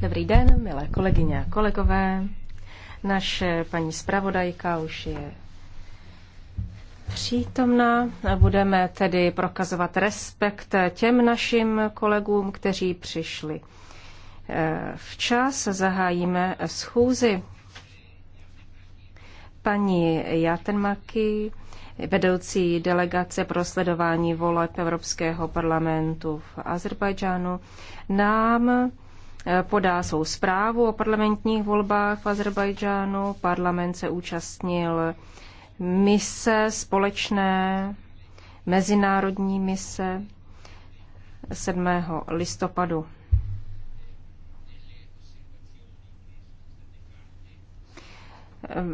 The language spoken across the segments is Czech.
Dobrý den, milé kolegyně a kolegové. Naše paní zpravodajka už je přítomna a budeme tedy prokazovat respekt těm našim kolegům, kteří přišli. Eh, včas zahájíme schůzi paní Jatenmaky, vedoucí delegace pro sledování voleb Evropského parlamentu v Azerbajdžánu, nám eh, podá svou zprávu o parlamentních volbách v Azerbajdžánu. Parlament se účastnil mise společné, mezinárodní mise 7. listopadu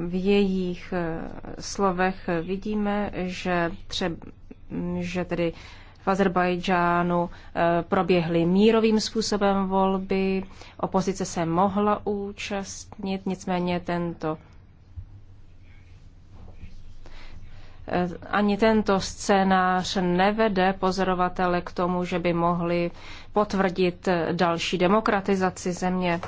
v jejich eh, slovech vidíme, že, třeba, že tedy v Azerbajdžánu eh, proběhly mírovým způsobem volby, opozice se mohla účastnit, nicméně tento eh, ani tento scénář nevede pozorovatele k tomu, že by mohli potvrdit další demokratizaci země.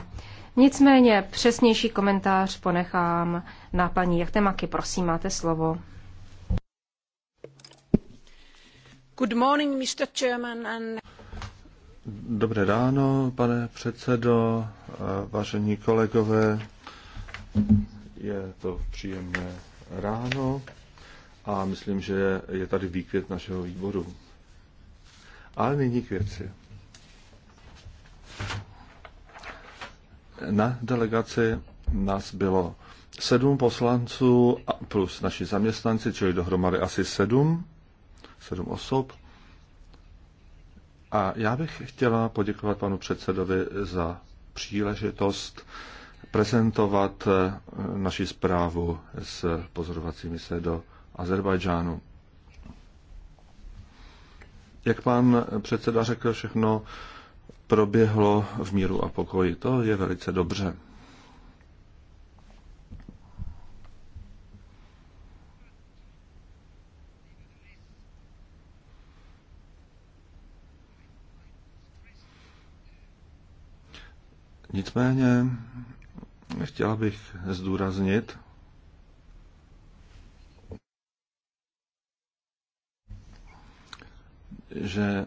Nicméně přesnější komentář ponechám na paní Jachtemaky. Prosím, máte slovo. Good morning, Mr. Chairman and... Dobré ráno, pane předsedo, vážení kolegové. Je to příjemné ráno a myslím, že je tady výkvět našeho výboru. Ale nyní k věci. Na delegaci nás bylo sedm poslanců plus naši zaměstnanci, čili dohromady asi sedm, sedm osob. A já bych chtěla poděkovat panu předsedovi za příležitost prezentovat eh, naši zprávu s pozorovacími se do Azerbajdžánu. Jak pan předseda řekl, všechno proběhlo v míru a pokoji. To je velice dobře. Nicméně chtěla bych zdůraznit, že eh,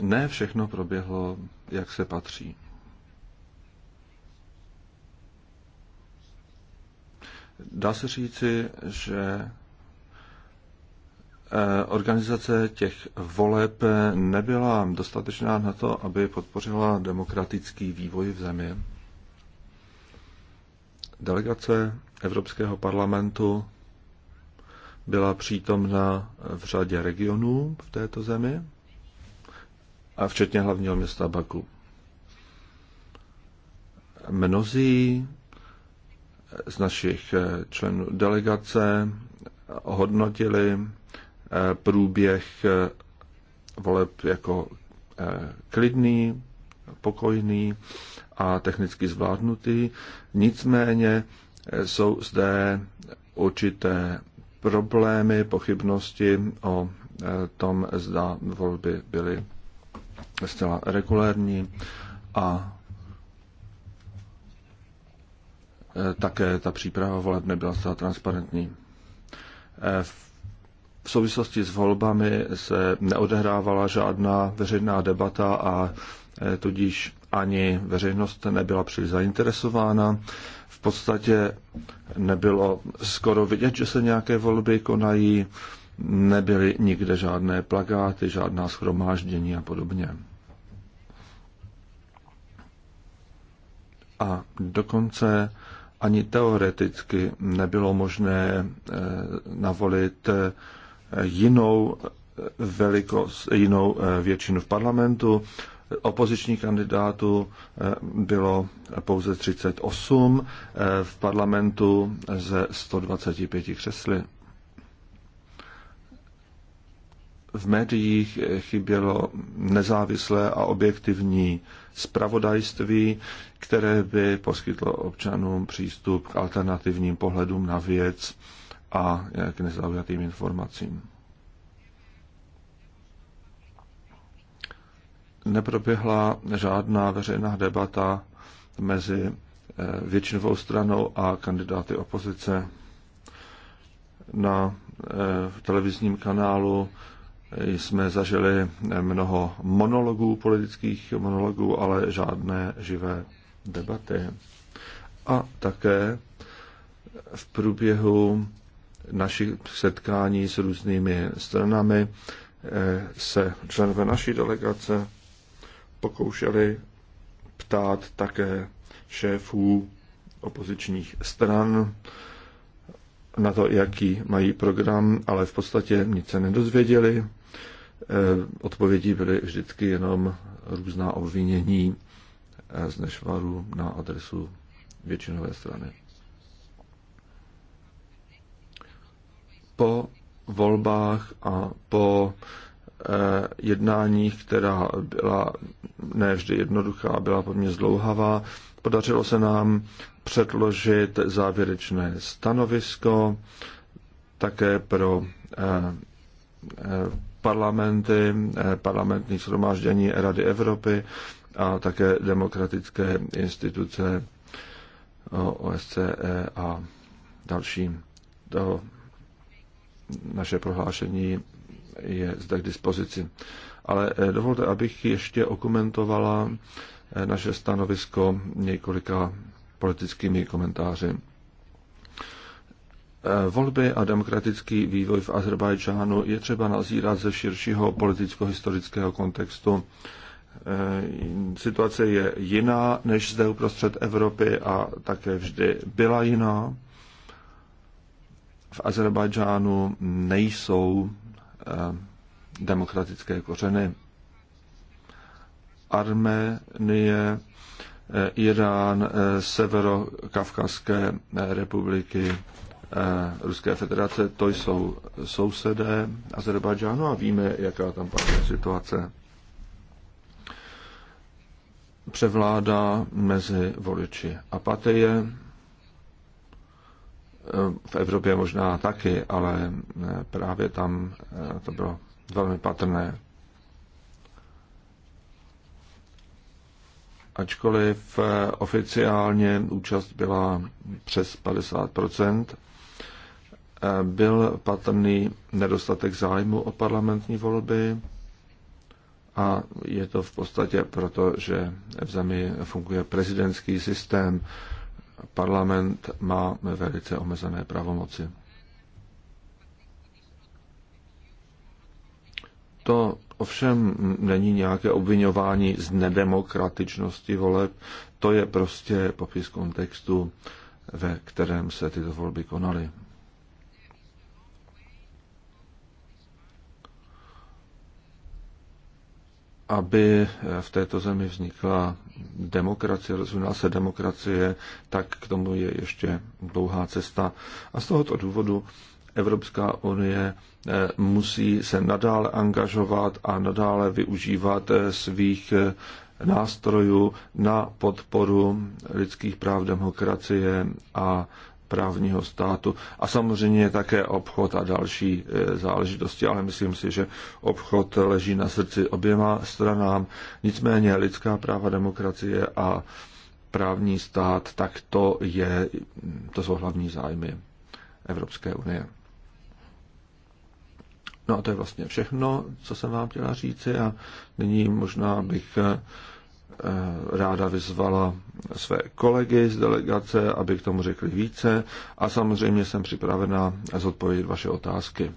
ne všechno proběhlo jak se patří. Dá se říci, že eh, organizace těch voleb nebyla dostatečná na to, aby podpořila demokratický vývoj v zemi. Delegace Evropského parlamentu byla přítomna v řadě regionů v této zemi a včetně hlavního města Baku. Mnozí z našich eh, členů delegace hodnotili eh, průběh eh, voleb jako klidný, pokojný a technicky zvládnutý. Nicméně jsou zde určité problémy, pochybnosti o tom, zda volby byly zcela regulérní a eh, také ta příprava voleb nebyla zcela transparentní. Eh, v souvislosti s volbami se neodehrávala žádná veřejná debata a eh, tudíž ani veřejnost nebyla příliš zainteresována. V podstatě nebylo skoro vidět, že se nějaké volby konají nebyly nikde žádné plakáty, žádná schromáždění a podobně. A dokonce ani teoreticky nebylo možné eh, navolit eh, jinou eh, velikost, jinou většinu v parlamentu. Opozičních kandidátů bylo pouze 38 v parlamentu ze 125 křesly. v médiích chybělo nezávislé a objektivní spravodajství, které by poskytlo občanům přístup k alternativním pohledům na věc a k nezaujatým informacím. Neproběhla žádná veřejná debata mezi eh, většinovou stranou a kandidáty opozice. Na eh, televizním kanálu jsme zažili mnoho monologů, politických monologů, ale žádné živé debaty. A také v průběhu našich setkání s různými stranami eh, se členové naší delegace pokoušeli ptát také šéfů opozičních stran na to, jaký mají program, ale v podstatě nic se nedozvěděli. Eh, odpovědí byly vždycky jenom různá obvinění eh, z nešvaru na adresu většinové strany. Po volbách a po eh, jednáních, která byla ne vždy jednoduchá, byla poměrně zdlouhavá, podařilo se nám předložit závěrečné stanovisko také pro parlamenty, eh, parlamentní shromáždění Rady Evropy a také demokratické instituce eh, OSCE a další. To naše prohlášení je zde k dispozici. Ale eh, dovolte, abych ještě okomentovala naše stanovisko několika politickými komentáři. Eh, volby a demokratický vývoj v Azerbajdžánu je třeba nazírat ze širšího politicko-historického kontextu. Eh, situace je jiná než zde uprostřed Evropy a také vždy byla jiná. V Azerbajdžánu nejsou eh, demokratické kořeny. Arménie, Irán, Severokavkazské republiky, Eh, Ruské federace, to jsou sousedé Azerbajdžánu a víme, jaká tam panuje situace. Převládá mezi voliči apatie, eh, v Evropě možná taky, ale eh, právě tam to bylo velmi patrné. Ačkoliv oficiálně účast byla přes 50 byl patrný nedostatek zájmu o parlamentní volby a je to v podstatě proto, že v zemi funguje prezidentský systém. Parlament má velice omezené pravomoci. To ovšem není nějaké obvinování z nedemokratičnosti voleb, to je prostě popis kontextu, ve kterém se tyto volby konaly. aby eh, v této zemi vznikla demokracie, rozvinula se demokracie, tak k tomu je ještě dlouhá cesta. A z tohoto důvodu Evropská unie eh, musí se nadále angažovat a nadále využívat eh, svých nástrojů na podporu lidských práv demokracie a právního státu a samozřejmě také obchod a další e, záležitosti, ale myslím si, že obchod leží na srdci oběma stranám. Nicméně lidská práva, demokracie a právní stát, tak to, je, to jsou hlavní zájmy Evropské unie. No a to je vlastně všechno, co jsem vám chtěla říci a nyní možná bych e, Eh, ráda vyzvala své kolegy z delegace, aby k tomu řekli více a samozřejmě jsem připravena zodpovědět vaše otázky.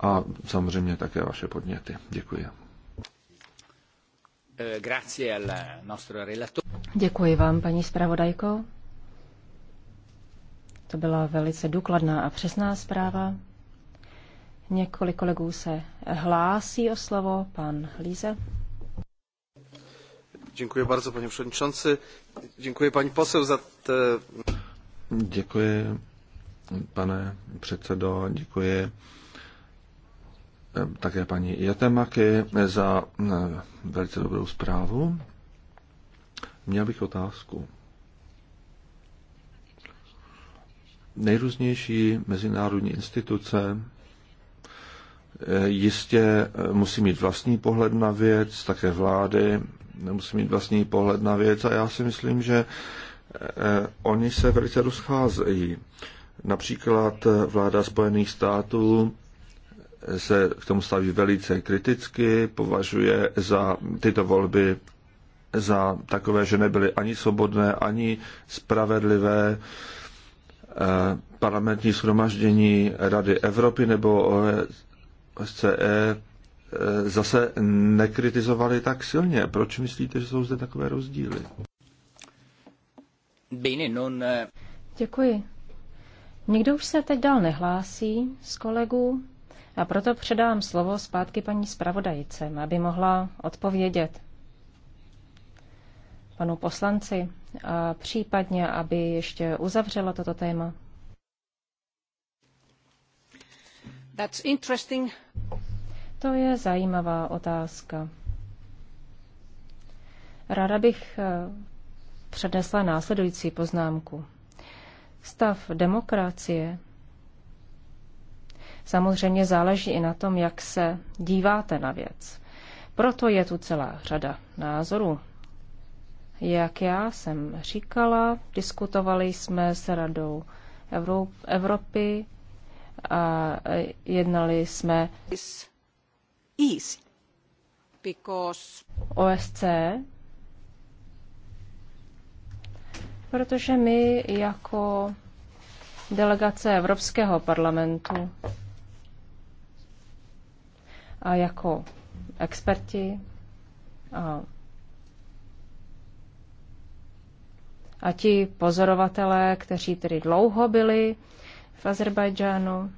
A samozřejmě také vaše podněty. Děkuji. Eh, Děkuji vám, paní zpravodajko. To byla velice důkladná a přesná zpráva. Několik kolegů se hlásí o slovo. Pan Líze. Děkuji bardzo, panie przewodniczący. Děkuji paní poseł za te... Děkuji, pane předsedo, děkuji eh, také paní Jatemaky za eh, velice dobrou zprávu. Měl bych otázku. Nejrůznější mezinárodní instituce eh, jistě musí mít vlastní pohled na věc, také vlády nemusí mít vlastní pohled na věc a já si myslím, že eh, oni se velice rozcházejí. Například eh, vláda Spojených států eh, se k tomu staví velice kriticky, považuje za tyto volby za takové, že nebyly ani svobodné, ani spravedlivé. Parlamentní shromaždění Rady Evropy nebo OSCE Eh, zase nekritizovali tak silně. Proč myslíte, že jsou zde takové rozdíly? Eh. Děkuji. Nikdo už se teď dál nehlásí z kolegů a proto předám slovo zpátky paní zpravodajice, aby mohla odpovědět panu poslanci a případně, aby ještě uzavřela toto téma. That's interesting. To je zajímavá otázka. Ráda bych eh, přednesla následující poznámku. Stav demokracie samozřejmě záleží i na tom, jak se díváte na věc. Proto je tu celá řada názorů. Jak já jsem říkala, diskutovali jsme s Radou Evropy a jednali jsme s OSCE protože my jako delegace Evropského parlamentu a jako experti a, a ti pozorovatelé, kteří tedy dlouho byli v Azerbajdžánu,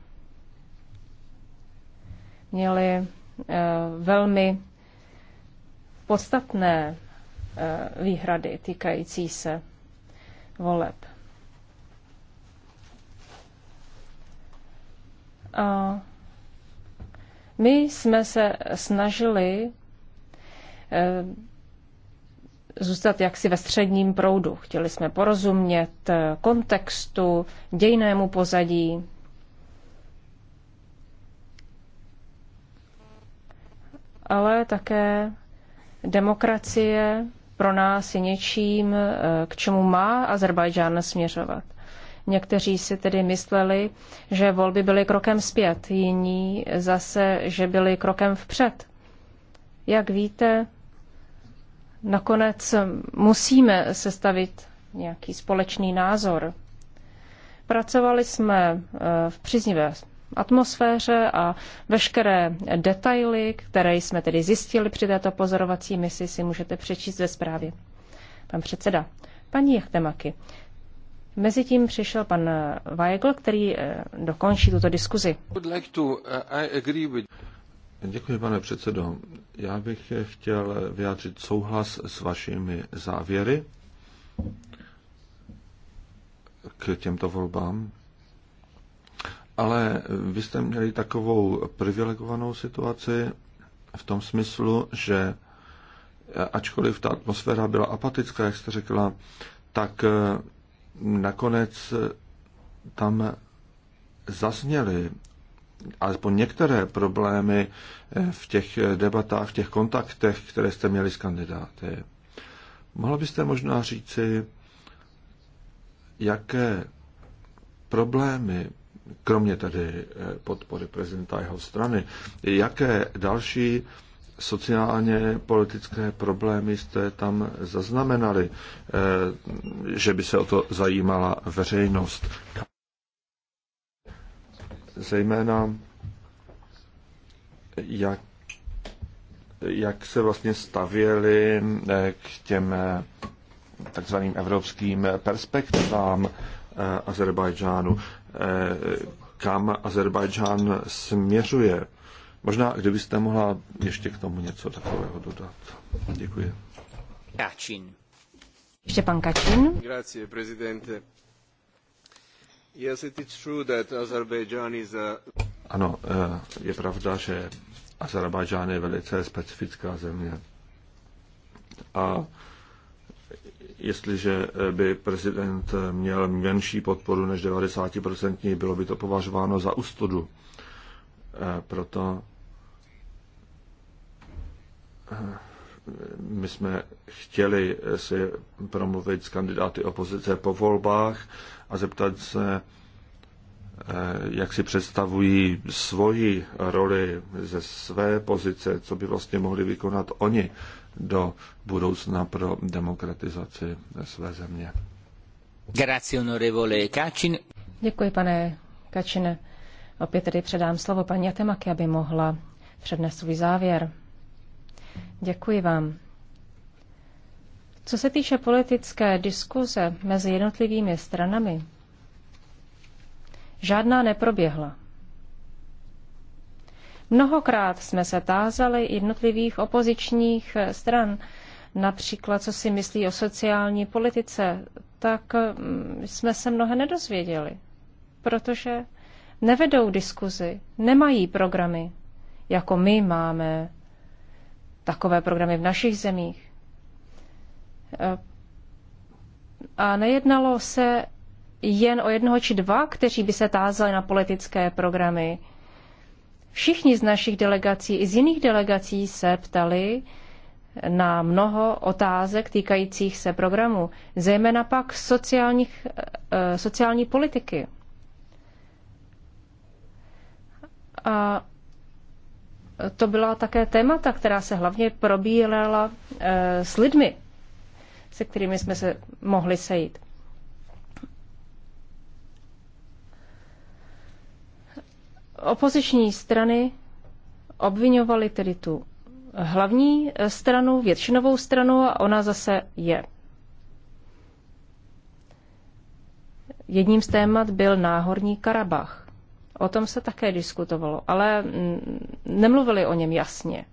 měli Eh, velmi podstatné eh, výhrady týkající se voleb. A my jsme se snažili eh, zůstat jaksi ve středním proudu. Chtěli jsme porozumět kontextu, dějnému pozadí ale také demokracie pro nás je něčím, eh, k čemu má Azerbajdžán směřovat. Někteří si tedy mysleli, že volby byly krokem zpět, jiní zase, že byly krokem vpřed. Jak víte, nakonec musíme sestavit nějaký společný názor. Pracovali jsme eh, v příznivé atmosféře a veškeré detaily, které jsme tedy zjistili při této pozorovací misi, si můžete přečíst ve zprávě. Pan předseda, paní Jachtemaky, Mezitím přišel pan Weigl, který eh, dokončí tuto diskuzi. Děkuji, pane předsedo. Já bych chtěl vyjádřit souhlas s vašimi závěry k těmto volbám ale vy jste měli takovou privilegovanou situaci v tom smyslu, že e, ačkoliv ta atmosféra byla apatická, jak jste řekla, tak e, nakonec e, tam zazněly alespoň některé problémy v těch debatách, v těch kontaktech, které jste měli s kandidáty. Mohla byste možná říci, jaké problémy kromě tedy eh, podpory prezidenta jeho strany, jaké další sociálně politické problémy jste tam zaznamenali, eh, že by se o to zajímala veřejnost? Zejména jak, jak se vlastně stavěli eh, k těm takzvaným evropským perspektivám Eh, Azerbajdžánu, eh, kam Azerbajdžán směřuje. Možná, kdybyste mohla ještě k tomu něco takového dodat. Děkuji. Kačin. Ještě pan Kačin. Grazie, prezidente. Yes, it is true that Azerbaijan is a... Ano, eh, je pravda, že Azerbajdžán je velice specifická země. A jestliže eh, by prezident eh, měl menší podporu než 90%, bylo by to považováno za ustudu. Eh, proto my jsme chtěli si promluvit s kandidáty opozice po volbách a zeptat se, jak si představují svoji roli ze své pozice, co by vlastně mohli vykonat oni do budoucna pro demokratizaci své země. Děkuji, pane Kačine. Opět tedy předám slovo paní Atemaky, aby mohla přednést svůj závěr. Děkuji vám. Co se týče politické diskuze mezi jednotlivými stranami, žádná neproběhla. Mnohokrát jsme se tázali jednotlivých opozičních stran, například co si myslí o sociální politice, tak mm, jsme se mnohé nedozvěděli, protože nevedou diskuzi, nemají programy, jako my máme takové programy v našich zemích. E, a nejednalo se jen o jednoho či dva, kteří by se tázali na politické programy. Všichni z našich delegací i z jiných delegací se ptali na mnoho otázek týkajících se programu, zejména pak sociálních, eh, sociální politiky. A to byla také témata, která se hlavně probírala eh, s lidmi, se kterými jsme se mohli sejít. Opoziční strany obvinovaly tedy tu hlavní stranu, většinovou stranu a ona zase je. Jedním z témat byl náhorní Karabach. O tom se také diskutovalo, ale mm, nemluvili o něm jasně.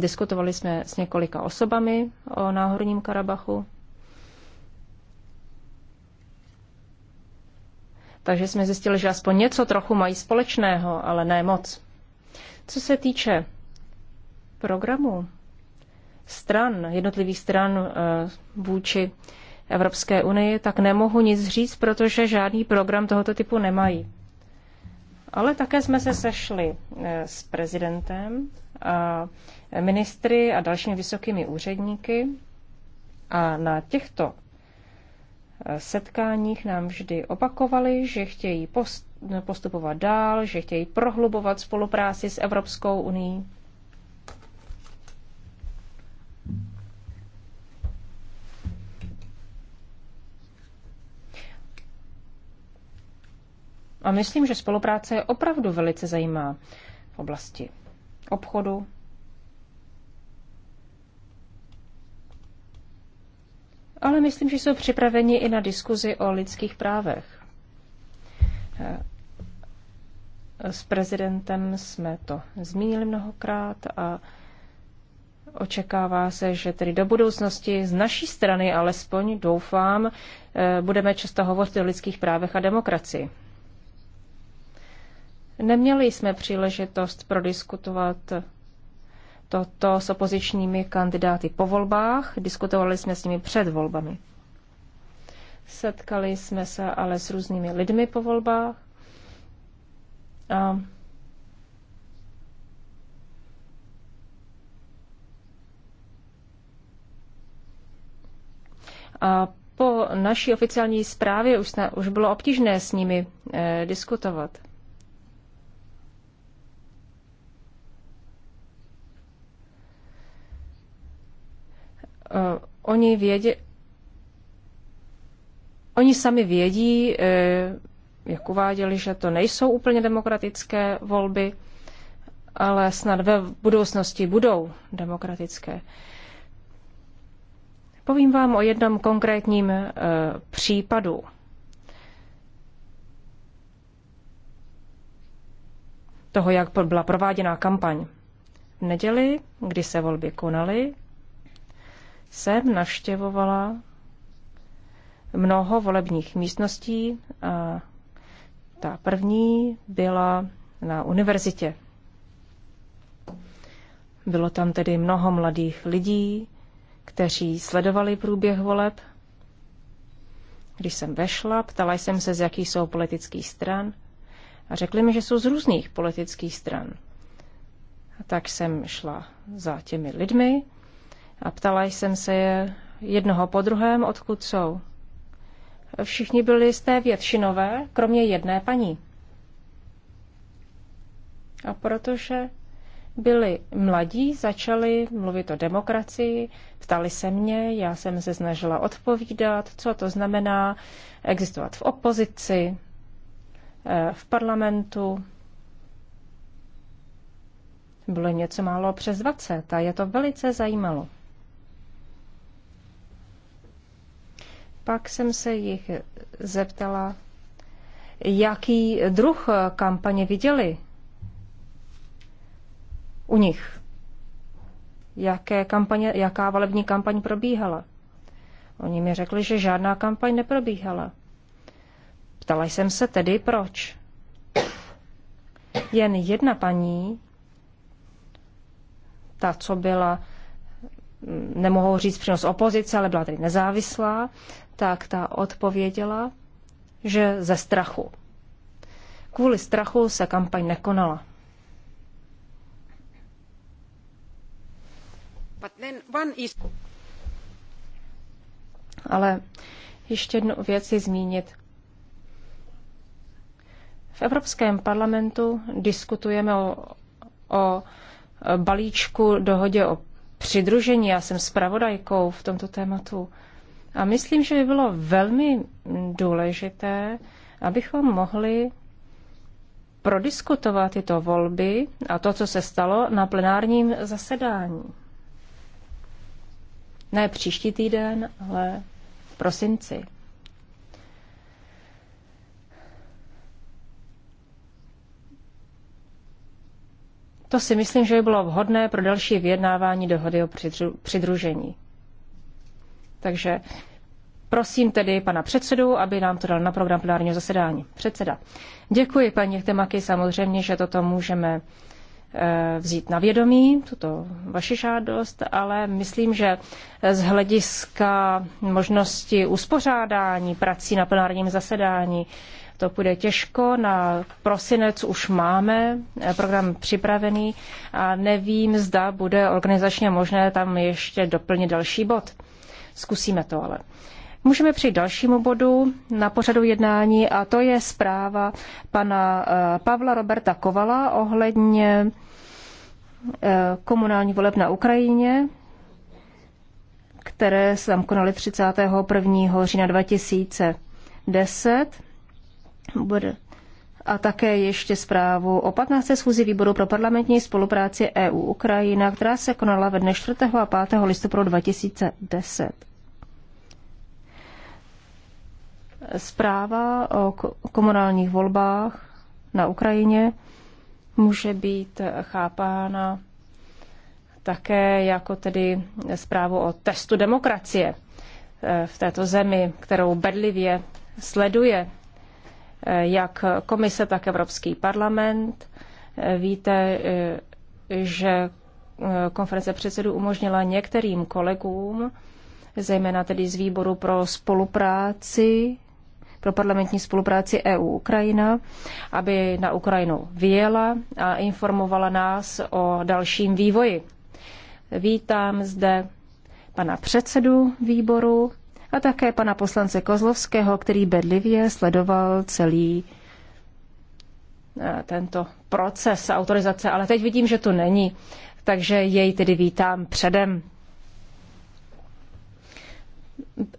Diskutovali jsme s několika osobami o náhorním Karabachu. Takže jsme zjistili, že aspoň něco trochu mají společného, ale ne moc. Co se týče programu stran, jednotlivých stran eh, vůči Evropské unii, tak nemohu nic říct, protože žádný program tohoto typu nemají. Ale také jsme se sešli eh, s prezidentem, a ministry a dalšími vysokými úředníky a na těchto setkáních nám vždy opakovali, že chtějí postupovat dál, že chtějí prohlubovat spolupráci s Evropskou unii. A myslím, že spolupráce je opravdu velice zajímá v oblasti obchodu, ale myslím, že jsou připraveni i na diskuzi o lidských právech. Eh, s prezidentem jsme to zmínili mnohokrát a očekává se, že tedy do budoucnosti z naší strany alespoň, doufám, eh, budeme často hovořit o lidských právech a demokracii. Neměli jsme příležitost prodiskutovat toto s opozičními kandidáty po volbách. Diskutovali jsme s nimi před volbami. Setkali jsme se ale s různými lidmi po volbách. A A po naší oficiální zprávě už, na, už bylo obtížné s nimi eh, diskutovat. Eh, oni vědě, Oni sami vědí, eh, jak uváděli, že to nejsou úplně demokratické volby, ale snad ve budoucnosti budou demokratické. Povím vám o jednom konkrétním eh, případu. toho, jak byla prováděná kampaň. V neděli, kdy se volby konaly, jsem navštěvovala mnoho volebních místností a ta první byla na univerzitě. Bylo tam tedy mnoho mladých lidí, kteří sledovali průběh voleb. Když jsem vešla, ptala jsem se, z jakých jsou politických stran a řekli mi, že jsou z různých politických stran. A tak jsem šla za těmi lidmi a ptala jsem se je jednoho po druhém, odkud jsou. Všichni byli z té většinové, kromě jedné paní. A protože byli mladí, začali mluvit o demokracii, ptali se mě, já jsem se snažila odpovídat, co to znamená existovat v opozici, eh, v parlamentu. Bylo něco málo přes 20 a je to velice zajímalo. Pak jsem se jich zeptala, jaký druh kampaně viděli u nich. Jaké kampaně, jaká volební kampaň probíhala. Oni mi řekli, že žádná kampaň neprobíhala. Ptala jsem se tedy, proč. Jen jedna paní, ta, co byla nemohou říct přínos opozice, ale byla tedy nezávislá, tak ta odpověděla, že ze strachu. Kvůli strachu se kampaň nekonala. Ale ještě jednu věc je zmínit. V Evropském parlamentu diskutujeme o, o balíčku dohodě o přidružení. Já jsem spravodajkou v tomto tématu. A myslím, že by bylo velmi důležité, abychom mohli prodiskutovat tyto volby a to, co se stalo na plenárním zasedání. Ne příští týden, ale v prosinci. To si myslím, že by bylo vhodné pro další vyjednávání dohody o přidružení. Takže prosím tedy pana předsedu, aby nám to dal na program plenárního zasedání. Předseda. Děkuji, paní Temaky, samozřejmě, že toto můžeme eh, vzít na vědomí, tuto vaši žádost, ale myslím, že z hlediska možnosti uspořádání prací na plenárním zasedání to půjde těžko. Na prosinec už máme eh, program připravený a nevím, zda bude organizačně možné tam ještě doplnit další bod. Zkusíme to ale. Můžeme přijít dalšímu bodu na pořadu jednání a to je zpráva pana eh, Pavla Roberta Kovala ohledně eh, komunální voleb na Ukrajině, které se tam konaly 31. října 2010 bude a také ještě zprávu o 15. schůzi výboru pro parlamentní spolupráci EU Ukrajina, která se konala ve dne 4. a 5. listopadu 2010. Zpráva o komunálních volbách na Ukrajině může být chápána také jako tedy zprávu o testu demokracie eh, v této zemi, kterou bedlivě sleduje jak komise, tak Evropský parlament. Víte, že konference předsedů umožnila některým kolegům, zejména tedy z výboru pro spolupráci, pro parlamentní spolupráci EU-Ukrajina, aby na Ukrajinu vyjela a informovala nás o dalším vývoji. Vítám zde pana předsedu výboru, a také pana poslance Kozlovského, který bedlivě sledoval celý eh, tento proces autorizace, ale teď vidím, že tu není, takže jej tedy vítám předem.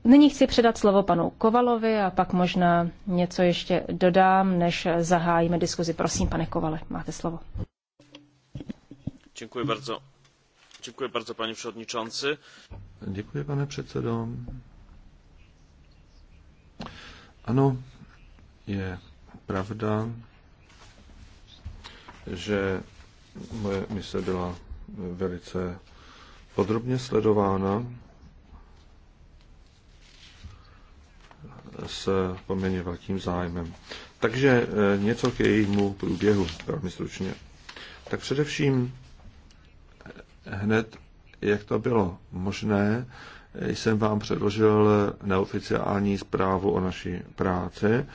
Nyní chci předat slovo panu Kovalovi a pak možná něco ještě dodám, než zahájíme diskuzi. Prosím, pane Kovale, máte slovo. Děkuji bardzo. Děkuji bardzo, pane předsedající. Děkuji, pane předsedo. Ano, je pravda, že moje mise byla velice podrobně sledována s poměrně velkým zájmem. Takže eh, něco k jejímu průběhu, velmi stručně. Tak především eh, hned, jak to bylo možné, jsem vám předložil neoficiální zprávu o naší práci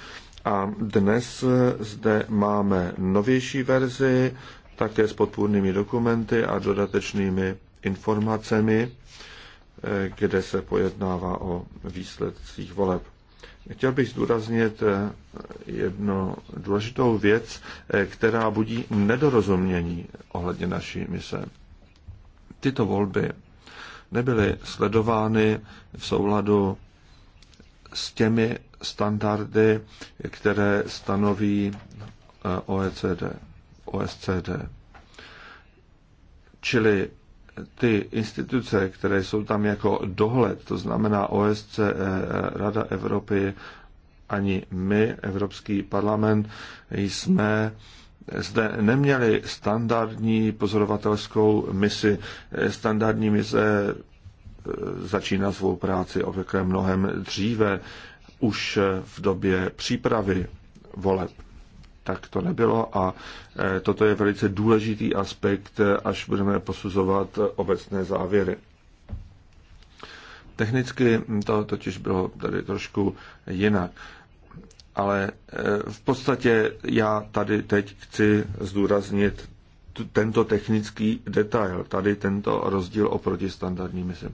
a dnes zde máme novější verzi, také s podpůrnými dokumenty a dodatečnými informacemi, kde se pojednává o výsledcích voleb. Chtěl bych zdůraznit eh, jednu důležitou věc, eh, která budí nedorozumění ohledně naší mise. Tyto volby nebyly sledovány v souladu s těmi standardy, které stanoví eh, OECD, OSCD. Čili ty instituce, které jsou tam jako dohled, to znamená OSC, e, Rada Evropy, ani my, Evropský parlament, jsme zde neměli standardní pozorovatelskou misi. Standardní mise e, začíná svou práci obvykle mnohem dříve, už e, v době přípravy voleb. Tak to nebylo a e, toto je velice důležitý aspekt, až budeme posuzovat obecné závěry. Technicky to totiž bylo tady trošku jinak ale eh, v podstatě já tady teď chci zdůraznit tento technický detail, tady tento rozdíl oproti standardní misi,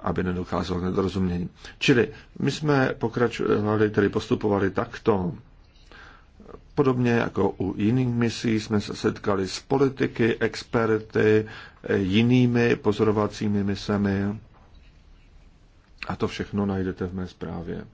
aby nedocházelo k nedorozumění. Čili my jsme pokračovali, tedy postupovali takto. Podobně jako u jiných misí jsme se setkali s politiky, experty, eh, jinými pozorovacími misemi. A to všechno najdete v mé zprávě.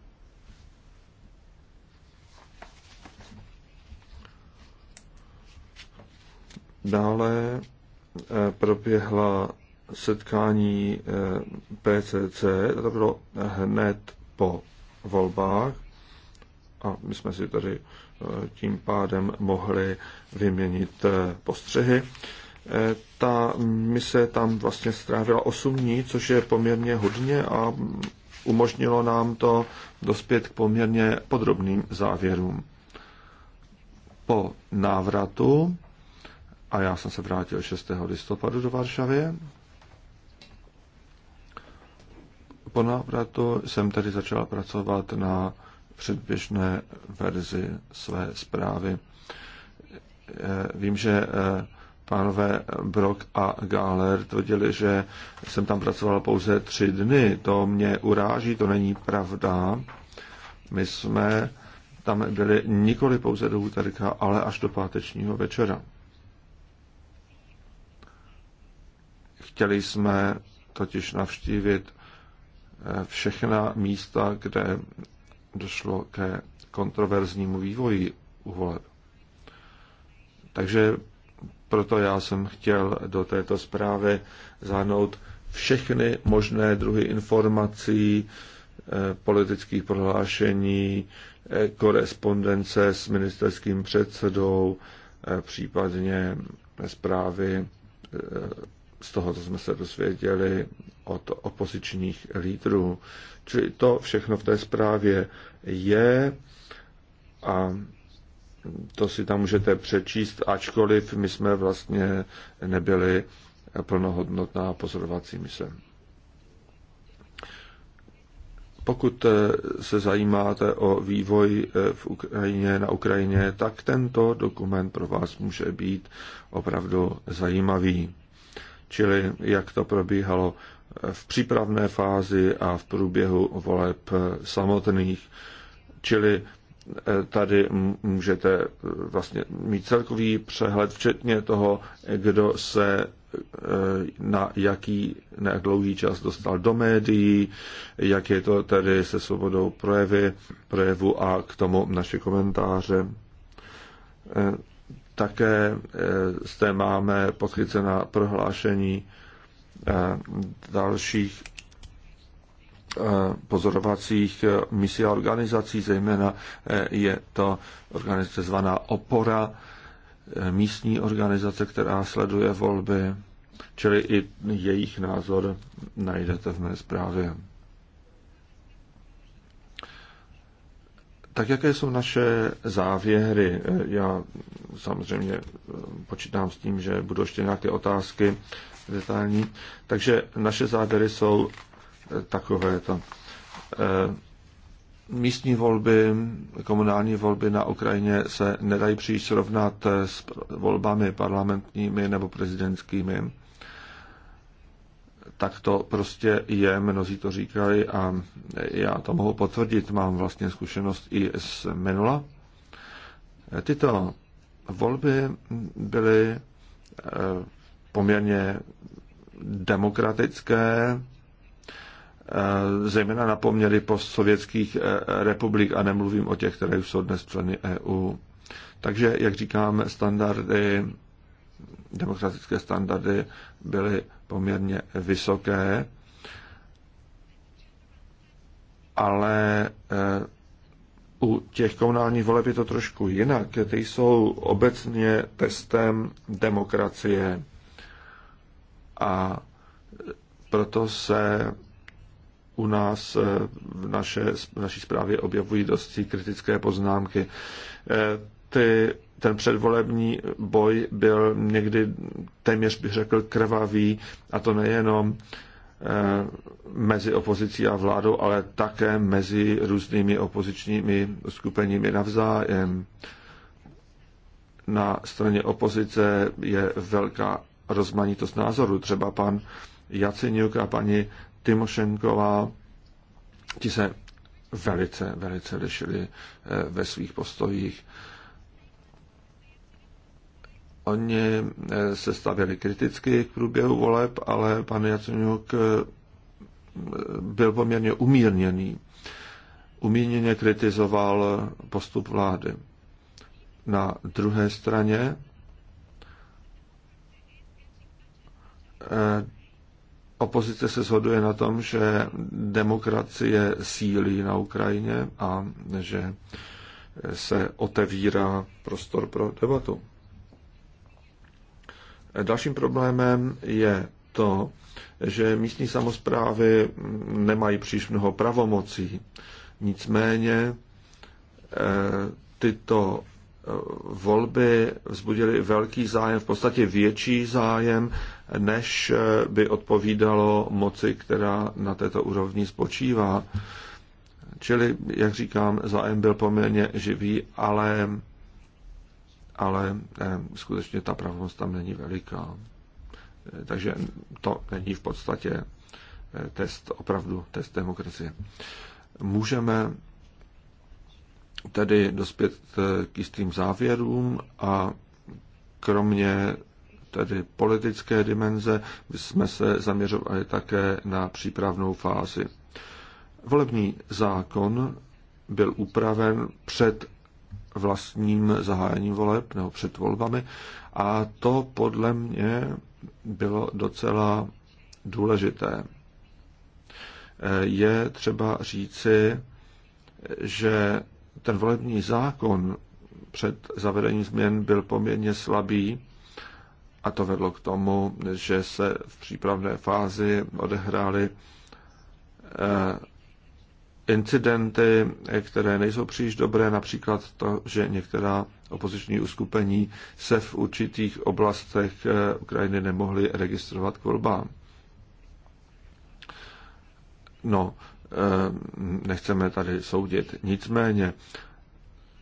Dále eh, proběhla setkání eh, PCC, to bylo hned po volbách a my jsme si tady eh, tím pádem mohli vyměnit postřehy. Ta mise tam vlastně strávila 8 dní, což je poměrně hodně a umožnilo nám to dospět k poměrně podrobným závěrům. Po návratu a já jsem se vrátil 6. listopadu do Varšavy. Po návratu jsem tedy začal pracovat na předběžné verzi své zprávy. Eh, vím, že eh, pánové Brock a Gáler tvrdili, že jsem tam pracoval pouze tři dny. To mě uráží, to není pravda. My jsme tam byli nikoli pouze do úterka, ale až do pátečního večera. Chtěli jsme totiž navštívit eh, všechna místa, kde došlo ke kontroverznímu vývoji voleb. Takže proto já jsem chtěl do této zprávy zahrnout všechny možné druhy informací, eh, politických prohlášení, eh, korespondence s ministerským předsedou, případně zprávy z toho, co jsme se dozvěděli od opozičních lídrů. Čili to všechno v té zprávě je a to si tam můžete přečíst, ačkoliv my jsme vlastně nebyli plnohodnotná pozorovací mise. Pokud se zajímáte o vývoj v Ukrajině, na Ukrajině, tak tento dokument pro vás může být opravdu zajímavý čili jak to probíhalo v přípravné fázi a v průběhu voleb samotných. Čili eh, tady můžete eh, vlastně mít celkový přehled, včetně toho, kdo se eh, na jaký na dlouhý čas dostal do médií, jak je to tedy se svobodou projevy, projevu a k tomu naše komentáře. Také eh, zde máme podchycená prohlášení eh, dalších eh, pozorovacích misí a organizací, zejména je to organizace zvaná Opora, místní organizace, která sleduje volby, čili i jejich názor najdete v mé zprávě. Tak jaké jsou naše závěry? Já samozřejmě eh, počítám s tím, že budou ještě nějaké otázky detailní. Takže naše závěry jsou eh, takové to. Eh, místní volby, komunální volby na Ukrajině se nedají příliš srovnat s volbami parlamentními nebo prezidentskými tak to prostě je, mnozí to říkali a já to mohu potvrdit, mám vlastně zkušenost i z minula. Tyto volby byly eh, poměrně demokratické, eh, zejména na poměry postsovětských eh, republik a nemluvím o těch, které jsou dnes členy EU. Takže, jak říkám, standardy demokratické standardy byly poměrně vysoké, ale eh, u těch komunálních voleb je to trošku jinak. Ty jsou obecně testem demokracie a eh, proto se u nás eh, v, naše, v naší zprávě objevují dosti kritické poznámky. Ty ten předvolební boj byl někdy téměř bych řekl krvavý a to nejenom eh, mezi opozicí a vládou, ale také mezi různými opozičními skupeními navzájem. Na straně opozice je velká rozmanitost názorů. Třeba pan Jaceňuk a paní Timošenková, ti se velice, velice lišili eh, ve svých postojích. Oni eh, se stavěli kriticky k průběhu voleb, ale pan Jaceňuk eh, byl poměrně umírněný. Umírněně kritizoval postup vlády. Na druhé straně eh, opozice se shoduje na tom, že demokracie sílí na Ukrajině a že se otevírá prostor pro debatu. Dalším problémem je to, že místní samozprávy nemají příliš mnoho pravomocí. Nicméně eh, tyto eh, volby vzbudily velký zájem, v podstatě větší zájem, než eh, by odpovídalo moci, která na této úrovni spočívá. Čili, jak říkám, zájem byl poměrně živý, ale ale eh, skutečně ta pravomoc tam není veliká. Eh, takže to není v podstatě eh, test, opravdu test demokracie. Můžeme tedy dospět k jistým závěrům a kromě tedy politické dimenze jsme se zaměřovali také na přípravnou fázi. Volební zákon byl upraven před vlastním zahájením voleb nebo před volbami. A to podle mě bylo docela důležité. Je třeba říci, že ten volební zákon před zavedením změn byl poměrně slabý a to vedlo k tomu, že se v přípravné fázi odehrály eh, incidenty, které nejsou příliš dobré, například to, že některá opoziční uskupení se v určitých oblastech eh, Ukrajiny nemohly registrovat k volbám. No, eh, nechceme tady soudit. Nicméně,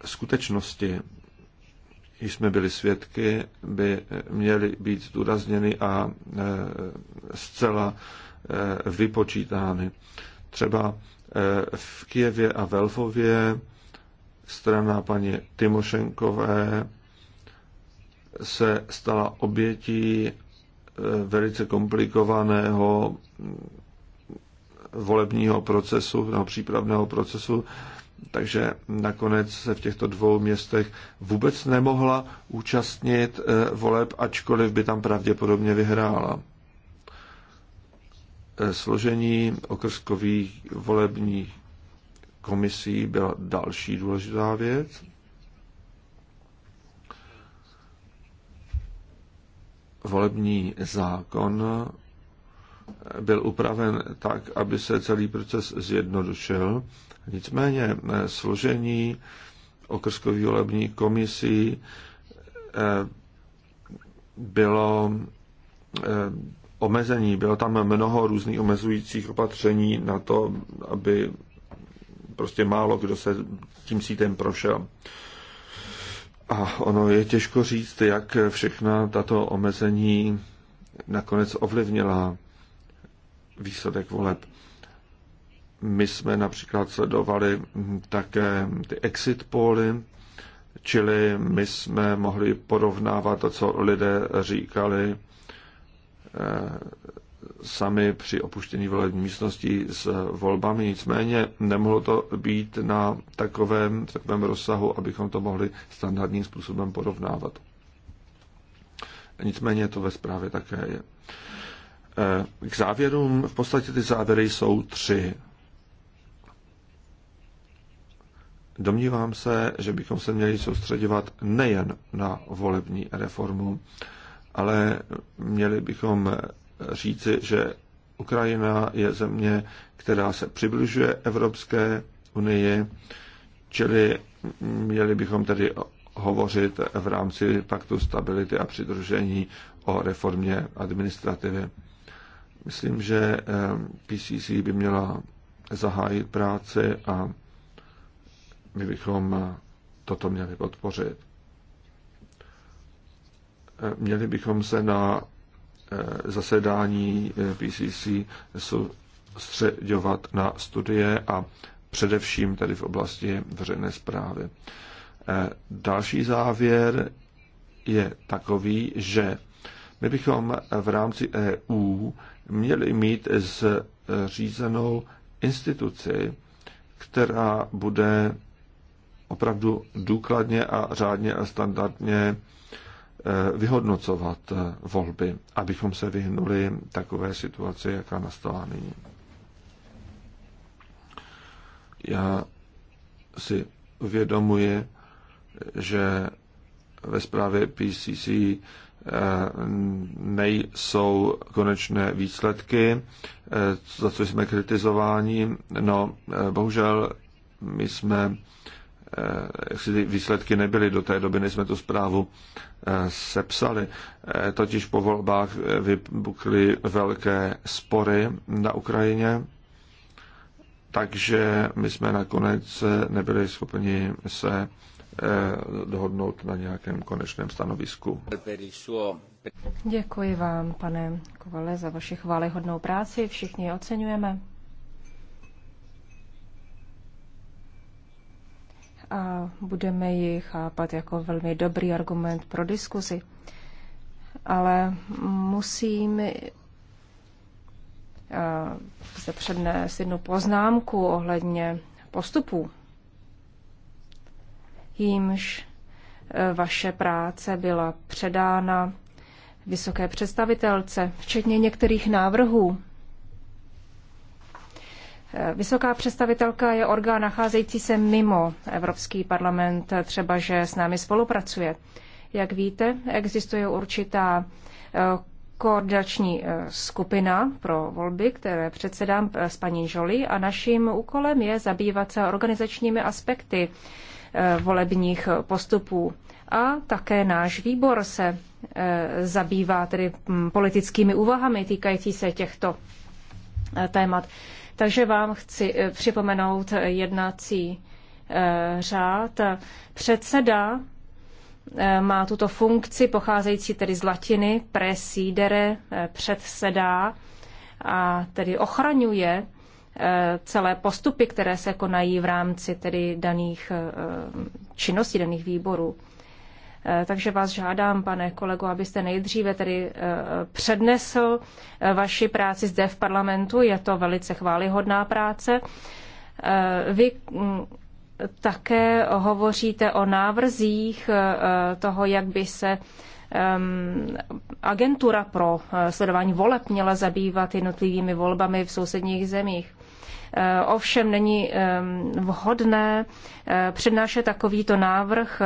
skutečnosti, když jsme byli svědky, by měly být zdůrazněny a eh, zcela vypočítány. Třeba Eh, v Kijevě a Velvově strana paní Timošenkové se stala obětí eh, velice komplikovaného mm, volebního procesu, nebo přípravného procesu, takže nakonec se v těchto dvou městech vůbec nemohla účastnit eh, voleb, ačkoliv by tam pravděpodobně vyhrála složení okrskových volebních komisí byla další důležitá věc. Volební zákon byl upraven tak, aby se celý proces zjednodušil. Nicméně eh, složení okrskových volebních komisí eh, bylo eh, omezení. Bylo tam mnoho různých omezujících opatření na to, aby prostě málo kdo se tím sítem prošel. A ono je těžko říct, jak všechna tato omezení nakonec ovlivnila výsledek voleb. My jsme například sledovali také ty exit poly, čili my jsme mohli porovnávat to, co lidé říkali Eh, sami při opuštění volební místnosti s volbami. Nicméně nemohlo to být na takovém, takovém rozsahu, abychom to mohli standardním způsobem porovnávat. Nicméně to ve zprávě také je. Eh, k závěrům, v podstatě ty závěry jsou tři. Domnívám se, že bychom se měli soustředovat nejen na volební reformu, ale měli bychom říci, že Ukrajina je země, která se přibližuje Evropské unii, čili měli bychom tedy hovořit v rámci paktu stability a přidružení o reformě administrativy. Myslím, že eh, PCC by měla zahájit práci a my bychom eh, toto měli podpořit měli bychom se na eh, zasedání eh, PCC soustředovat na studie a především tedy v oblasti veřejné zprávy. Eh, další závěr je takový, že my bychom v rámci EU měli mít zřízenou instituci, která bude opravdu důkladně a řádně a standardně Eh, vyhodnocovat eh, volby, abychom se vyhnuli takové situaci, jaká nastala nyní. Já si uvědomuji, že ve zprávě PCC eh, nejsou konečné výsledky, za co jsme kritizováni. No, bohužel my jsme Eh, ty výsledky nebyly, do té doby, než jsme tu zprávu eh, sepsali. Eh, totiž po volbách vypukly velké spory na Ukrajině, takže my jsme nakonec nebyli schopni se dohodnout na nějakém konečném stanovisku. Děkuji vám, pane Kovale, za vaši chválihodnou práci. Všichni oceňujeme. a budeme ji chápat jako velmi dobrý argument pro diskuzi. Ale musím eh, se přednést jednu poznámku ohledně postupů. Jímž eh, vaše práce byla předána vysoké představitelce, včetně některých návrhů, Vysoká představitelka je orgán nacházející se mimo Evropský parlament, třeba že s námi spolupracuje. Jak víte, existuje určitá eh, koordinační eh, skupina pro volby, které předsedám eh, s paní Žoli a naším úkolem je zabývat se organizačními aspekty volebních postupů. A také náš výbor se zabývá tedy mm, politickými úvahami týkající se těchto témat. Takže vám chci eh, připomenout jednací eh, řád. Předseda eh, má tuto funkci, pocházející tedy z latiny, presidere, předsedá, a tedy ochraňuje celé postupy, které se konají v rámci tedy daných činností, daných výborů. Eh, takže vás žádám, pane kolego, abyste nejdříve tedy eh, přednesl eh, vaši práci zde v parlamentu. Je to velice chválihodná práce. Vy mm, také hovoříte o návrzích toho, jak by se agentura pro eh, sledování voleb měla zabývat jednotlivými volbami v sousedních zemích. Eh, ovšem není vhodné eh, přednášet takovýto návrh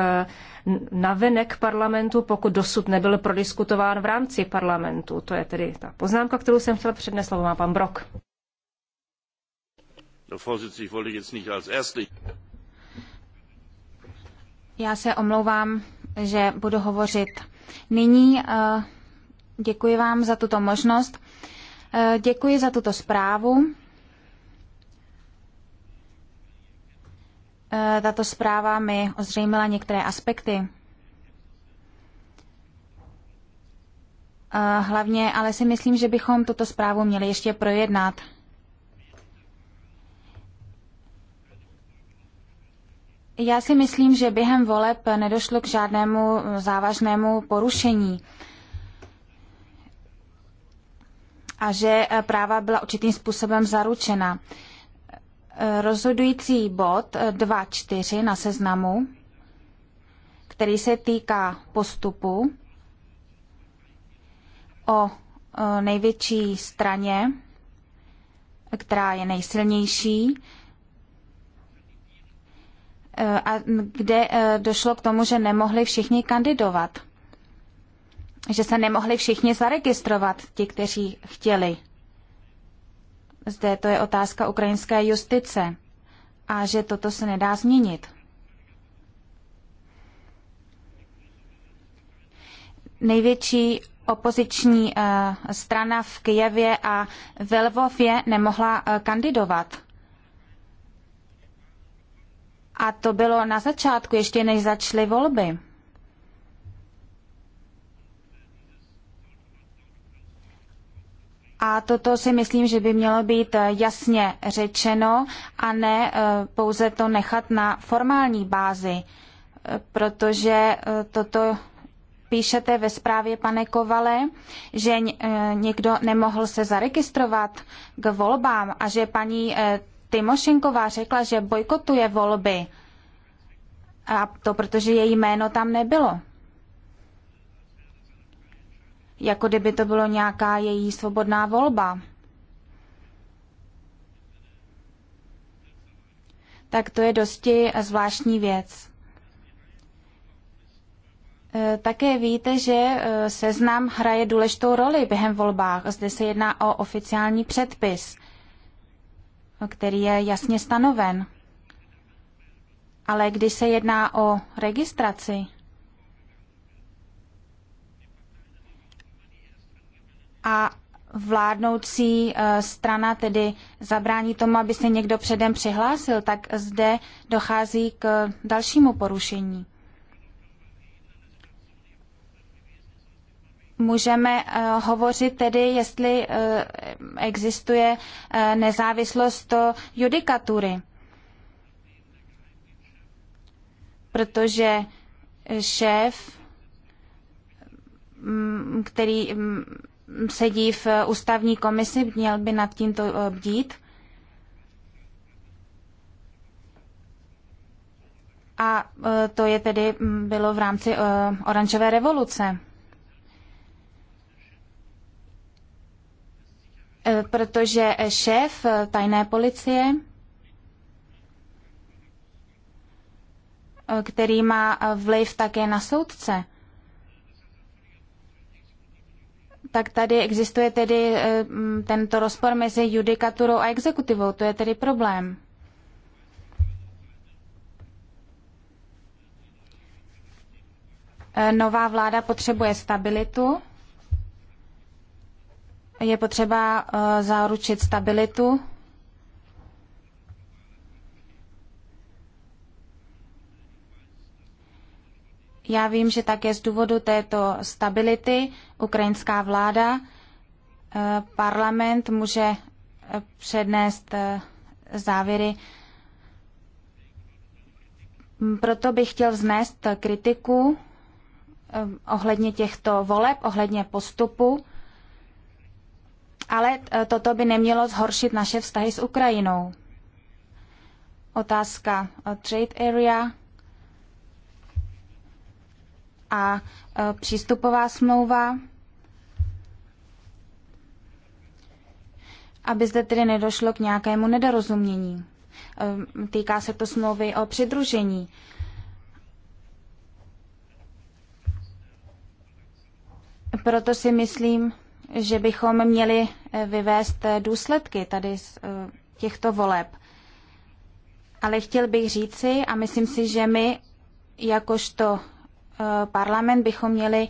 na venek parlamentu, pokud dosud nebyl prodiskutován v rámci parlamentu. To je tedy ta poznámka, kterou jsem chtěla přednést, slovo má pan Brok. Já se omlouvám, že budu hovořit Nyní eh, děkuji vám za tuto možnost. Eh, děkuji za tuto zprávu. Eh, tato zpráva mi ozřejmila některé aspekty. Hlavně ale si myslím, že bychom tuto zprávu měli ještě projednat. Já si myslím, že během voleb nedošlo k žádnému závažnému porušení a že práva byla určitým způsobem zaručena. Rozhodující bod 2.4 na seznamu, který se týká postupu o největší straně, která je nejsilnější, Eh, a kde eh, došlo k tomu, že nemohli všichni kandidovat. Že se nemohli všichni zaregistrovat, ti, kteří chtěli. Zde to je otázka ukrajinské justice a že toto se nedá změnit. Největší opoziční eh, strana v Kijevě a ve Lvově nemohla kandidovat a to bylo na začátku, ještě než začaly volby. A toto si myslím, že by mělo být eh, jasně řečeno a ne eh, pouze to nechat na formální bázi, eh, protože toto píšete ve zprávě, pane Kovale, že někdo nemohl se zaregistrovat k volbám a že paní Tymošenková řekla, že bojkotuje volby. A to protože její jméno tam nebylo. Jako kdyby to bylo nějaká její svobodná volba. Tak to je dosti zvláštní věc. E, také víte, že e, seznam hraje důležitou roli během volbách. Zde se jedná o oficiální předpis – který je jasně stanoven. Ale když se jedná o registraci, a vládnoucí e, strana tedy zabrání tomu, aby se někdo předem přihlásil, tak zde dochází k dalšímu porušení. můžeme eh, hovořit tedy, jestli eh, existuje eh, nezávislost judikatury. Protože šéf, mm, který mm, sedí v ústavní komisi, měl by nad tímto bdít. A to je tedy mm, bylo v rámci oranžové revoluce. Eh, protože šéf eh, tajné policie, eh, který má vliv také na soudce, tak tady existuje tedy tento rozpor mezi judikaturou a exekutivou. To je tedy problém. Nová vláda potřebuje stabilitu je potřeba eh, zaručit stabilitu. Já vím, že také z důvodu této stability ukrajinská vláda, eh, parlament může eh, přednést závěry. Proto bych chtěl vznést kritiku ohledně těchto voleb, ohledně postupu ale e, toto by nemělo zhoršit naše vztahy s Ukrajinou. Otázka e, trade area a e, přístupová smlouva. aby zde tedy nedošlo k nějakému nedorozumění. Týká se to smlouvy o přidružení. Proto si myslím, že bychom měli eh, vyvést eh, důsledky tady z eh, těchto voleb. Ale chtěl bych říci, a myslím si, že my jakožto parlament bychom měli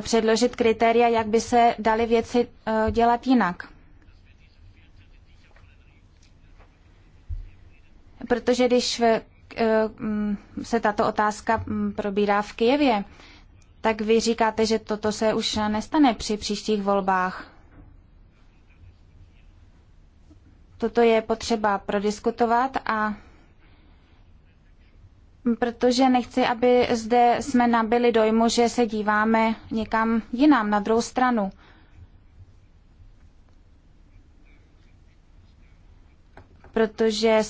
předložit kritéria, jak by se daly věci dělat jinak. Protože když mm, se tato otázka mm, probírá v Kijevě, tak vy říkáte, že toto se už nestane při příštích volbách. Toto je potřeba prodiskutovat a protože nechci, aby zde jsme nabili dojmu, že se díváme někam jinam, na druhou stranu. Protože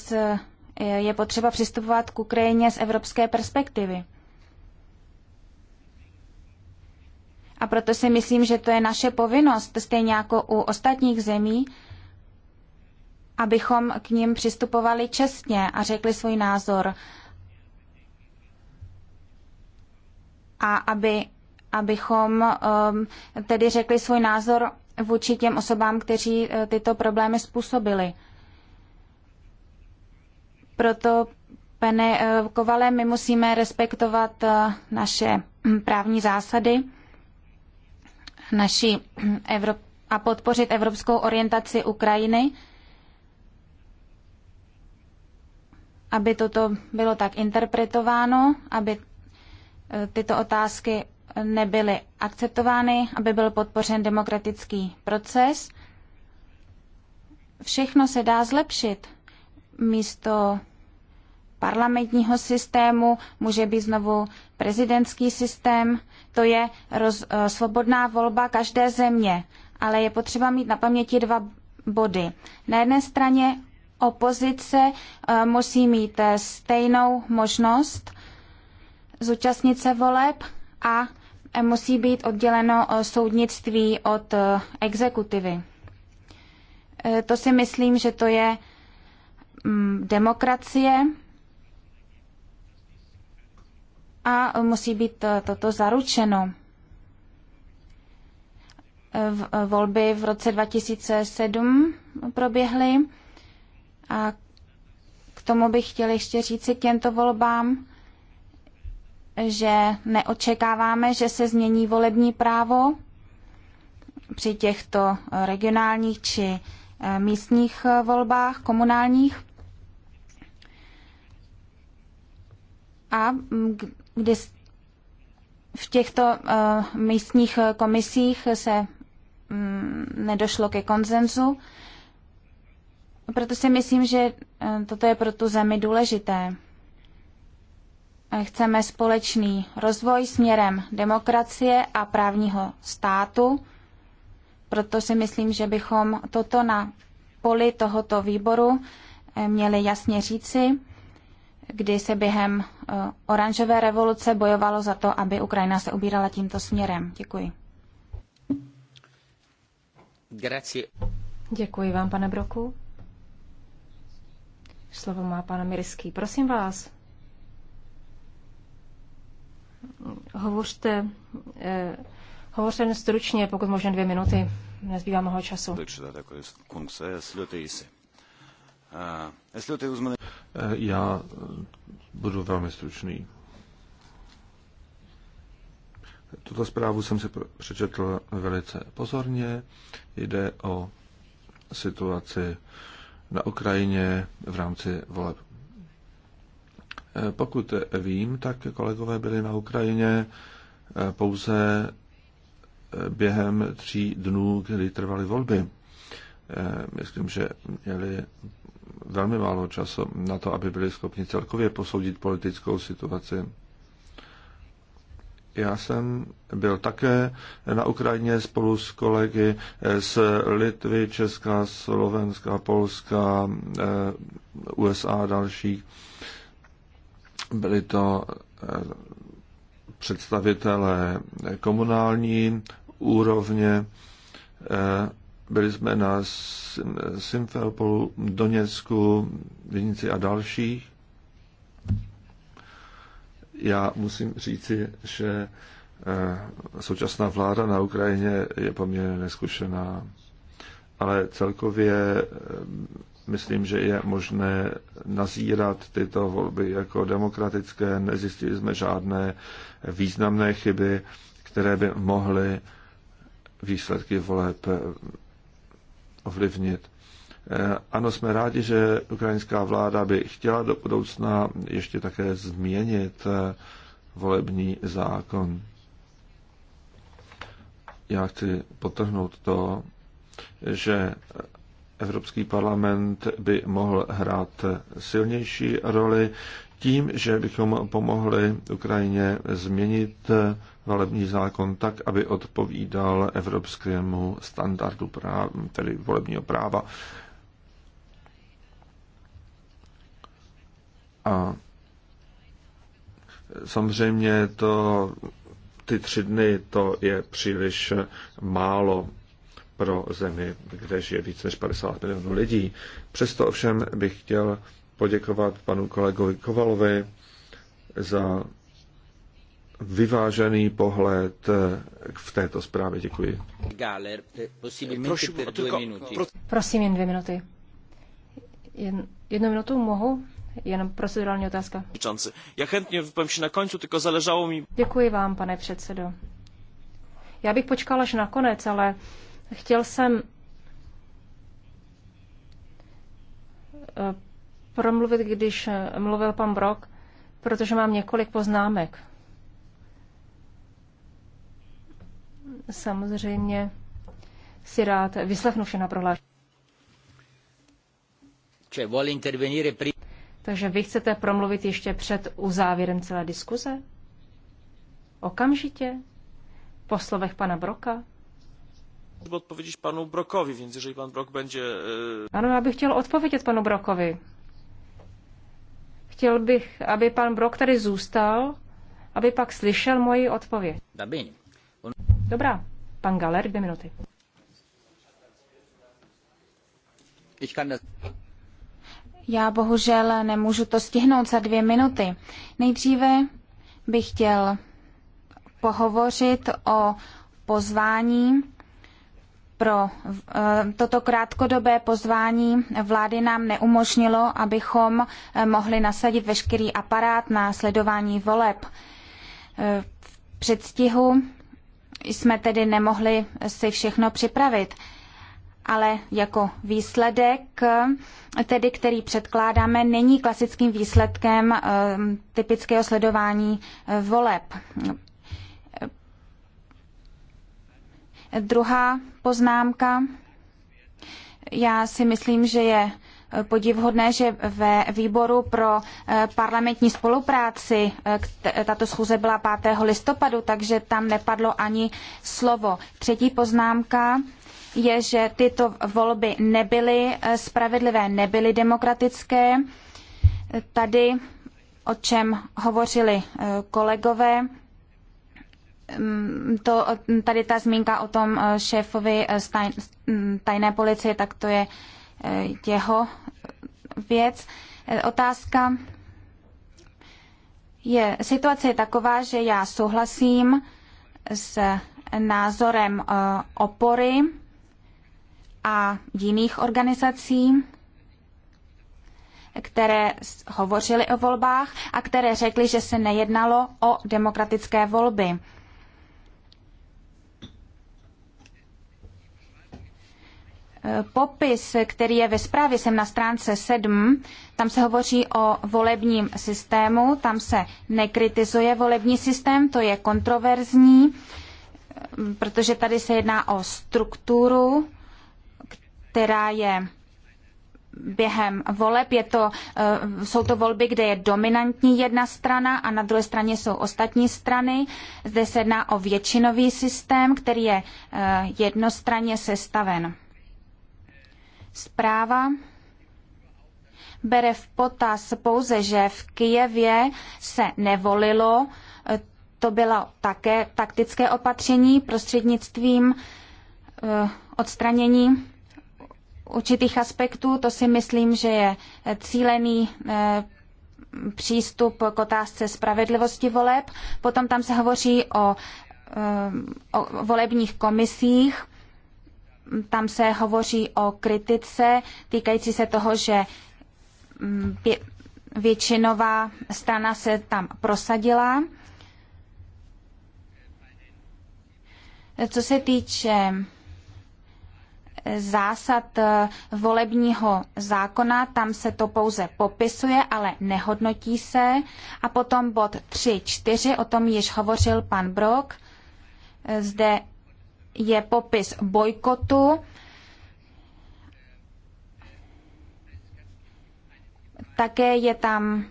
je potřeba přistupovat k Ukrajině z evropské perspektivy. A proto si myslím, že to je naše povinnost, stejně jako u ostatních zemí, abychom k ním přistupovali čestně a řekli svůj názor. A aby, abychom um, tedy řekli svůj názor vůči těm osobám, kteří uh, tyto problémy způsobili. Proto, pane uh, Kovale, my musíme respektovat uh, naše hm, právní zásady naší a podpořit evropskou orientaci Ukrajiny, aby toto bylo tak interpretováno, aby e, tyto otázky nebyly akceptovány, aby byl podpořen demokratický proces. Všechno se dá zlepšit místo parlamentního systému, může být znovu prezidentský systém. To je roz, eh, svobodná volba každé země, ale je potřeba mít na paměti dva body. Na jedné straně opozice eh, musí mít eh, stejnou možnost zúčastnit se voleb a musí být odděleno soudnictví od exekutivy. To si myslím, že to je mm, demokracie a musí být eh, toto zaručeno. Eh, volby v roce 2007 proběhly a k tomu bych chtěl ještě říci k těmto volbám, že neočekáváme, že se změní volební právo při těchto regionálních či eh, místních volbách, komunálních. A mm, kdy v těchto eh, místních komisích se mm, nedošlo ke konsenzu. Proto si myslím, že eh, toto je pro tu zemi důležité. Eh, chceme společný rozvoj směrem demokracie a právního státu. Proto si myslím, že bychom toto na poli tohoto výboru měli jasně říci kdy se během eh, oranžové revoluce bojovalo za to, aby Ukrajina se ubírala tímto směrem. Děkuji. Grazie. Děkuji vám, pane Broku. Slovo má pan Mirský. Prosím vás, hovořte, eh, hovořte stručně, pokud možná dvě minuty. Nezbývá mnoho času. Takže takové konce, slutejse. Eh, eh, já eh, budu velmi stručný. Tuto zprávu jsem si přečetl velice pozorně. Jde o situaci na Ukrajině v rámci voleb. Pokud vím, tak kolegové byli na Ukrajině pouze během tří dnů, kdy trvaly volby. Myslím, že měli velmi málo času na to, aby byli schopni celkově posoudit politickou situaci. Já jsem byl také na Ukrajině spolu s kolegy z Litvy, Česka, Slovenska, Polska, eh, USA a dalších. Byli to eh, představitelé komunální úrovně, eh, byli jsme na Simfelpolu, Doněcku, Vinici a dalších. Já musím říci, že eh, současná vláda na Ukrajině je poměrně neskušená, ale celkově eh, myslím, že je možné nazírat tyto volby jako demokratické. Nezjistili jsme žádné významné chyby, které by mohly výsledky voleb ovlivnit. Eh, ano, jsme rádi, že ukrajinská vláda by chtěla do budoucna ještě také změnit eh, volební zákon. Já chci potrhnout to, že Evropský parlament by mohl hrát silnější roli, tím, že bychom pomohli Ukrajině změnit volební zákon tak, aby odpovídal evropskému standardu práv, tedy volebního práva. A samozřejmě to, ty tři dny to je příliš málo pro zemi, kde žije více než 50 milionů lidí. Přesto ovšem bych chtěl poděkovat panu kolegovi Kovalovi za vyvážený pohled eh, v této zprávě. Děkuji. Galer, eh, eh, prosím, dvě minuty. jen dvě minuty. Jen, jednu minutu mohu? Jenom procedurální otázka. Já chętně vypovím na konci, tylko zaležalo mi... Děkuji vám, pane předsedo. Já bych počkal až na konec, ale chtěl jsem promluvit, když eh, mluvil pan Brok, protože mám několik poznámek. Samozřejmě si rád vyslechnu všechna prohlášení. Takže vy chcete promluvit ještě před uzávěrem celé diskuze? Okamžitě? Po slovech pana Broka? odpovědět panu Brokovi, więc že pan Brok bude? E, ano, já bych chtěl odpovědět panu Brokovi. Chtěl bych, aby pan Brok tady zůstal, aby pak slyšel moji odpověď. Dobrá, pan Galer, dvě minuty. Já bohužel nemůžu to stihnout za dvě minuty. Nejdříve bych chtěl pohovořit o pozvání pro eh, toto krátkodobé pozvání vlády nám neumožnilo, abychom eh, mohli nasadit veškerý aparát na sledování voleb. Eh, v předstihu jsme tedy nemohli si všechno připravit ale jako výsledek, tedy který předkládáme, není klasickým výsledkem typického sledování voleb. Druhá poznámka. Já si myslím, že je podivhodné, že ve výboru pro eh, parlamentní spolupráci eh, tato schůze byla 5. listopadu, takže tam nepadlo ani slovo. Třetí poznámka je, že tyto volby nebyly eh, spravedlivé, nebyly demokratické. Tady, o čem hovořili kolegové, Mm, to, tady ta zmínka o tom eh, šéfovi eh, tajné policie, tak to je eh, jeho věc. Otázka je, situace je taková, že já souhlasím s názorem opory a jiných organizací, které hovořily o volbách a které řekly, že se nejednalo o demokratické volby. popis, který je ve zprávě, jsem na stránce 7, tam se hovoří o volebním systému, tam se nekritizuje volební systém, to je kontroverzní, protože tady se jedná o strukturu, která je během voleb. Je to, eh, jsou to volby, kde je dominantní jedna strana a na druhé straně jsou ostatní strany. Zde se jedná o většinový systém, který je eh, jednostranně sestaven. Zpráva bere v potaz pouze, že v Kijevě se nevolilo, to bylo také taktické opatření prostřednictvím eh, odstranění určitých aspektů. To si myslím, že je cílený eh, přístup k otázce spravedlivosti voleb. Potom tam se hovoří o, eh, o volebních komisích tam se hovoří o kritice týkající se toho, že mm, většinová strana se tam prosadila. Co se týče eh, zásad eh, volebního zákona, tam se to pouze popisuje, ale nehodnotí se. A potom bod 3.4, o tom již hovořil pan Brok. Eh, zde je popis bojkotu. Také je tam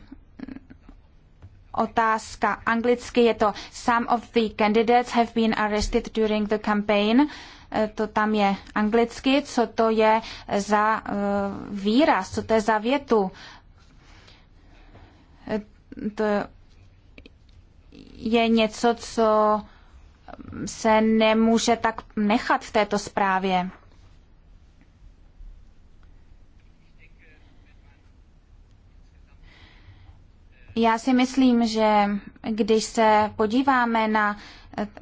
otázka anglicky, je to some of the candidates have been arrested during the campaign. Eh, to tam je anglicky, co to je za eh, výraz, co to je za větu. Eh, to je něco, co se nemůže tak nechat v této zprávě. Já si myslím, že když se podíváme na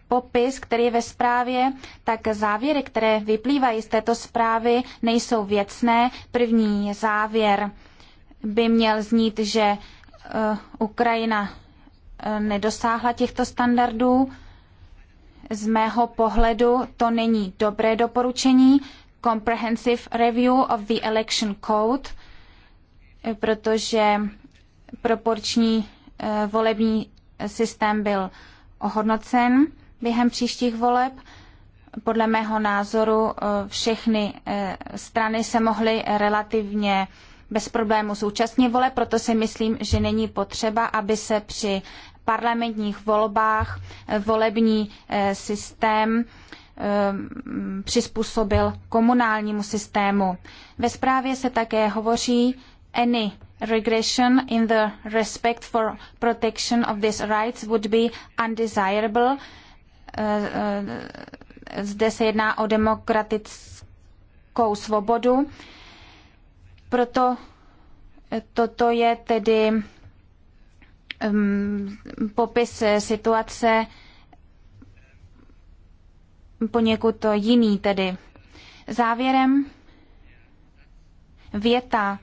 popis, který je ve zprávě, tak závěry, které vyplývají z této zprávy, nejsou věcné. První závěr by měl znít, že eh, Ukrajina eh, nedosáhla těchto standardů. Z mého pohledu to není dobré doporučení, Comprehensive Review of the Election Code, protože proporční eh, volební systém byl ohodnocen během příštích voleb. Podle mého názoru eh, všechny eh, strany se mohly relativně bez problému zúčastnit vole, proto si myslím, že není potřeba, aby se při parlamentních volbách volební eh, systém eh, přizpůsobil komunálnímu systému. Ve zprávě se také hovoří any regression in the respect for protection of these rights would be undesirable. Eh, zde se jedná o demokratickou svobodu. Proto toto je tedy popis eh, situace poněkud jiný tedy. Závěrem věta,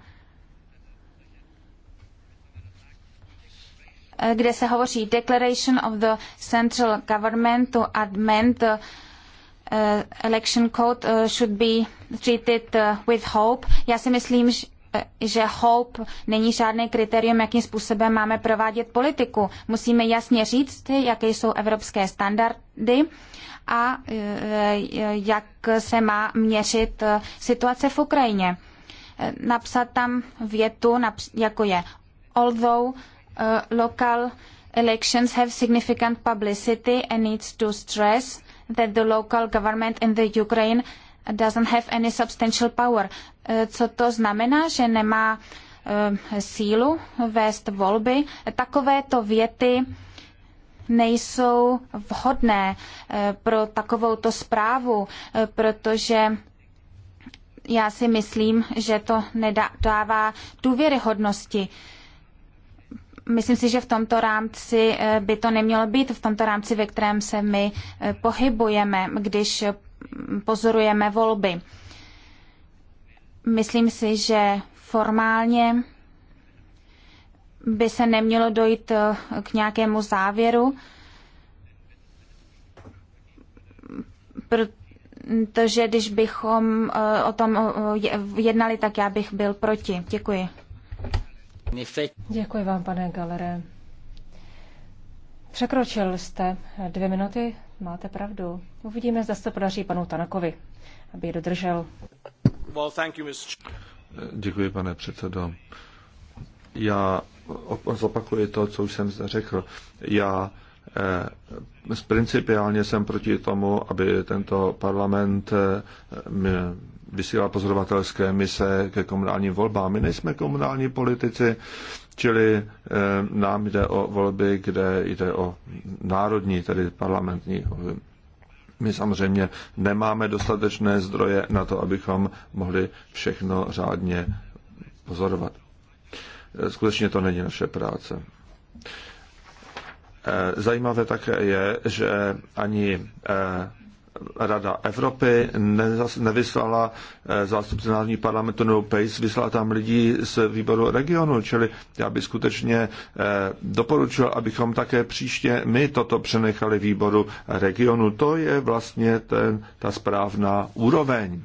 eh, kde se hovoří Declaration of the Central Government to amend the eh, election code should be treated with hope. Já si myslím, že že hope není žádné kritérium, jakým způsobem máme provádět politiku. Musíme jasně říct, jaké jsou evropské standardy a eh, jak se má měřit eh, situace v Ukrajině. Eh, napsat tam větu, jako je although local elections have significant publicity and needs to stress that the local government in the Ukraine doesn't have any substantial power. E, co to znamená, že nemá e, sílu vést volby? Takovéto věty nejsou vhodné e, pro takovouto zprávu, protože já si myslím, že to nedává důvěryhodnosti. Myslím si, že v tomto rámci by to nemělo být, v tomto rámci, ve kterém se my pohybujeme, když pozorujeme volby. Myslím si, že formálně by se nemělo dojít eh, k nějakému závěru, protože když bychom eh, o tom eh, jednali, tak já bych byl proti. Děkuji. Děkuji vám, pane Galere. Překročil jste dvě minuty máte pravdu. Uvidíme, zda se podaří panu Tanakovi, aby je dodržel. Well, thank you, Mr. Děkuji, pane předsedo. Já zopakuji to, co už jsem zde řekl. Já eh, principiálně jsem proti tomu, aby tento parlament eh, vysílá pozorovatelské mise ke komunálním volbám. My nejsme komunální politici, čili eh, nám jde o volby, kde jde o národní, tedy parlamentní volby. My samozřejmě nemáme dostatečné zdroje na to, abychom mohli všechno řádně pozorovat. Eh, skutečně to není naše práce. Eh, zajímavé také je, že ani Rada Evropy nevyslala eh, zástupce Národní parlamentu nebo PACE, vyslala tam lidi z výboru regionu, čili já bych skutečně eh, doporučil, abychom také příště my toto přenechali výboru regionu. To je vlastně ten, ta správná úroveň.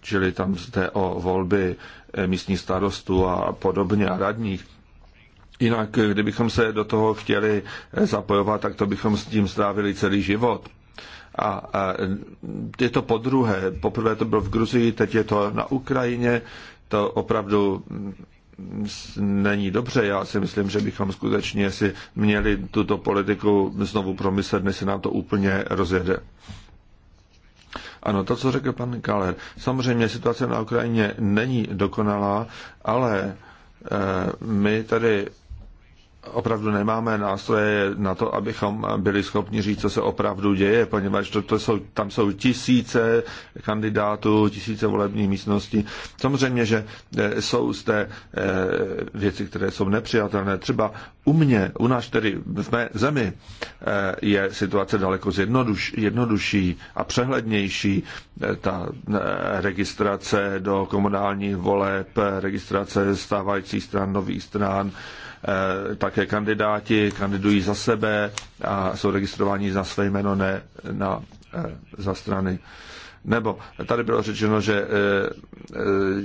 Čili tam jde o volby eh, místních starostů a podobně a radních. Jinak, kdybychom se do toho chtěli zapojovat, tak to bychom s tím strávili celý život. A je to po druhé. Poprvé to bylo v Gruzii, teď je to na Ukrajině. To opravdu není dobře. Já si myslím, že bychom skutečně si měli tuto politiku znovu promyslet, než se nám to úplně rozjede. Ano, to, co řekl pan Kaler. Samozřejmě situace na Ukrajině není dokonalá, ale eh, my tady opravdu nemáme nástroje na to, abychom byli schopni říct, co se opravdu děje, poněvadž to, to jsou, tam jsou tisíce kandidátů, tisíce volebních místností. Samozřejmě, že eh, jsou zde eh, věci, které jsou nepřijatelné. Třeba u mě, u nás tedy v mé zemi eh, je situace daleko zjednoduš, jednodušší a přehlednější. Ta registrace do komunálních voleb, registrace stávajících stran, nových stran, Eh, také kandidáti kandidují za sebe a jsou registrováni za své jméno, ne na, eh, za strany. Nebo tady bylo řečeno, že eh,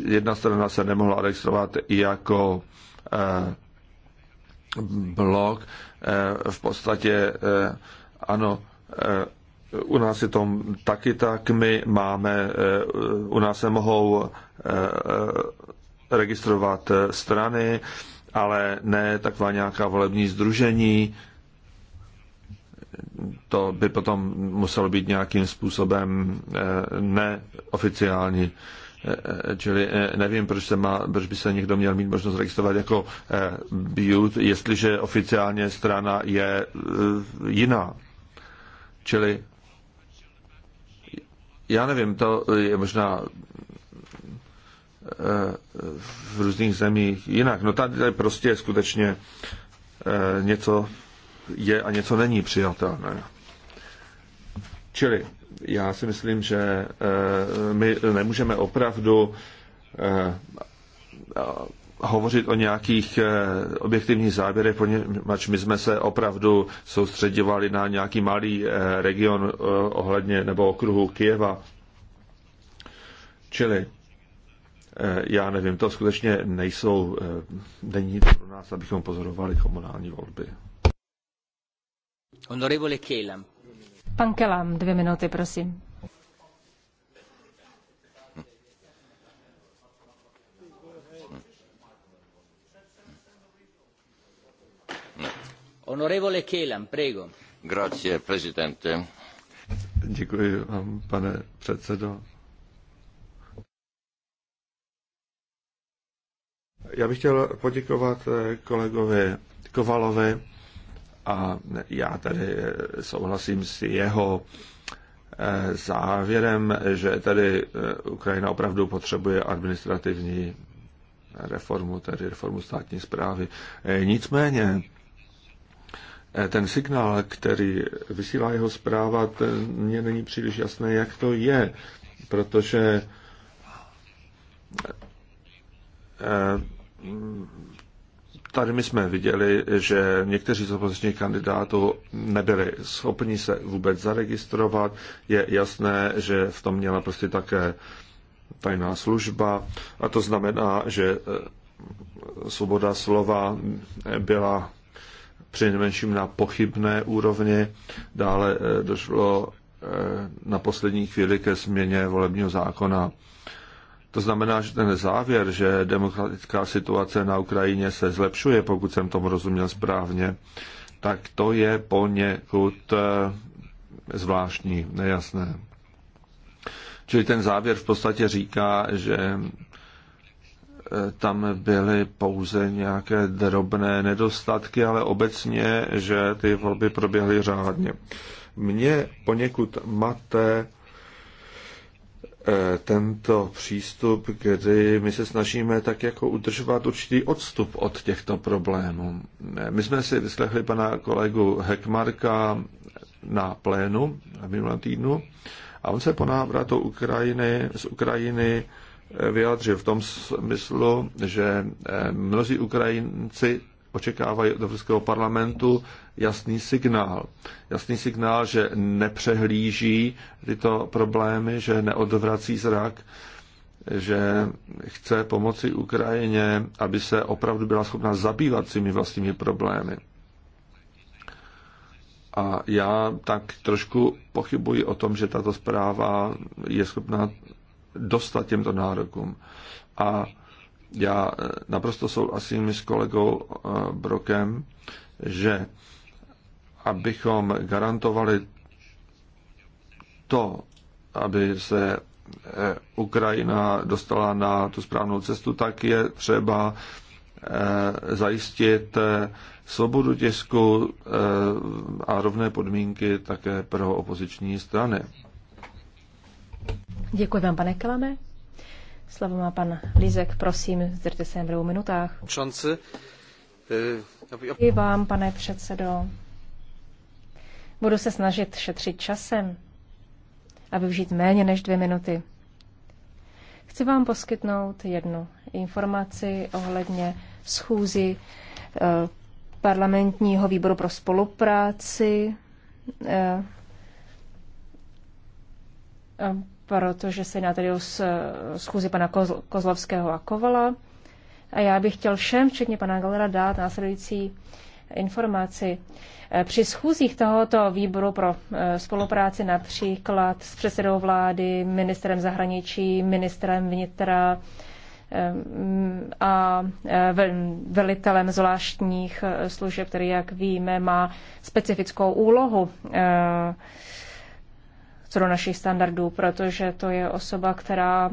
jedna strana se nemohla registrovat jako blok. V podstatě ano, u nás je to taky tak, my máme, u nás se mohou registrovat strany, ale ne taková nějaká volební združení. To by potom muselo být nějakým způsobem eh, neoficiální. Eh, eh, čili nevím, proč, se má, proč by se někdo měl mít možnost registrovat jako BUT, jestliže oficiálně strana je jiná. Čili já nevím, to je možná v různých zemích jinak. No tady prostě skutečně eh, něco je a něco není přijatelné. Čili já si myslím, že eh, my nemůžeme opravdu eh, hovořit o nějakých objektivních záběrech, poněvadž my jsme se opravdu soustředěvali na nějaký malý region ohledně nebo okruhu Kijeva. Čili Eh, já nevím, to skutečně nejsou, eh, není to pro nás, abychom pozorovali komunální volby. Honorable Kelam. Pan Kelam, dvě minuty, prosím. Honorable Kelam, prego. Grazie, presidente. Děkuji vám, pane předsedo. Já bych chtěl poděkovat eh, kolegovi Kovalovi a já tady eh, souhlasím s jeho eh, závěrem, že tady Ukrajina opravdu potřebuje administrativní reformu, tedy reformu státní zprávy. Nicméně ten signál, který vysílá jeho zpráva, mně není příliš jasné, jak to je, protože tady my jsme viděli, že někteří z opozičních kandidátů nebyli schopni se vůbec zaregistrovat. Je jasné, že v tom měla prostě také tajná služba a to znamená, že e, svoboda slova byla přinejmenším na pochybné úrovni. Dále e, došlo e, na poslední chvíli ke změně volebního zákona to znamená, že ten závěr, že demokratická situace na Ukrajině se zlepšuje, pokud jsem tomu rozuměl správně, tak to je poněkud eh, zvláštní, nejasné. Čili ten závěr v podstatě říká, že eh, tam byly pouze nějaké drobné nedostatky, ale obecně, že ty volby proběhly řádně. Mně poněkud mate Eh, tento přístup, kdy my se snažíme tak jako udržovat určitý odstup od těchto problémů. My jsme si vyslechli pana kolegu Hekmarka na plénu minulém týdnu a on se po návratu Ukrajiny, z Ukrajiny eh, vyjádřil v tom smyslu, že eh, mnozí Ukrajinci očekávají od Evropského parlamentu jasný signál. Jasný signál, že nepřehlíží tyto problémy, že neodvrací zrak, že chce pomoci Ukrajině, aby se opravdu byla schopna zabývat svými vlastními problémy. A já tak trošku pochybuji o tom, že tato zpráva je schopná dostat těmto nárokům. A já eh, naprosto souhlasím s kolegou eh, Brokem, že abychom garantovali to, aby se eh, Ukrajina dostala na tu správnou cestu, tak je třeba zajistit svobodu tisku a rovné podmínky také pro opoziční strany. Děkuji vám, pane Kalame. Slovo má pan Lízek, prosím, zdržte se jen v dvou minutách. Eh, Děkuji vám, pane předsedo. Budu se snažit šetřit časem a využít méně než dvě minuty. Chci vám poskytnout jednu informaci ohledně schůzi eh, parlamentního výboru pro spolupráci eh, protože se jedná tedy o schůzi pana Kozlovského a Kovala. A já bych chtěl všem, včetně pana Galera, dát následující informaci. E, při schůzích tohoto výboru pro e, spolupráci například s předsedou vlády, ministrem zahraničí, ministrem vnitra e, a velitelem zvláštních služeb, který, jak víme, má specifickou úlohu co do našich standardů, protože to je osoba, která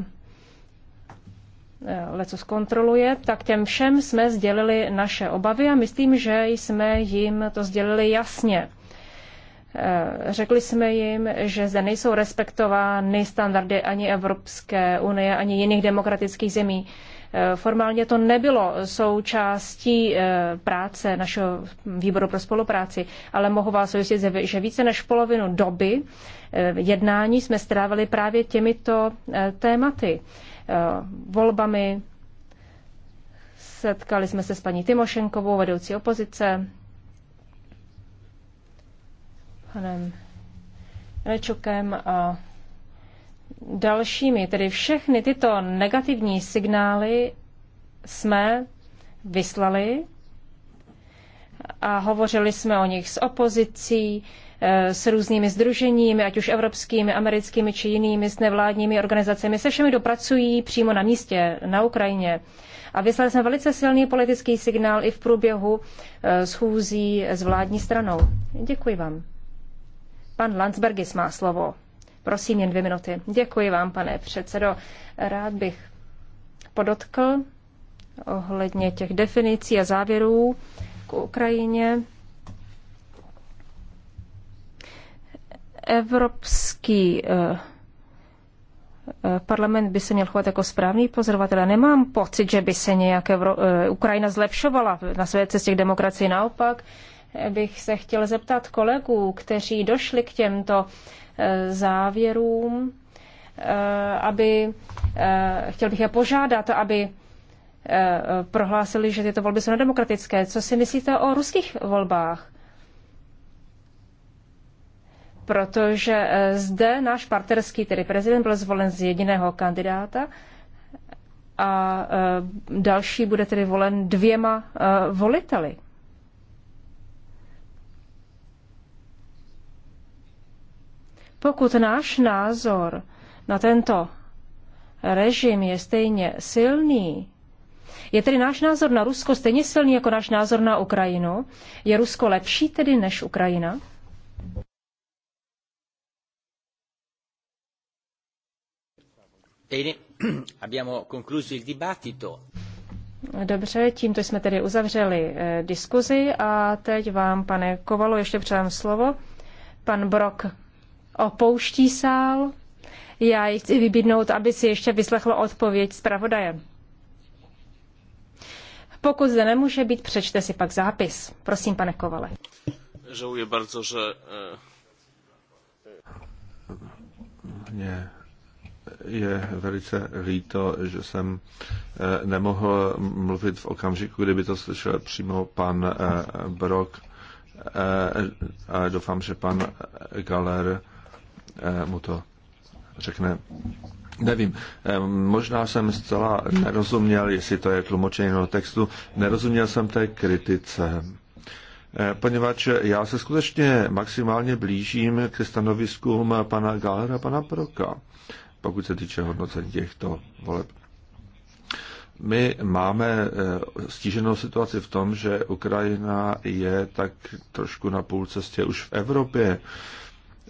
eh, leco zkontroluje, tak těm všem jsme sdělili naše obavy a myslím, že jsme jim to sdělili jasně. Eh, řekli jsme jim, že zde nejsou respektovány standardy ani Evropské unie, ani jiných demokratických zemí. Eh, formálně to nebylo součástí eh, práce našeho výboru pro spolupráci, ale mohu vás ujistit, že více než polovinu doby eh, jednání jsme strávili právě těmito tématy. Volbami, setkali jsme se s paní Timošenkovou, vedoucí opozice, panem Rečokem a dalšími. Tedy všechny tyto negativní signály jsme vyslali a hovořili jsme o nich s opozicí, eh, s různými združeními, ať už evropskými, americkými či jinými, s nevládními organizacemi, se všemi dopracují přímo na místě, na Ukrajině. A vyslali jsme velice silný politický signál i v průběhu eh, schůzí s vládní stranou. Děkuji vám. Pan Landsbergis má slovo. Prosím, jen dvě minuty. Děkuji vám, pane předsedo. Rád bych podotkl ohledně těch definicí a závěrů k Ukrajině. Evropský eh, eh, parlament by se měl chovat jako správný pozorovatel. Já nemám pocit, že by se nějak Evro- eh, Ukrajina zlepšovala na své cestě k demokracii. Naopak, bych se chtěl zeptat kolegů, kteří došli k těmto eh, závěrům, eh, aby, eh, chtěl bych je požádat, aby prohlásili, že tyto volby jsou nedemokratické. Co si myslíte o ruských volbách? Protože zde náš partnerský, tedy prezident, byl zvolen z jediného kandidáta a další bude tedy volen dvěma voliteli. Pokud náš názor na tento režim je stejně silný, je tedy náš názor na Rusko stejně silný jako náš názor na Ukrajinu? Je Rusko lepší tedy než Ukrajina? Dobře, tímto jsme tedy uzavřeli eh, diskuzi a teď vám, pane Kovalu, ještě předám slovo. Pan Brok opouští sál. Já ji chci vybídnout, aby si ještě vyslechlo odpověď zpravodaje. Pokud zde nemůže být, přečte si pak zápis. Prosím, pane Kovale. Žałuję bardzo, že... Eh, Mě je velice líto, že jsem eh, nemohl mluvit v okamžiku, kdyby to slyšel přímo pan eh, Brok. A doufám, že pan Galer Eh, mu to řekne. Nevím, eh, možná jsem zcela nerozuměl, jestli to je tlumočení do textu, nerozuměl jsem té kritice, eh, poněvadž já se skutečně maximálně blížím k stanoviskům pana Galera a pana Proka, pokud se týče hodnocení těchto voleb. My máme stíženou situaci v tom, že Ukrajina je tak trošku na půl cestě už v Evropě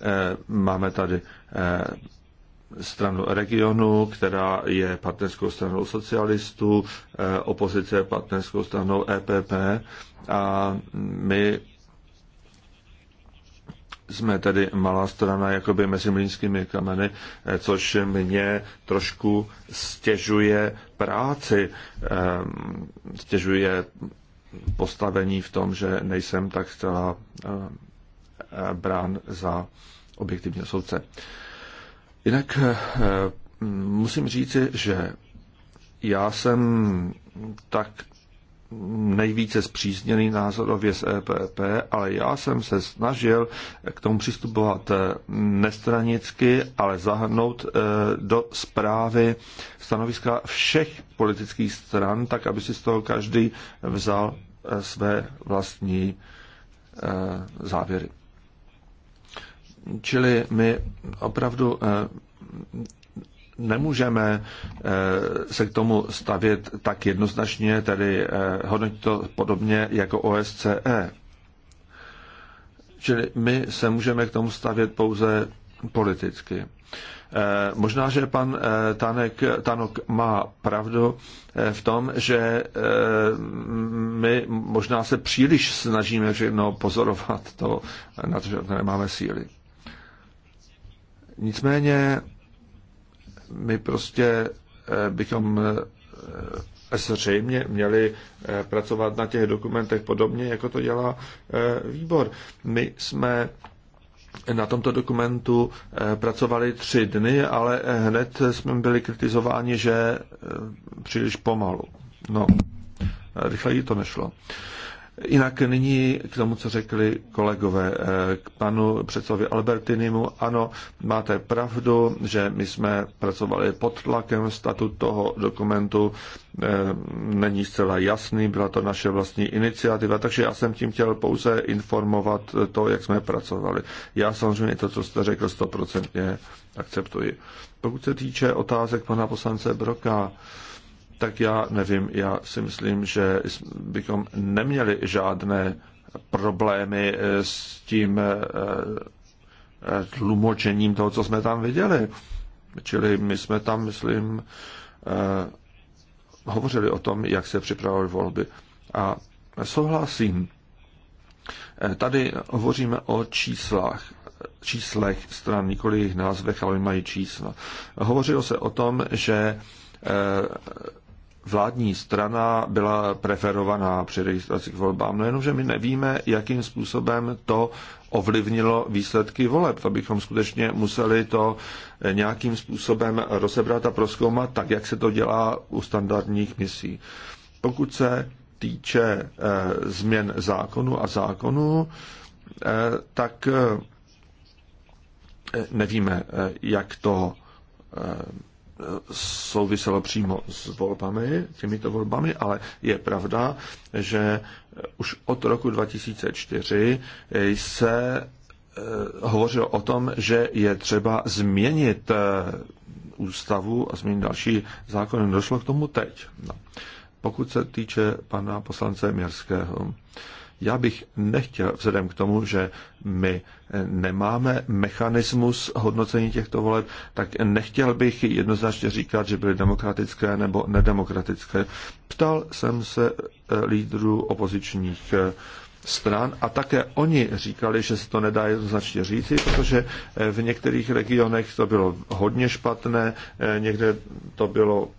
Eh, máme tady eh, stranu regionu, která je partnerskou stranou socialistů, eh, opozice je partnerskou stranou EPP a my jsme tedy malá strana jakoby mezi mlínskými kameny, což mě trošku stěžuje práci, stěžuje postavení v tom, že nejsem tak zcela brán za objektivní soudce. Jinak eh, musím říci, že já jsem tak nejvíce zpřízněný názorově z EPP, ale já jsem se snažil k tomu přistupovat eh, nestranicky, ale zahrnout eh, do zprávy stanoviska všech politických stran, tak aby si z toho každý vzal své vlastní závěry. Čili my opravdu eh, nemůžeme eh, se k tomu stavět tak jednoznačně, tedy eh, hodnotit to podobně jako OSCE. Čili my se můžeme k tomu stavět pouze politicky. Možná, že pan Tanek, Tanok má pravdu v tom, že my možná se příliš snažíme všechno pozorovat to, na to, že nemáme síly. Nicméně my prostě eh, bychom eh, zřejmě měli eh, pracovat na těch dokumentech podobně, jako to dělá výbor. My jsme na tomto dokumentu pracovali tři dny, ale hned jsme byli kritizováni, že příliš pomalu. No, rychleji to nešlo. Jinak nyní k tomu, co řekli kolegové, eh, k panu předsedovi Albertinimu. Ano, máte pravdu, že my jsme pracovali pod tlakem statut toho dokumentu. Eh, není zcela jasný, byla to naše vlastní iniciativa, takže já jsem tím chtěl pouze informovat to, jak jsme pracovali. Já samozřejmě to, co jste řekl, stoprocentně akceptuji. Pokud se týče otázek pana poslance Broka, tak já nevím, já si myslím, že bychom neměli žádné problémy eh, s tím eh, eh, tlumočením toho, co jsme tam viděli. Čili my jsme tam, myslím, hovořili o tom, jak se připravovaly volby. A souhlasím. Tady hovoříme o číslách, číslech stran, nikoli jejich názvech, ale mají čísla. Hovořilo se o tom, že vládní strana byla preferovaná při registraci k volbám. No jenomže my nevíme, jakým způsobem to ovlivnilo výsledky voleb. To bychom skutečně museli to nějakým způsobem rozebrat a proskoumat, tak jak se to dělá u standardních misí. Pokud se týče eh, změn zákonu a zákonu, eh, tak eh, nevíme, jak to souviselo přímo s volbami, těmito volbami, ale je pravda, že už od roku 2004 se eh, hovořilo o tom, že je třeba změnit eh, ústavu a změnit další zákon. Došlo k tomu teď. No. Pokud se týče pana poslance Měrského, já bych nechtěl, vzhledem k tomu, že my nemáme mechanismus hodnocení těchto voleb, tak nechtěl bych jednoznačně říkat, že byly demokratické nebo nedemokratické. Ptal jsem se eh, lídrů opozičních eh, stran a také oni říkali, že se to nedá jednoznačně říci, protože eh, v některých regionech to bylo hodně špatné, někde to bylo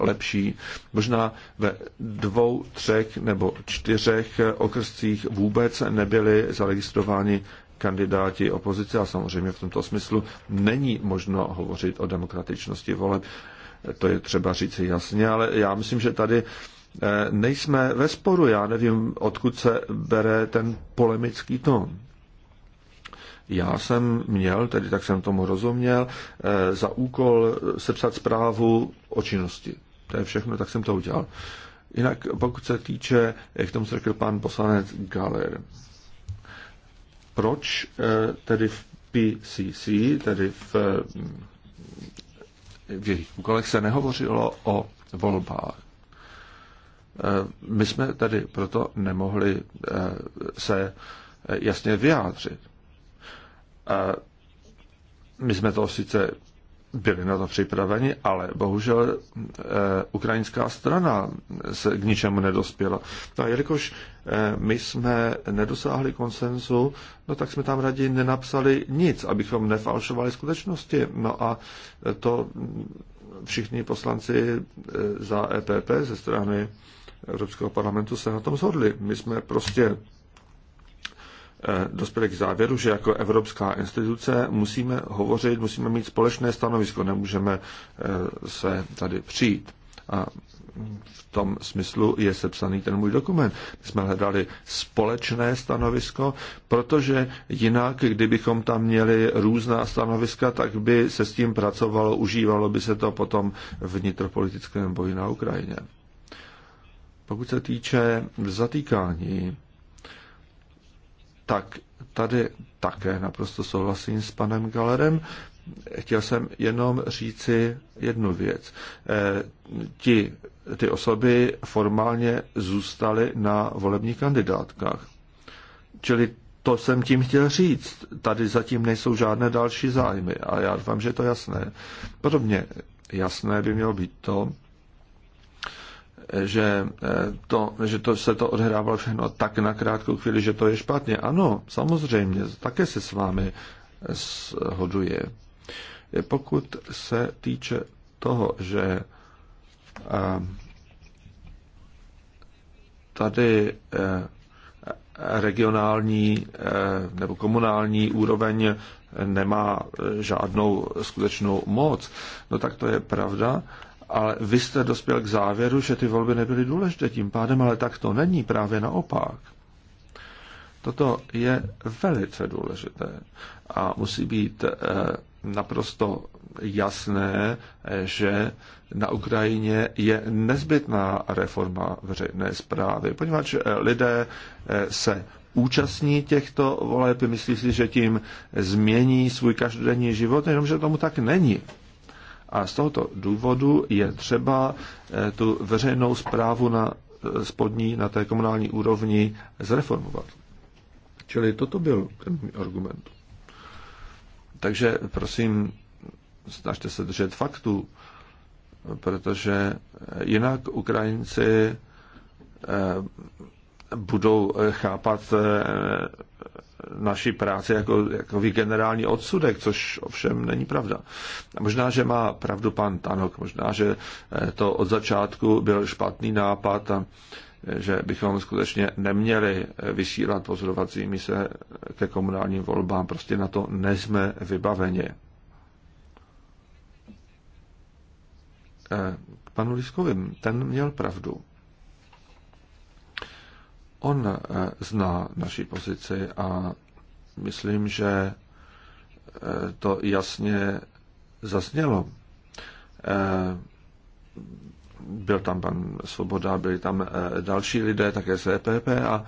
lepší. Možná ve dvou, třech nebo čtyřech okrscích vůbec nebyly zaregistrováni kandidáti opozice a samozřejmě v tomto smyslu není možno hovořit o demokratičnosti voleb. To je třeba říci jasně, ale já myslím, že tady eh, nejsme ve sporu. Já nevím, odkud se bere ten polemický tón. Já jsem měl, tedy tak jsem tomu rozuměl, eh, za úkol sepsat zprávu o činnosti. To je všechno, tak jsem to udělal. Jinak pokud se týče, jak tomu řekl pan poslanec Galer, proč eh, tedy v PCC, tedy v, eh, v jejich úkolech se nehovořilo o volbách? My jsme tedy proto nemohli se jasně vyjádřit. My jsme to sice byli na to připraveni, ale bohužel e, ukrajinská strana se k ničemu nedospěla. No a jelikož e, my jsme nedosáhli konsenzu, no tak jsme tam raději nenapsali nic, abychom nefalšovali skutečnosti. No a to všichni poslanci e, za EPP ze strany Evropského parlamentu se na tom shodli. My jsme prostě Eh, dospěli k závěru, že jako evropská instituce musíme hovořit, musíme mít společné stanovisko, nemůžeme eh, se tady přijít. A v tom smyslu je sepsaný ten můj dokument. My jsme hledali společné stanovisko, protože jinak, kdybychom tam měli různá stanoviska, tak by se s tím pracovalo, užívalo by se to potom v vnitropolitickém boji na Ukrajině. Pokud se týče zatýkání, tak tady také naprosto souhlasím s panem Galerem. Chtěl jsem jenom říci jednu věc. Eh, ti, ty osoby formálně zůstaly na volebních kandidátkách. Čili to jsem tím chtěl říct. Tady zatím nejsou žádné další zájmy a já doufám, že je to jasné. Podobně jasné by mělo být to, že, eh, to, že to, se to odhrávalo všechno tak na krátkou chvíli, že to je špatně. Ano, samozřejmě, také se s vámi shoduje. Eh, pokud se týče toho, že eh, tady regionální nebo komunální úroveň nemá žádnou skutečnou moc, no tak to je pravda, ale vy jste dospěl k závěru, že ty volby nebyly důležité tím pádem, ale tak to není, právě naopak. Toto je velice důležité a musí být eh, naprosto jasné, eh, že na Ukrajině je nezbytná reforma veřejné zprávy, poněvadž eh, lidé se účastní těchto voleb, myslí si, že tím změní svůj každodenní život, jenomže tomu tak není. A z tohoto důvodu je třeba eh, tu veřejnou zprávu na eh, spodní, na té komunální úrovni zreformovat. Čili toto byl ten argument. Takže prosím, snažte se držet faktů, protože jinak Ukrajinci eh, budou chápat naší práci jako, jako generální odsudek, což ovšem není pravda. A možná, že má pravdu pan Tanok, možná, že eh, to od začátku byl špatný nápad a eh, že bychom skutečně neměli eh, vysílat pozorovací mise ke komunálním volbám. Prostě na to nejsme vybaveni. K panu Liskovým, ten měl pravdu. On eh, zná naši pozici a myslím, že eh, to jasně zaznělo. Eh, byl tam pan Svoboda, byli tam další lidé, také z EPP a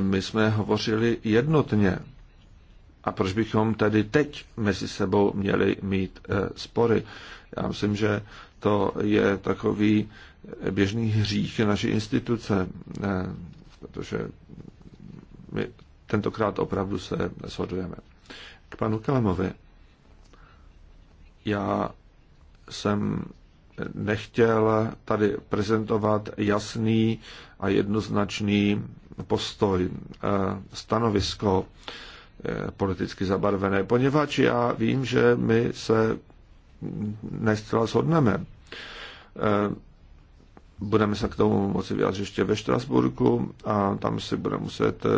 my jsme hovořili jednotně. A proč bychom tedy teď mezi sebou měli mít spory? Já myslím, že to je takový běžný hřích naší instituce protože my tentokrát opravdu se neshodujeme. K panu Kalemovi. Já jsem nechtěl tady prezentovat jasný a jednoznačný postoj, eh, stanovisko eh, politicky zabarvené, poněvadž já vím, že my se nescela shodneme. Eh, budeme se k tomu moci vyjádřit ještě ve Štrasburku a tam si budeme muset, eh,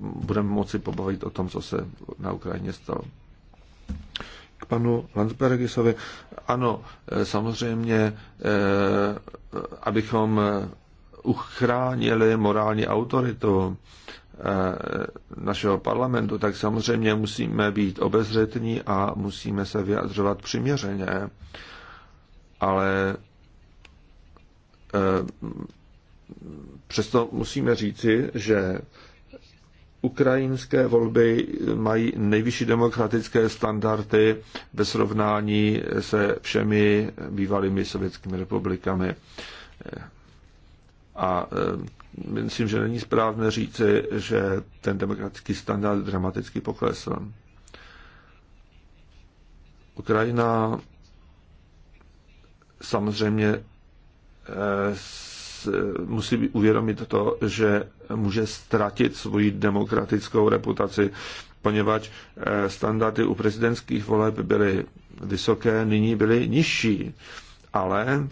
budeme moci pobavit o tom, co se na Ukrajině stalo. K panu Landsbergisovi. Ano, eh, samozřejmě, eh, abychom uchránili morální autoritu našeho parlamentu, tak samozřejmě musíme být obezřetní a musíme se vyjadřovat přiměřeně. Ale Eh, přesto musíme říci, že ukrajinské volby mají nejvyšší demokratické standardy ve srovnání se všemi bývalými sovětskými republikami. Eh, a eh, myslím, že není správné říci, že ten demokratický standard dramaticky poklesl. Ukrajina samozřejmě Eh, musí uvědomit to, že může ztratit svoji demokratickou reputaci, poněvadž eh, standardy u prezidentských voleb byly vysoké, nyní byly nižší. Ale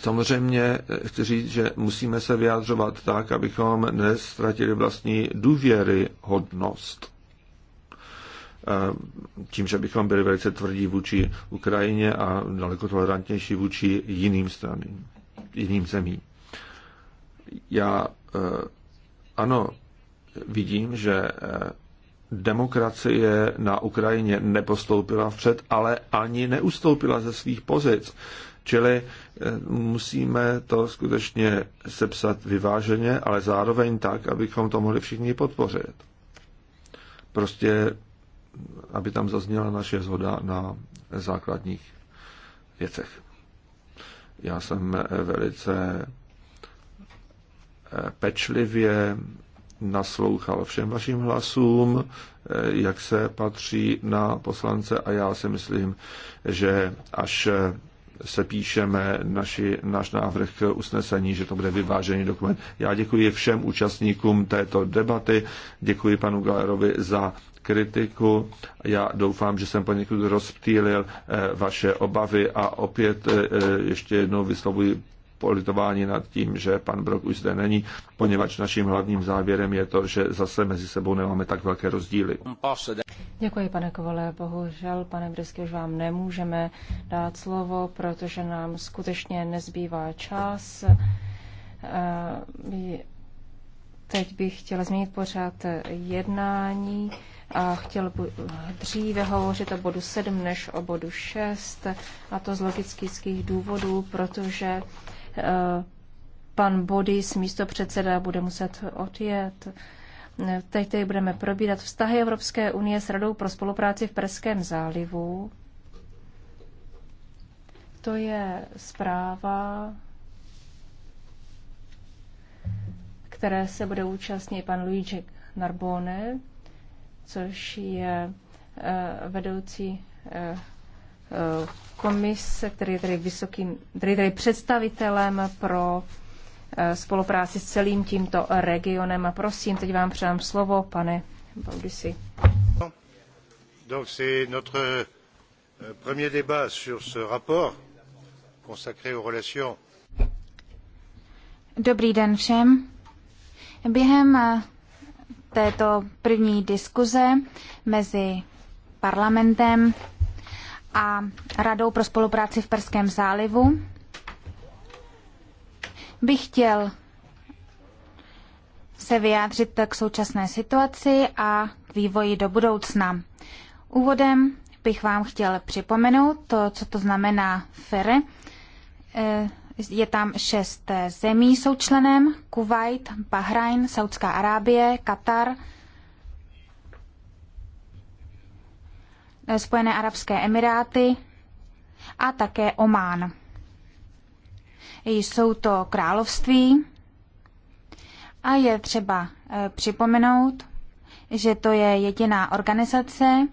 samozřejmě eh, chci říct, že musíme se vyjádřovat tak, abychom nestratili vlastní důvěry hodnost tím, že bychom byli velice tvrdí vůči Ukrajině a daleko tolerantnější vůči jiným stranám, jiným zemím. Já e, ano, vidím, že e, demokracie na Ukrajině nepostoupila vpřed, ale ani neustoupila ze svých pozic. Čili e, musíme to skutečně sepsat vyváženě, ale zároveň tak, abychom to mohli všichni podpořit. Prostě aby tam zazněla naše zhoda na základních věcech. Já jsem velice eh, pečlivě naslouchal všem vašim hlasům, eh, jak se patří na poslance a já si myslím, že až eh, se píšeme naši, náš návrh k usnesení, že to bude vyvážený dokument. Já děkuji všem účastníkům této debaty, děkuji panu Galerovi za kritiku. Já doufám, že jsem poněkud rozptýlil eh, vaše obavy a opět eh, eh, ještě jednou vyslovuji politování nad tím, že pan Brok už zde není, poněvadž naším hlavním závěrem je to, že zase mezi sebou nemáme tak velké rozdíly. Děkuji, pane Kovale. Bohužel, pane Brisky, už vám nemůžeme dát slovo, protože nám skutečně nezbývá čas. Teď bych chtěla změnit pořád jednání a chtěl dříve hovořit o bodu 7 než o bodu 6, a to z logických důvodů, protože eh, pan s místo předseda, bude muset odjet. Teď tedy budeme probírat vztahy Evropské unie s Radou pro spolupráci v Perském zálivu. To je zpráva, které se bude účastnit pan Luigi Narbone, což je uh, vedoucí uh, komise, který je tady vysokým, který je tady představitelem pro uh, spolupráci s celým tímto regionem. A prosím, teď vám předám slovo, pane Baudisi. Donc c'est notre euh, premier débat sur ce rapport consacré aux relations. Dobrý den všem. Během této první diskuze mezi parlamentem a Radou pro spolupráci v Perském zálivu bych chtěl se vyjádřit k současné situaci a k vývoji do budoucna. Úvodem bych vám chtěl připomenout to, co to znamená FERE, eh, je tam šest zemí, jsou členem Kuwait, Bahrajn, Saudská Arábie, Katar, Spojené arabské emiráty a také Omán. Jsou to království a je třeba eh, připomenout, že to je jediná organizace,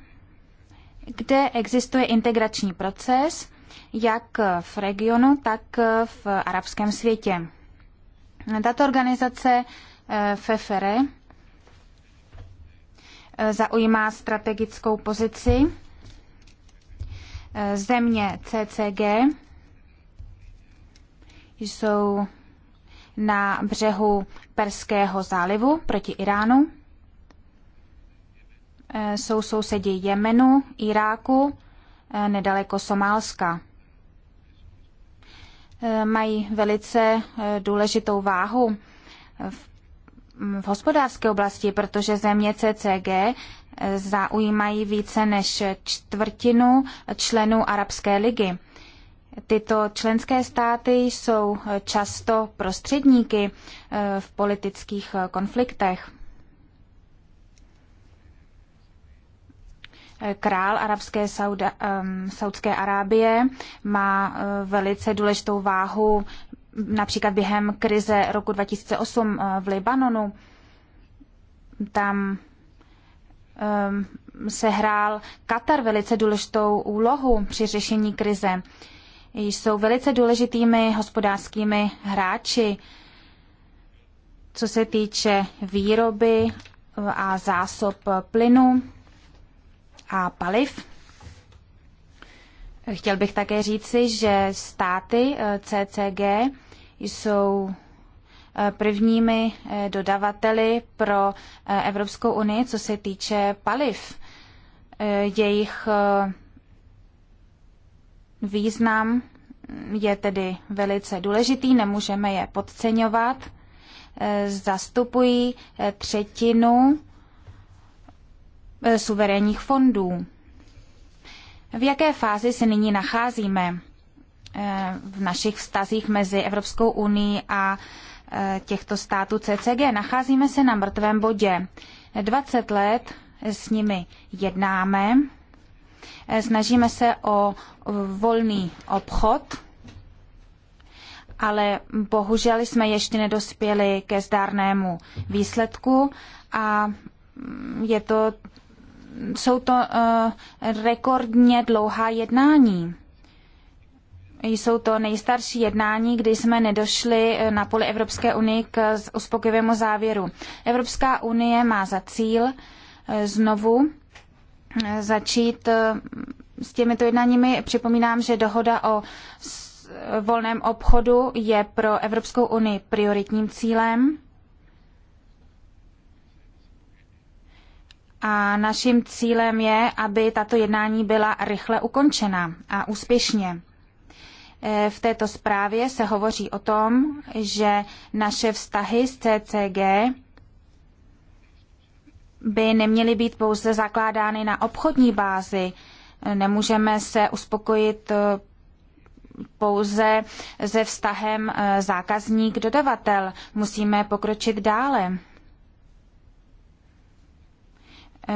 kde existuje integrační proces jak v regionu, tak v arabském světě. Tato organizace eh, FEFERE eh, zaujímá strategickou pozici eh, země CCG jsou na břehu Perského zálivu proti Iránu. Jsou sousedi Jemenu, Iráku nedaleko Somálska. E, mají velice e, důležitou váhu v, hospodářské oblasti, protože země CCG e, zaujímají více než čtvrtinu členů Arabské ligy. Tyto členské státy jsou často prostředníky v politických konfliktech. král arabské Sauda, um, Saudské Arábie má eh, velice důležitou váhu například během krize roku 2008 eh, v Libanonu. Tam um, hrál Katar velice důležitou úlohu při řešení krize. Jsou velice důležitými hospodářskými hráči, co se týče výroby eh, a zásob plynu a paliv. Chtěl bych také říci, že státy eh, CCG jsou eh, prvními eh, dodavateli pro Evropskou unii, co se týče paliv. Jejich význam je tedy velice důležitý, nemůžeme je podceňovat. Zastupují třetinu Eh, suverénních fondů. V jaké fázi se nyní nacházíme eh, v našich vztazích mezi Evropskou unii a eh, těchto států CCG? Nacházíme se na mrtvém bodě. 20 let s nimi jednáme, snažíme se o volný obchod, ale bohužel jsme ještě nedospěli ke zdárnému výsledku a mm, je to jsou to eh, rekordně dlouhá jednání. Jsou to nejstarší jednání, kdy jsme nedošli eh, na poli Evropské unie k uspokojivému závěru. Evropská unie má za cíl eh, znovu začít s těmito jednáními. Připomínám, že dohoda o volném obchodu je pro Evropskou unii prioritním cílem A naším cílem je, aby tato jednání byla rychle ukončena a úspěšně. E, v této zprávě se hovoří o tom, že naše vztahy s CCG by neměly být pouze zakládány na obchodní bázi. Nemůžeme se uspokojit e, pouze se vztahem e, zákazník-dodavatel. Musíme pokročit dále.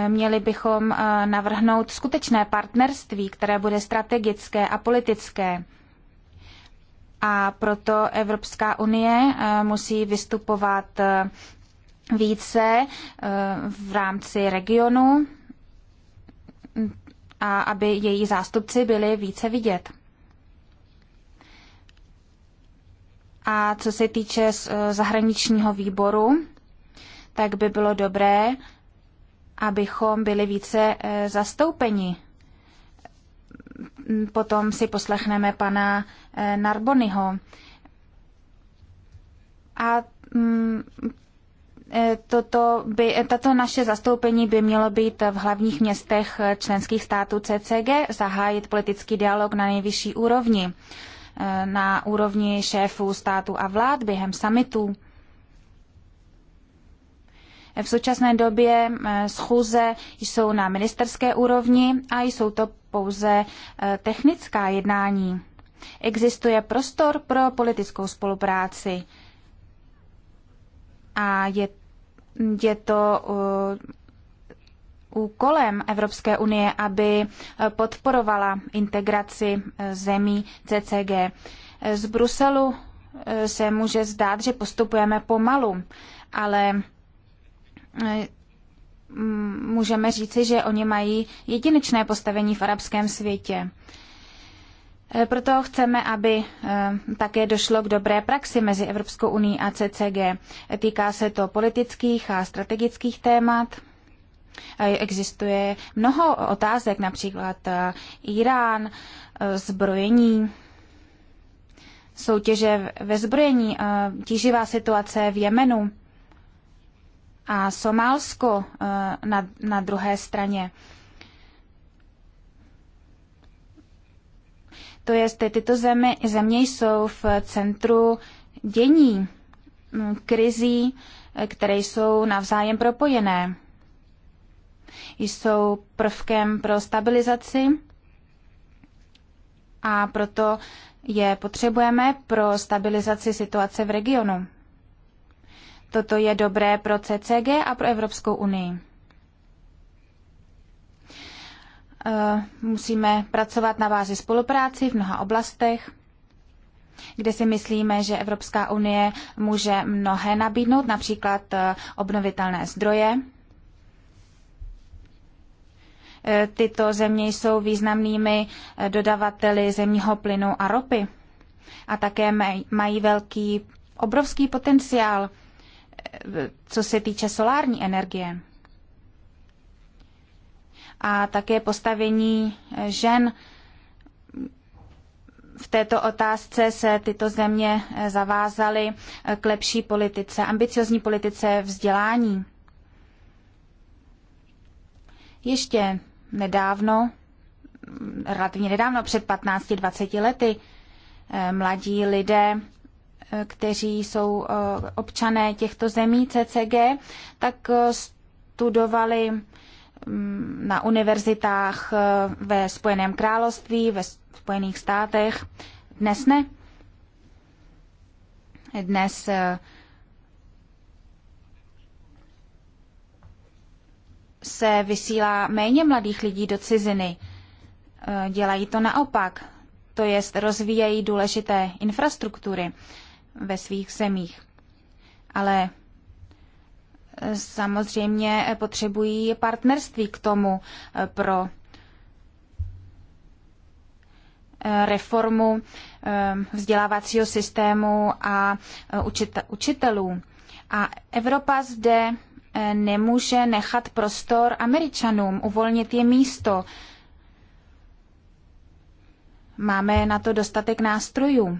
Měli bychom eh, navrhnout skutečné partnerství, které bude strategické a politické. A proto Evropská unie eh, musí vystupovat eh, více v rámci regionu a aby její zástupci byli více vidět. A co se týče zahraničního výboru, tak by bylo dobré, abychom byli více eh, zastoupeni. Potom si poslechneme pana eh, Narboniho. A mm, eh, toto by, tato naše zastoupení by mělo být v hlavních městech členských států CCG, zahájit politický dialog na nejvyšší úrovni, na úrovni šéfů států a vlád během samitů. V současné době eh, schůze jsou na ministerské úrovni a jsou to pouze eh, technická jednání. Existuje prostor pro politickou spolupráci a je, je to eh, úkolem Evropské unie, aby podporovala integraci zemí CCG. Z Bruselu se může zdát, že postupujeme pomalu, ale Eh, můžeme říci, že oni mají jedinečné postavení v arabském světě. Eh, proto chceme, aby eh, také došlo k dobré praxi mezi Evropskou unii a CCG. Týká se to politických a strategických témat. Existuje mnoho otázek, například Irán, zbrojení, soutěže ve zbrojení, tíživá situace v Jemenu a Somálsko eh, na, na druhé straně. To je, tyto země země jsou v centru dění, hm, krizí, eh, které jsou navzájem propojené. Jsou prvkem pro stabilizaci a proto je potřebujeme pro stabilizaci situace v regionu. Toto je dobré pro CCG a pro Evropskou unii. Eh, musíme pracovat na bázi spolupráci v mnoha oblastech, kde si myslíme, že Evropská unie může mnohé nabídnout, například eh, obnovitelné zdroje, eh, tyto země jsou významnými dodavateli zemního plynu a ropy a také mají velký, obrovský potenciál co se týče solární energie a také postavení žen. V této otázce se tyto země zavázaly k lepší politice, ambiciozní politice vzdělání. Ještě nedávno, relativně nedávno, před 15-20 lety, mladí lidé kteří jsou eh, občané těchto zemí CCG, tak eh, studovali mm, na univerzitách eh, ve Spojeném království, ve Spojených státech. Dnes ne. Dnes se vysílá méně mladých lidí do ciziny. Dělají to naopak, to jest rozvíjejí důležité infrastruktury ve svých zemích. Ale e, samozřejmě e, potřebují partnerství k tomu e, pro reformu vzdělávacího systému a učitelů. A Evropa zde nemůže nechat prostor Američanům, uvolnit je místo. Máme na to dostatek nástrojů.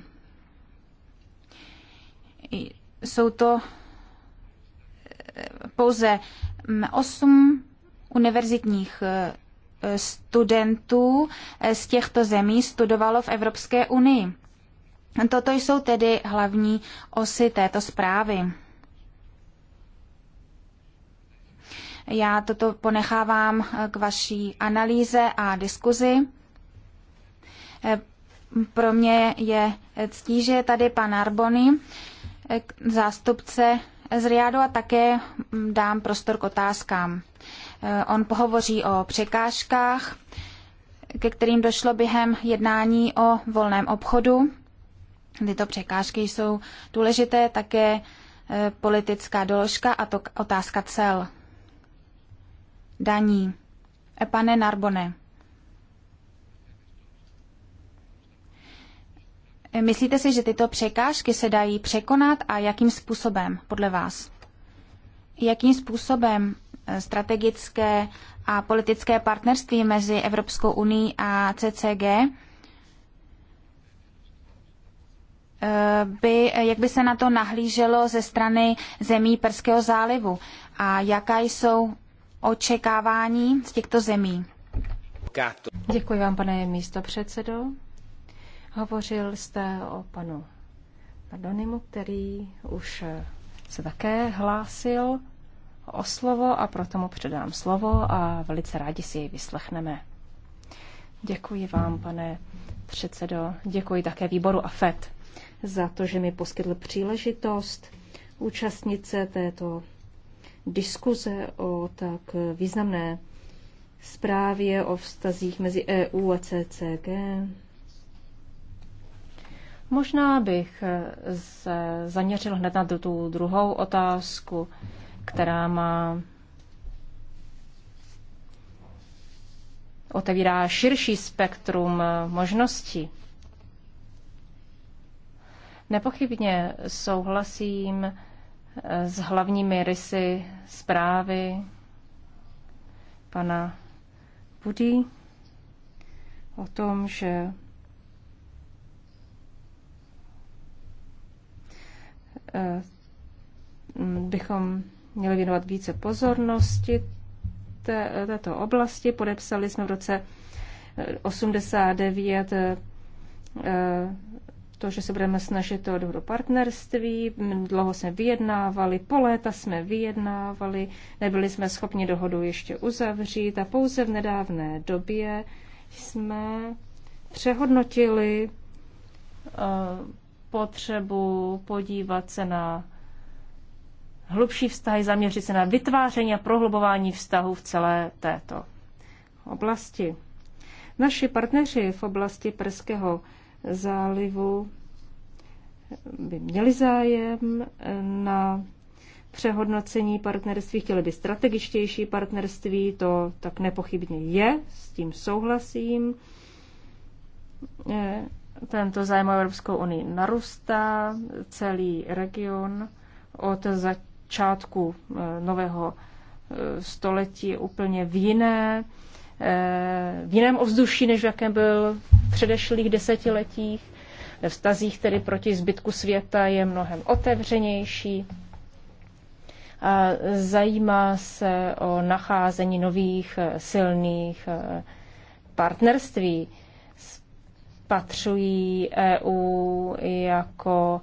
Jsou to eh, pouze mm, osm univerzitních eh, studentů eh, z těchto zemí studovalo v Evropské unii. Toto jsou tedy hlavní osy této zprávy. Já toto ponechávám k vaší analýze a diskuzi. Pro mě je ctí, že je tady pan Arbony zástupce z Riádu a také dám prostor k otázkám. E, on pohovoří o překážkách, ke kterým došlo během jednání o volném obchodu. Tyto překážky jsou důležité, také e, politická doložka a to otázka cel. Daní. E, pane Narbone. Myslíte si, že tyto překážky se dají překonat a jakým způsobem podle vás? Jakým způsobem eh, strategické a politické partnerství mezi Evropskou unii a CCG eh, by, eh, jak by se na to nahlíželo ze strany zemí Perského zálivu a jaká jsou očekávání z těchto zemí? Děkuji vám, pane místo předsedo. Hovořil jste o panu Pardonimu, který už se také hlásil o slovo a proto mu předám slovo a velice rádi si jej vyslechneme. Děkuji vám, pane předsedo. Děkuji také výboru AFET za to, že mi poskytl příležitost účastnit se této diskuze o tak významné zprávě o vztazích mezi EU a CCG. Možná bych eh, se zaměřil hned na tu druhou otázku, která má otevírá širší spektrum eh, možností. Nepochybně souhlasím eh, s hlavními rysy zprávy pana Budí o tom, že Eh, bychom měli věnovat více pozornosti této oblasti. Podepsali jsme v roce 89 eh, to, že se budeme snažit o dohodu partnerství. Dlouho jsme vyjednávali, po léta jsme vyjednávali, nebyli jsme schopni dohodu ještě uzavřít a pouze v nedávné době jsme přehodnotili eh, potřebu podívat se na hlubší vztahy, zaměřit se na vytváření a prohlubování vztahů v celé této oblasti. Naši partneři v oblasti Perského zálivu by měli zájem na přehodnocení partnerství, chtěli by strategičtější partnerství, to tak nepochybně je, s tím souhlasím. Eh, tento zájem o Evropskou unii narůstá, celý region od začátku eh, nového eh, století je úplně v jiné, eh, v jiném ovzduší, než v jakém byl v předešlých desetiletích. Ve vztazích tedy proti zbytku světa je mnohem otevřenější a zajímá se o nacházení nových silných partnerství spatřují EU jako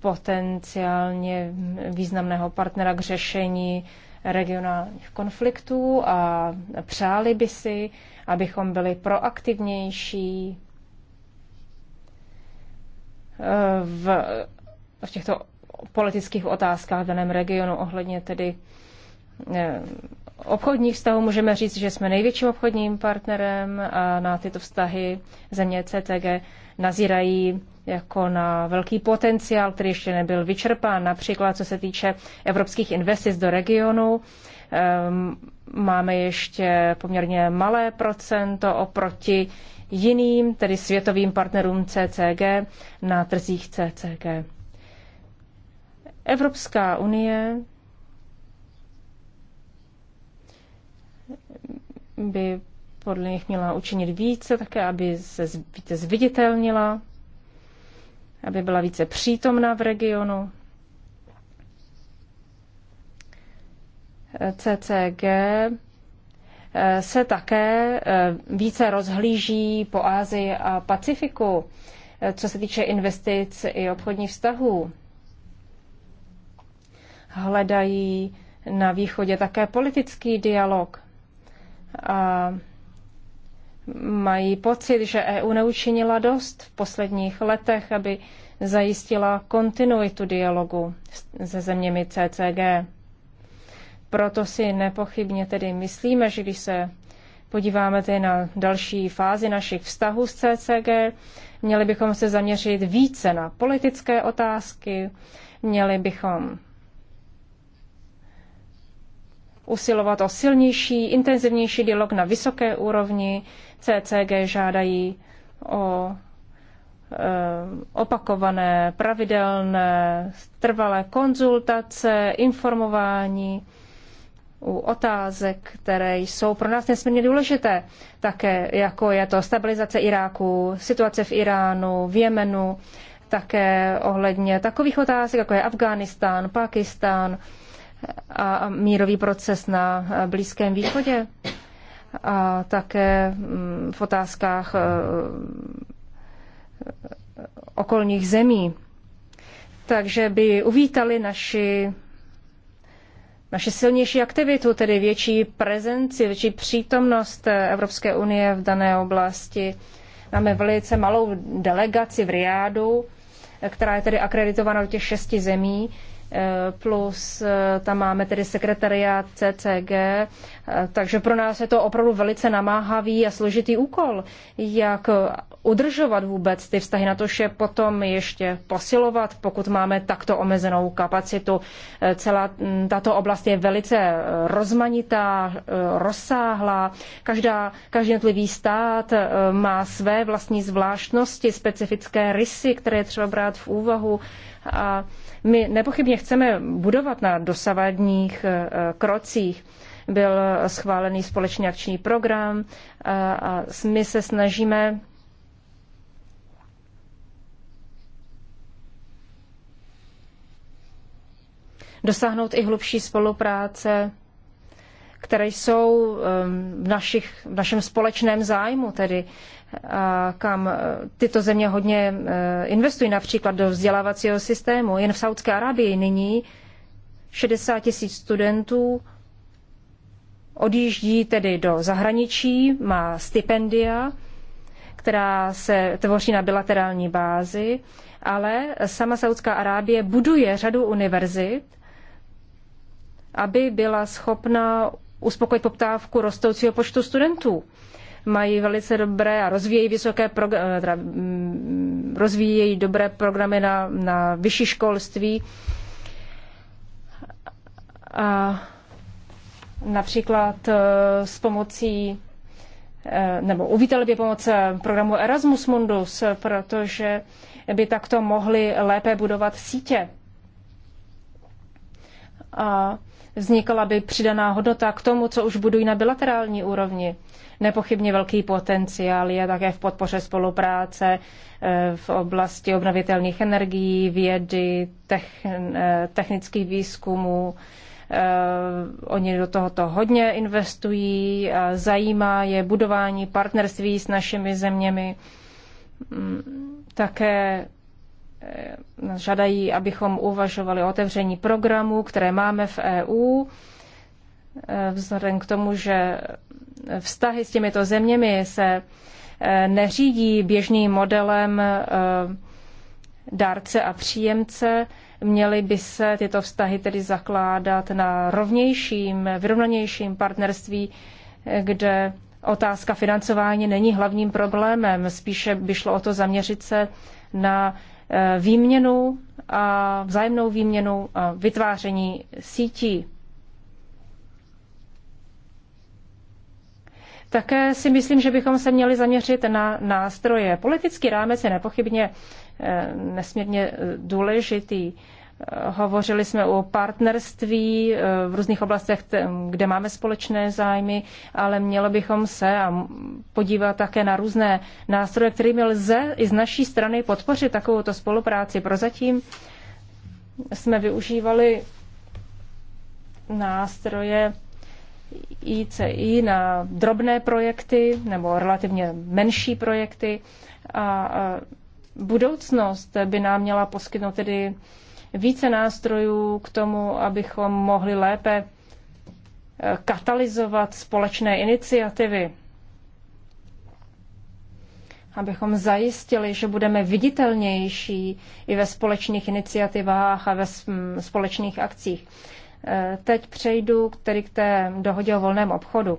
potenciálně významného partnera k řešení regionálních konfliktů a přáli by si, abychom byli proaktivnější eh, v, v těchto politických otázkách v daném regionu ohledně tedy eh, obchodních vztahů můžeme říct, že jsme největším obchodním partnerem a na tyto vztahy země CTG nazírají jako na velký potenciál, který ještě nebyl vyčerpán, například co se týče evropských investic do regionu. Ehm, máme ještě poměrně malé procento oproti jiným, tedy světovým partnerům CCG na trzích CCG. Evropská unie by podle nich měla učinit více, také aby se více zviditelnila, aby byla více přítomná v regionu. CCG eh, se také eh, více rozhlíží po Ázii a Pacifiku, eh, co se týče investic i obchodních vztahů. Hledají na východě také politický dialog a mají pocit, že EU neučinila dost v posledních letech, aby zajistila kontinuitu dialogu se zeměmi CCG. Proto si nepochybně tedy myslíme, že když se podíváme tedy na další fázi našich vztahů s CCG, měli bychom se zaměřit více na politické otázky, měli bychom usilovat o silnější, intenzivnější dialog na vysoké úrovni. CCG žádají o eh, opakované, pravidelné, trvalé konzultace, informování u otázek, které jsou pro nás nesmírně důležité, také jako je to stabilizace Iráku, situace v Iránu, v Jemenu, také ohledně takových otázek, jako je Afghánistán, Pakistán, a mírový proces na Blízkém východě a také mm, v otázkách e, e, okolních zemí. Takže by uvítali naši, naši silnější aktivitu, tedy větší prezenci, větší přítomnost Evropské unie v dané oblasti. Máme velice malou delegaci v Riádu, která je tedy akreditována do těch šesti zemí. Eh, plus eh, tam máme tedy sekretariát CCG, eh, takže pro nás je to opravdu velice namáhavý a složitý úkol, jak udržovat vůbec ty vztahy, na to, že potom ještě posilovat, pokud máme takto omezenou kapacitu. Eh, celá mm, tato oblast je velice eh, rozmanitá, eh, rozsáhlá. Každá, každý jednotlivý stát má své vlastní zvláštnosti, specifické rysy, které je třeba brát v úvahu. A my nepochybně chceme budovat na dosavadních krocích byl schválený společný akční program a my se snažíme dosáhnout i hlubší spolupráce, které jsou ehm, v, našich, v našem společném zájmu, tedy kam eh, tyto země hodně eh, investují, například do vzdělávacího systému. Jen v Saudské Arábii nyní 60 tisíc studentů odjíždí tedy do zahraničí, má stipendia, která se tvoří na bilaterální bázi, ale sama Saudská Arábie buduje řadu univerzit, aby byla schopna uspokojit poptávku rostoucího počtu studentů. Mají velice dobré a rozvíjejí vysoké eh, teda, mm, rozvíjejí dobré programy na, na vyšší školství. A například eh, s pomocí eh, nebo uvítali by pomoc programu Erasmus Mundus, protože by takto mohli lépe budovat sítě. A vznikla by přidaná hodnota k tomu, co už budují na bilaterální úrovni. Nepochybně velký potenciál je také v podpoře spolupráce eh, v oblasti obnovitelných energií, vědy, eh, technických výzkumů. Eh, oni do tohoto hodně investují, zajímá je budování partnerství s našimi zeměmi, mm, také žádají, abychom uvažovali o otevření programů, které máme v EU, eh, vzhledem k tomu, že vztahy s těmito zeměmi se eh, neřídí běžným modelem eh, dárce a příjemce, měly by se tyto vztahy tedy zakládat na rovnějším, vyrovnanějším partnerství, kde otázka financování není hlavním problémem. Spíše by šlo o to zaměřit se na Eh, výměnu a vzájemnou výměnu a vytváření sítí. Také si myslím, že bychom se měli zaměřit na nástroje. Politický rámec je nepochybně eh, nesmírně eh, důležitý. Eh, hovořili jsme o partnerství eh, v různých oblastech, kde máme společné zájmy, ale mělo bychom se podívat také na různé nástroje, kterými lze i z naší strany podpořit takovouto spolupráci. Prozatím jsme využívali nástroje ICI na drobné projekty nebo relativně menší projekty a budoucnost by nám měla poskytnout tedy více nástrojů k tomu, abychom mohli lépe eh, katalyzovat společné iniciativy, abychom zajistili, že budeme viditelnější i ve společných iniciativách a ve společných akcích. Eh, teď přejdu k tedy k té dohodě o volném obchodu.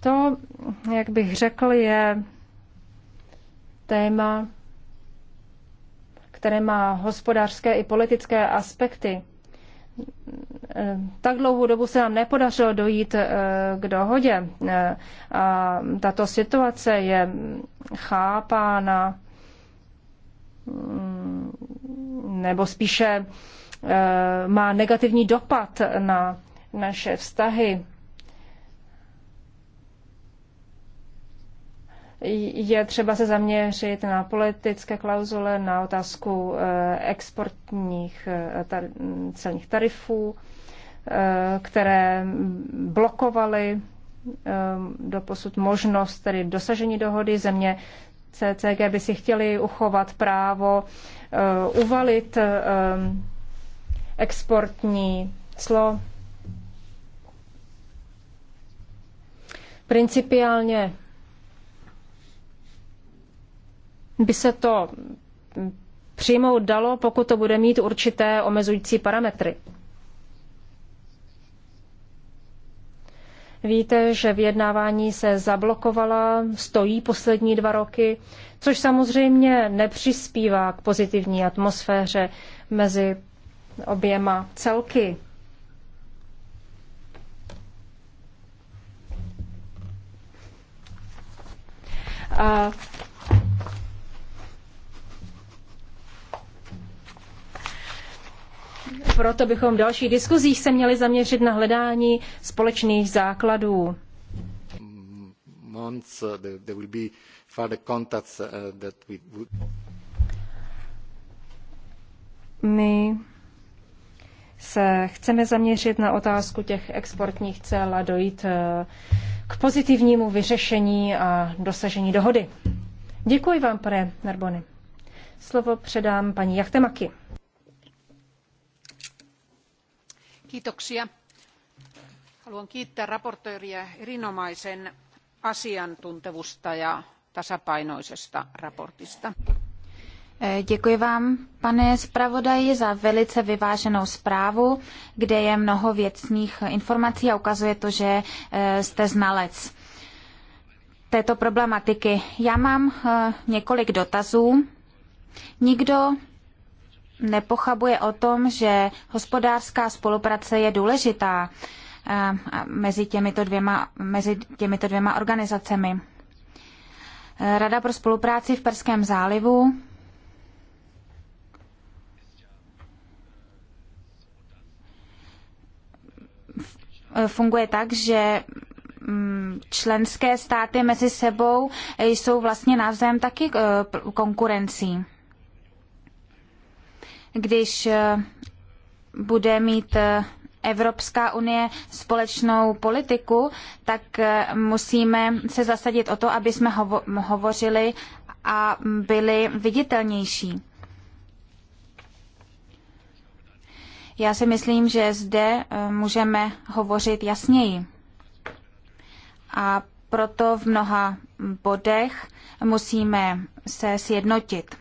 To, jak bych řekl, je téma, které má hospodářské i politické aspekty. Tak dlouhou dobu se nám nepodařilo dojít eh, k dohodě. Eh, a tato situace je chápána mm, nebo spíše eh, má negativní dopad na naše vztahy je třeba se zaměřit na politické klauzule, na otázku eh, exportních eh, tar celních tarifů, eh, které blokovaly doposud možnost tedy dosažení dohody. Země CCG by si chtěli uchovat právo uvalit exportní clo. Principiálně by se to přijmout dalo, pokud to bude mít určité omezující parametry. Víte, že vyjednávání se zablokovala, stojí poslední dva roky, což samozřejmě nepřispívá k pozitivní atmosféře mezi oběma celky. A proto bychom v dalších diskuzích se měli zaměřit na hledání společných základů. Uh, uh, My se chceme zaměřit na otázku těch exportních cel a dojít uh, k pozitivnímu vyřešení a dosažení dohody. Děkuji vám, pane Narbony. Slovo předám paní Jachtemaki. Kiitoksia. Haluan kiittää esittelijää erinomaisen asiantuntevasta ja tasapainoisesta mietinnöstä. Eh, děkuji vám, pane zpravodaji, za velice vyváženou zprávu, kde je mnoho věcných informací a ukazuje to, že eh, jste znalec této problematiky. Já mám eh, několik dotazů. Nikdo nepochabuje o tom, že hospodářská spolupráce je důležitá eh, mezi těmito dvěma, mezi těmito dvěma organizacemi. Eh, Rada pro spolupráci v Perském zálivu eh, funguje tak, že mm, členské státy mezi sebou jsou vlastně navzájem taky konkurencí když eh, bude mít eh, Evropská unie společnou politiku, tak eh, musíme se zasadit o to, aby jsme hovo- hovořili a byli viditelnější. Já si myslím, že zde můžeme hovořit jasněji. A proto v mnoha bodech musíme se sjednotit.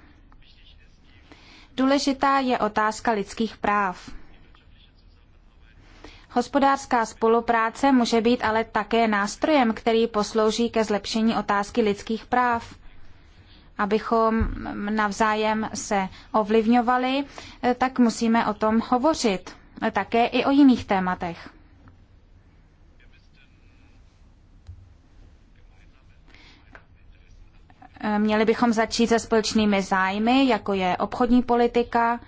Důležitá je otázka lidských práv. Hospodářská spolupráce může být ale také nástrojem, který poslouží ke zlepšení otázky lidských práv. Abychom navzájem se ovlivňovali, tak musíme o tom hovořit také i o jiných tématech. Eh, měli bychom začít se společnými zájmy, jako je obchodní politika.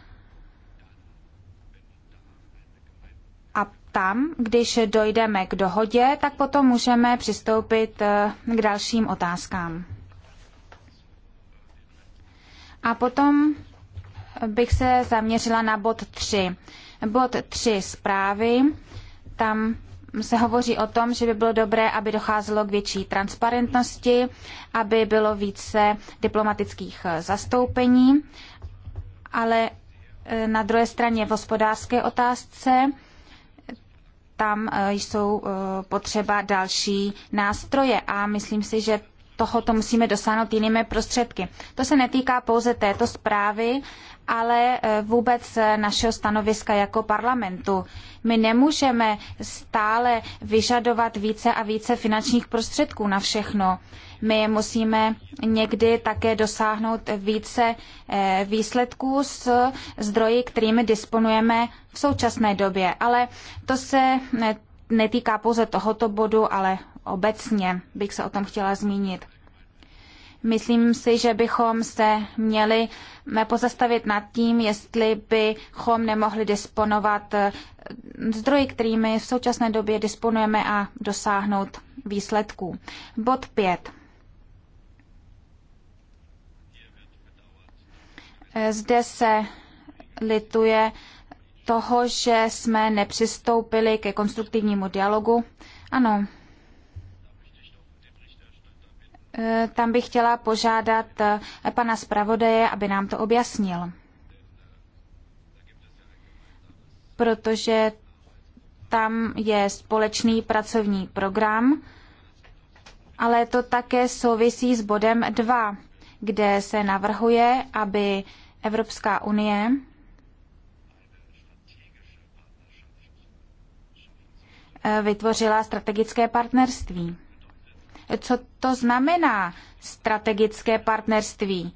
A tam, když dojdeme k dohodě, tak potom můžeme přistoupit eh, k dalším otázkám. A potom bych se zaměřila na bod 3. Bod 3 zprávy, tam se hovoří o tom, že by bylo dobré, aby docházelo k větší transparentnosti, aby bylo více diplomatických eh, zastoupení, ale eh, na druhé straně v hospodářské otázce tam eh, jsou potřeba další nástroje a myslím si, že tohoto musíme dosáhnout jinými prostředky. To se netýká pouze této zprávy, ale eh, vůbec eh, našeho stanoviska jako parlamentu. My nemůžeme stále vyžadovat více a více finančních prostředků na všechno. My musíme někdy také dosáhnout více eh, výsledků s zdroji, kterými disponujeme v současné době. Ale to se netýká pouze tohoto bodu, ale obecně bych se o tom chtěla zmínit. Myslím si, že bychom se měli pozastavit nad tím, jestli bychom nemohli disponovat eh, zdroji, kterými v současné době disponujeme a dosáhnout výsledků. Bod 5. Eh, zde se lituje toho, že jsme nepřistoupili ke konstruktivnímu dialogu. Ano, Eh, tam bych chtěla požádat eh, pana zpravodaje, aby nám to objasnil. Protože tam je společný pracovní program, ale to také souvisí s bodem 2, kde se navrhuje, aby Evropská unie eh, vytvořila strategické partnerství co to znamená strategické partnerství.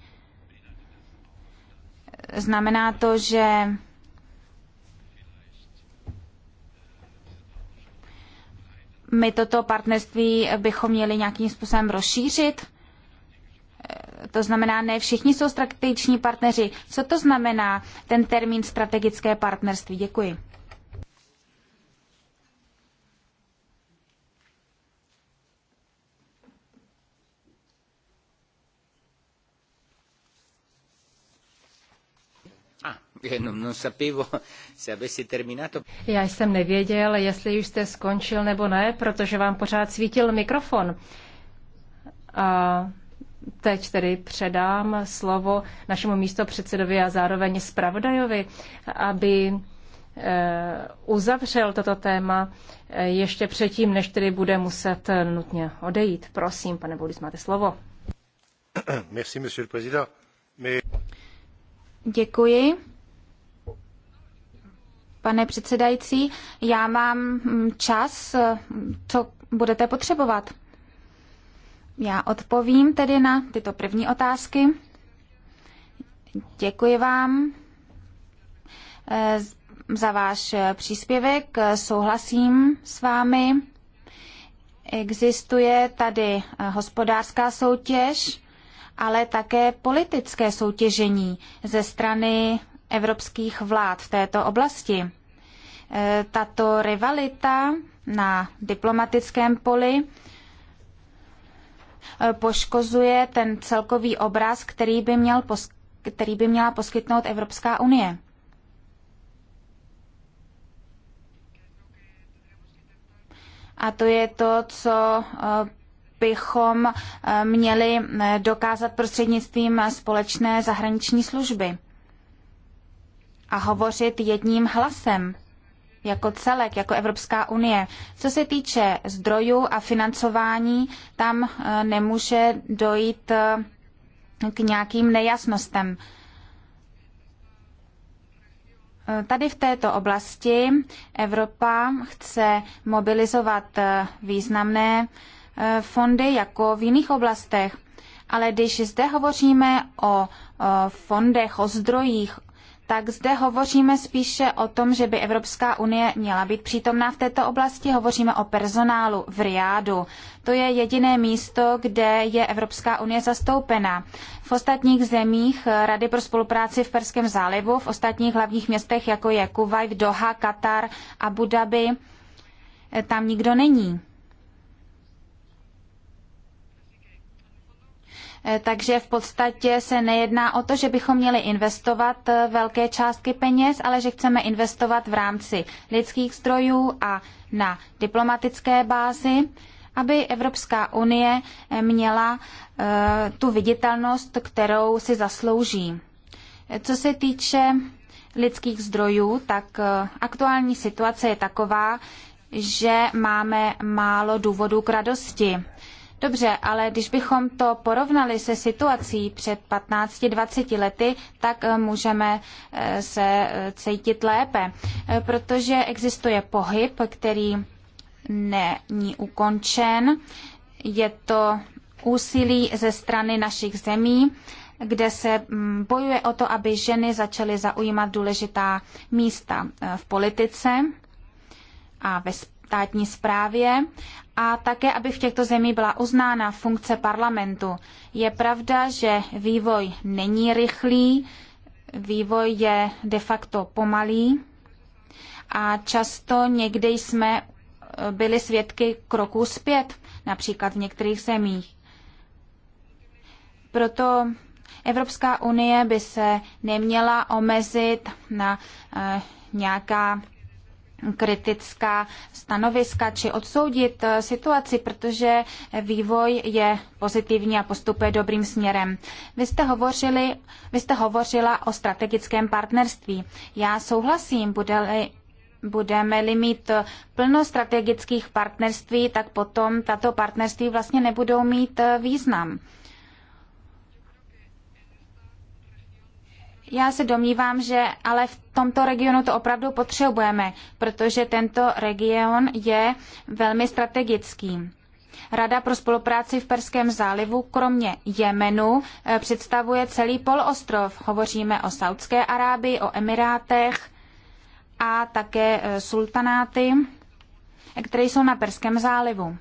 Znamená to, že my toto partnerství bychom měli nějakým způsobem rozšířit? To znamená, ne všichni jsou strategiční partneři. Co to znamená ten termín strategické partnerství? Děkuji. No, no Já jsem nevěděl, jestli už jste skončil nebo ne, protože vám pořád svítil mikrofon. A teď tedy předám slovo našemu místopředsedovi a zároveň zpravodajovi, aby eh, uzavřel toto téma eh, ještě předtím, než tedy bude muset nutně odejít. Prosím, pane Boudis, máte slovo. Děkuji. Pane předsedající, já mám mm, čas, co budete potřebovat. Já odpovím tedy na tyto první otázky. Děkuji vám eh, za váš příspěvek. Souhlasím s vámi. Existuje tady eh, hospodářská soutěž, ale také politické soutěžení ze strany evropských vlád v této oblasti. E, tato rivalita na diplomatickém poli e, poškozuje ten celkový obraz, který by, měl který by měla poskytnout Evropská unie. A to je to, co e, bychom měli dokázat prostřednictvím společné zahraniční služby a hovořit jedním hlasem jako celek, jako Evropská unie. Co se týče zdrojů a financování, tam eh, nemůže dojít eh, k nějakým nejasnostem. Eh, tady v této oblasti Evropa chce mobilizovat významné fondy jako v jiných oblastech. Ale když zde hovoříme o fondech, o zdrojích, tak zde hovoříme spíše o tom, že by Evropská unie měla být přítomná v této oblasti. Hovoříme o personálu v Riádu. To je jediné místo, kde je Evropská unie zastoupena. V ostatních zemích Rady pro spolupráci v Perském zálivu, v ostatních hlavních městech, jako je Kuwait, Doha, Katar, Abu Dhabi, tam nikdo není. Eh, takže v podstatě se nejedná o to, že bychom měli investovat eh, velké částky peněz, ale že chceme investovat v rámci lidských zdrojů a na diplomatické bázi, aby Evropská unie eh, měla tu viditelnost, kterou si zaslouží. Co se týče lidských zdrojů, tak aktuální situace je taková, že máme málo důvodů k radosti Dobře, ale když bychom to porovnali se situací před 15-20 lety, tak eh, můžeme eh, se eh, cítit lépe, protože existuje pohyb, který není ukončen. Je to úsilí ze strany našich zemí, kde se mm, bojuje o to, aby ženy začaly zaujímat důležitá místa v politice a ve společnosti státní správě a také, aby v těchto zemích byla uznána funkce parlamentu. Je pravda, že vývoj není rychlý, vývoj je de facto pomalý a často někde jsme eh, byli svědky kroků zpět, například v některých zemích. Proto Evropská unie by se neměla omezit na eh, nějaká kritická stanoviska či odsoudit eh, situaci, protože vývoj je pozitivní a postupuje dobrým směrem. Vy jste, hovořili, vy jste hovořila o strategickém partnerství. Já souhlasím, bude-li budeme-li mít plno strategických partnerství, tak potom tato partnerství vlastně nebudou mít eh, význam. Já se domnívám, že ale v tomto regionu to opravdu potřebujeme, protože tento region je velmi strategický. Rada pro spolupráci v Perském zálivu kromě Jemenu eh, představuje celý poloostrov. Hovoříme o Saudské Arábii, o Emirátech a také eh, sultanáty, které jsou na Perském zálivu.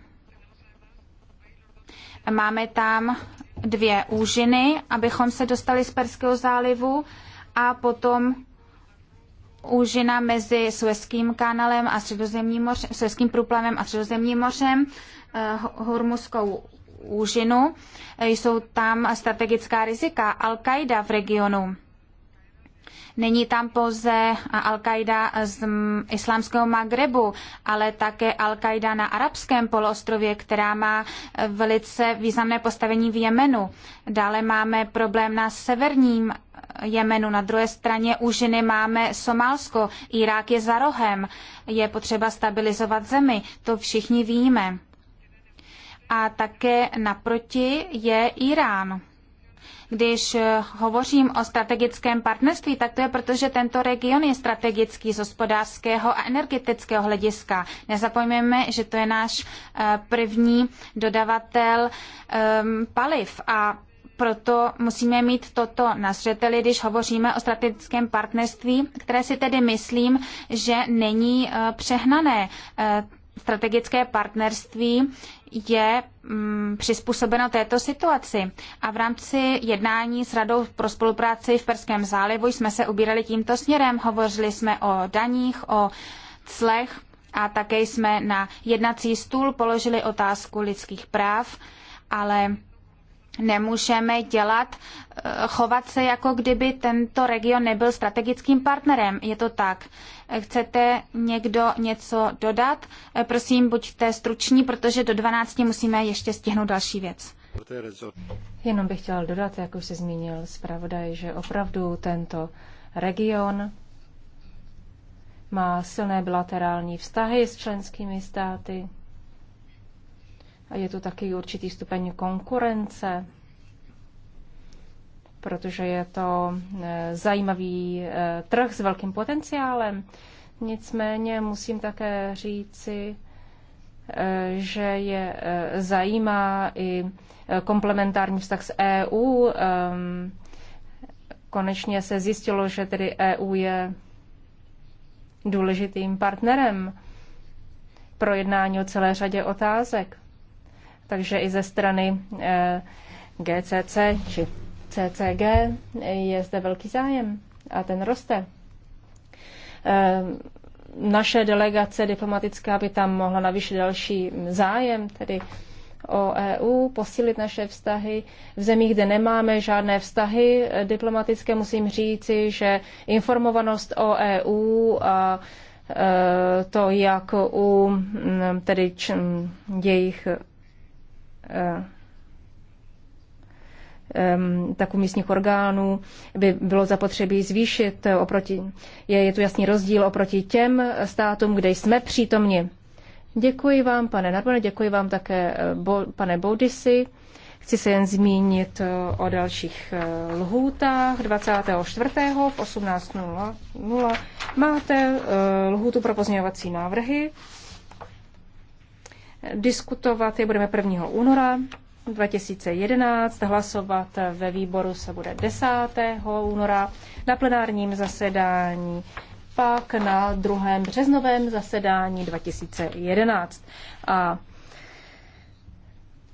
Máme tam dvě úžiny, abychom se dostali z Perského zálivu a potom úžina mezi Suezkým kanálem a středozemním mořem, Suezkým průplavem a středozemním mořem, eh, Hormuskou úžinu. Eh, jsou tam strategická rizika. Al-Qaida v regionu. Není tam pouze Al-Qaida z islámského Magrebu, ale také Al-Qaida na arabském poloostrově, která má eh, velice významné postavení v Jemenu. Dále máme problém na severním eh, Jemenu. Na druhé straně u máme Somálsko, Irák je za rohem, je potřeba stabilizovat zemi, to všichni víme. A také naproti je Irán když eh, hovořím o strategickém partnerství, tak to je proto, že tento region je strategický z hospodářského a energetického hlediska. Nezapomeňme, že to je náš eh, první dodavatel ehm, paliv a proto musíme mít toto na zřeteli, když hovoříme o strategickém partnerství, které si tedy myslím, že není eh, přehnané strategické partnerství je mm, přizpůsobeno této situaci. A v rámci jednání s Radou pro spolupráci v Perském zálivu jsme se ubírali tímto směrem. Hovořili jsme o daních, o clech a také jsme na jednací stůl položili otázku lidských práv, ale nemůžeme dělat, eh, chovat se jako kdyby tento region nebyl strategickým partnerem. Je to tak. Chcete někdo něco dodat? Eh, prosím, buďte struční, protože do 12 musíme ještě stihnout další věc. Jenom bych chtěla dodat, jak už se zmínil zpravodaj, že opravdu tento region má silné bilaterální vztahy s členskými státy. Je tu taky určitý stupeň konkurence, protože je to e, zajímavý e, trh s velkým potenciálem. Nicméně musím také říci, e, že je zajímá i komplementární vztah s EU. Konečně se zjistilo, že tedy EU je důležitým partnerem pro jednání o celé řadě otázek takže i ze strany eh, GCC či CCG je zde velký zájem a ten roste. Eh, naše delegace diplomatická by tam mohla navýšit další zájem, tedy o EU, posílit naše vztahy. V zemích, kde nemáme žádné vztahy eh, diplomatické, musím říci, že informovanost o EU a to, jak u mm, tedy č, jejich Eh, eh, tak u místních orgánů by bylo zapotřebí zvýšit oproti, je, je tu jasný rozdíl oproti těm státům, kde jsme přítomni. Děkuji vám, pane Narbone, děkuji vám také, eh, bo, pane Boudisi. Chci se jen zmínit o dalších lhůtách. 24. v 18.00 máte lhůtu pro pozměňovací návrhy. Diskutovat je budeme 1. února 2011, hlasovat ve výboru se bude 10. února, na plenárním zasedání pak na druhém březnovém zasedání 2011. A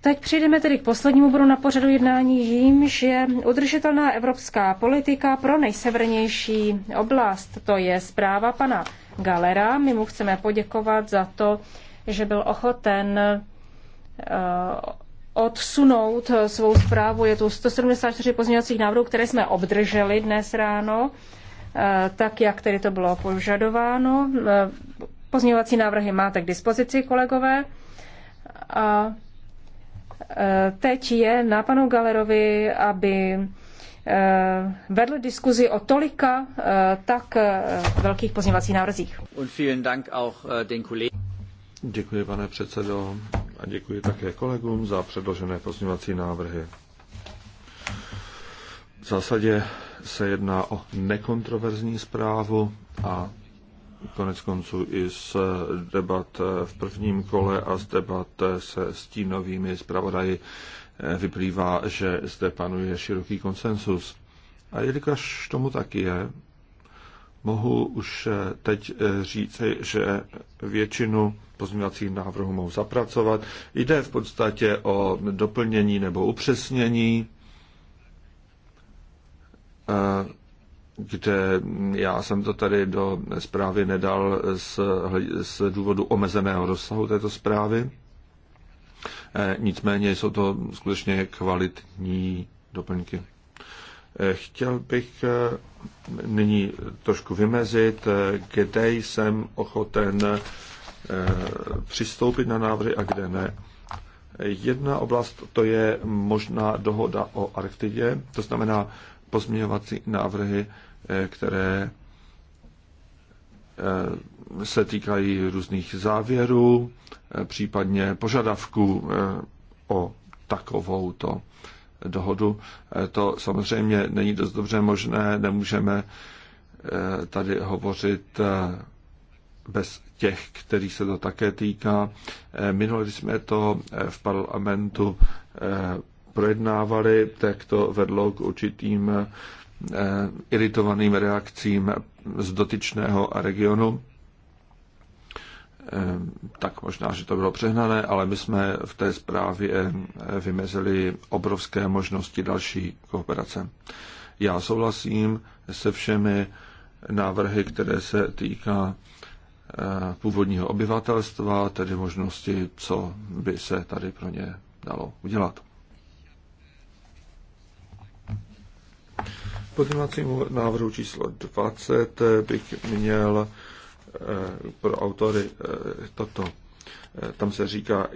Teď přijdeme tedy k poslednímu bodu na pořadu jednání, jímž je udržitelná evropská politika pro nejsevernější oblast. To je zpráva pana Galera. My mu chceme poděkovat za to, že byl ochoten eh, odsunout svou zprávu. Je tu 174 pozměňovacích návrhů, které jsme obdrželi dnes ráno, eh, tak jak tedy to bylo požadováno. Eh, pozměňovací návrhy máte k dispozici, kolegové. A teď je na panu Galerovi, aby vedl diskuzi o tolika tak velkých pozměňovacích návrzích. Děkuji, pane předsedo, a děkuji také kolegům za předložené pozměňovací návrhy. V zásadě se jedná o nekontroverzní zprávu a konec konců i z debat v prvním kole a z debat se stínovými zpravodaji vyplývá, že zde panuje široký konsensus. A jelikož tomu tak je, mohu už teď říci, že většinu pozměňovacích návrhů mohou zapracovat. Jde v podstatě o doplnění nebo upřesnění, eh, kde já jsem to tady do zprávy nedal z, z důvodu omezeného rozsahu této zprávy. Eh, nicméně jsou to skutečně kvalitní doplňky. Eh, chtěl bych nyní trošku vymezit, kde jsem ochoten Eh, přistoupit na návrhy a kde ne. Jedna oblast to je možná dohoda o Arktidě, to znamená pozměňovací návrhy, eh, které eh, se týkají různých závěrů, případně požadavků o takovouto dohodu. To samozřejmě není dost dobře možné, nemůžeme tady hovořit bez těch, kteří se to také týká. Eh, minule, když jsme to eh, v parlamentu eh, projednávali, tak to vedlo k určitým iritovaným reakcím z dotyčného regionu. Tak možná, že to bylo přehnané, ale my jsme v té zprávě vymezili obrovské možnosti další kooperace. Já souhlasím se všemi návrhy, které se týká Eh, původního obyvatelstva, tedy možnosti, co by se tady pro ně dalo udělat. Pozměňovacímu návrhu číslo 20 bych měl eh, pro autory eh, toto tam se říká,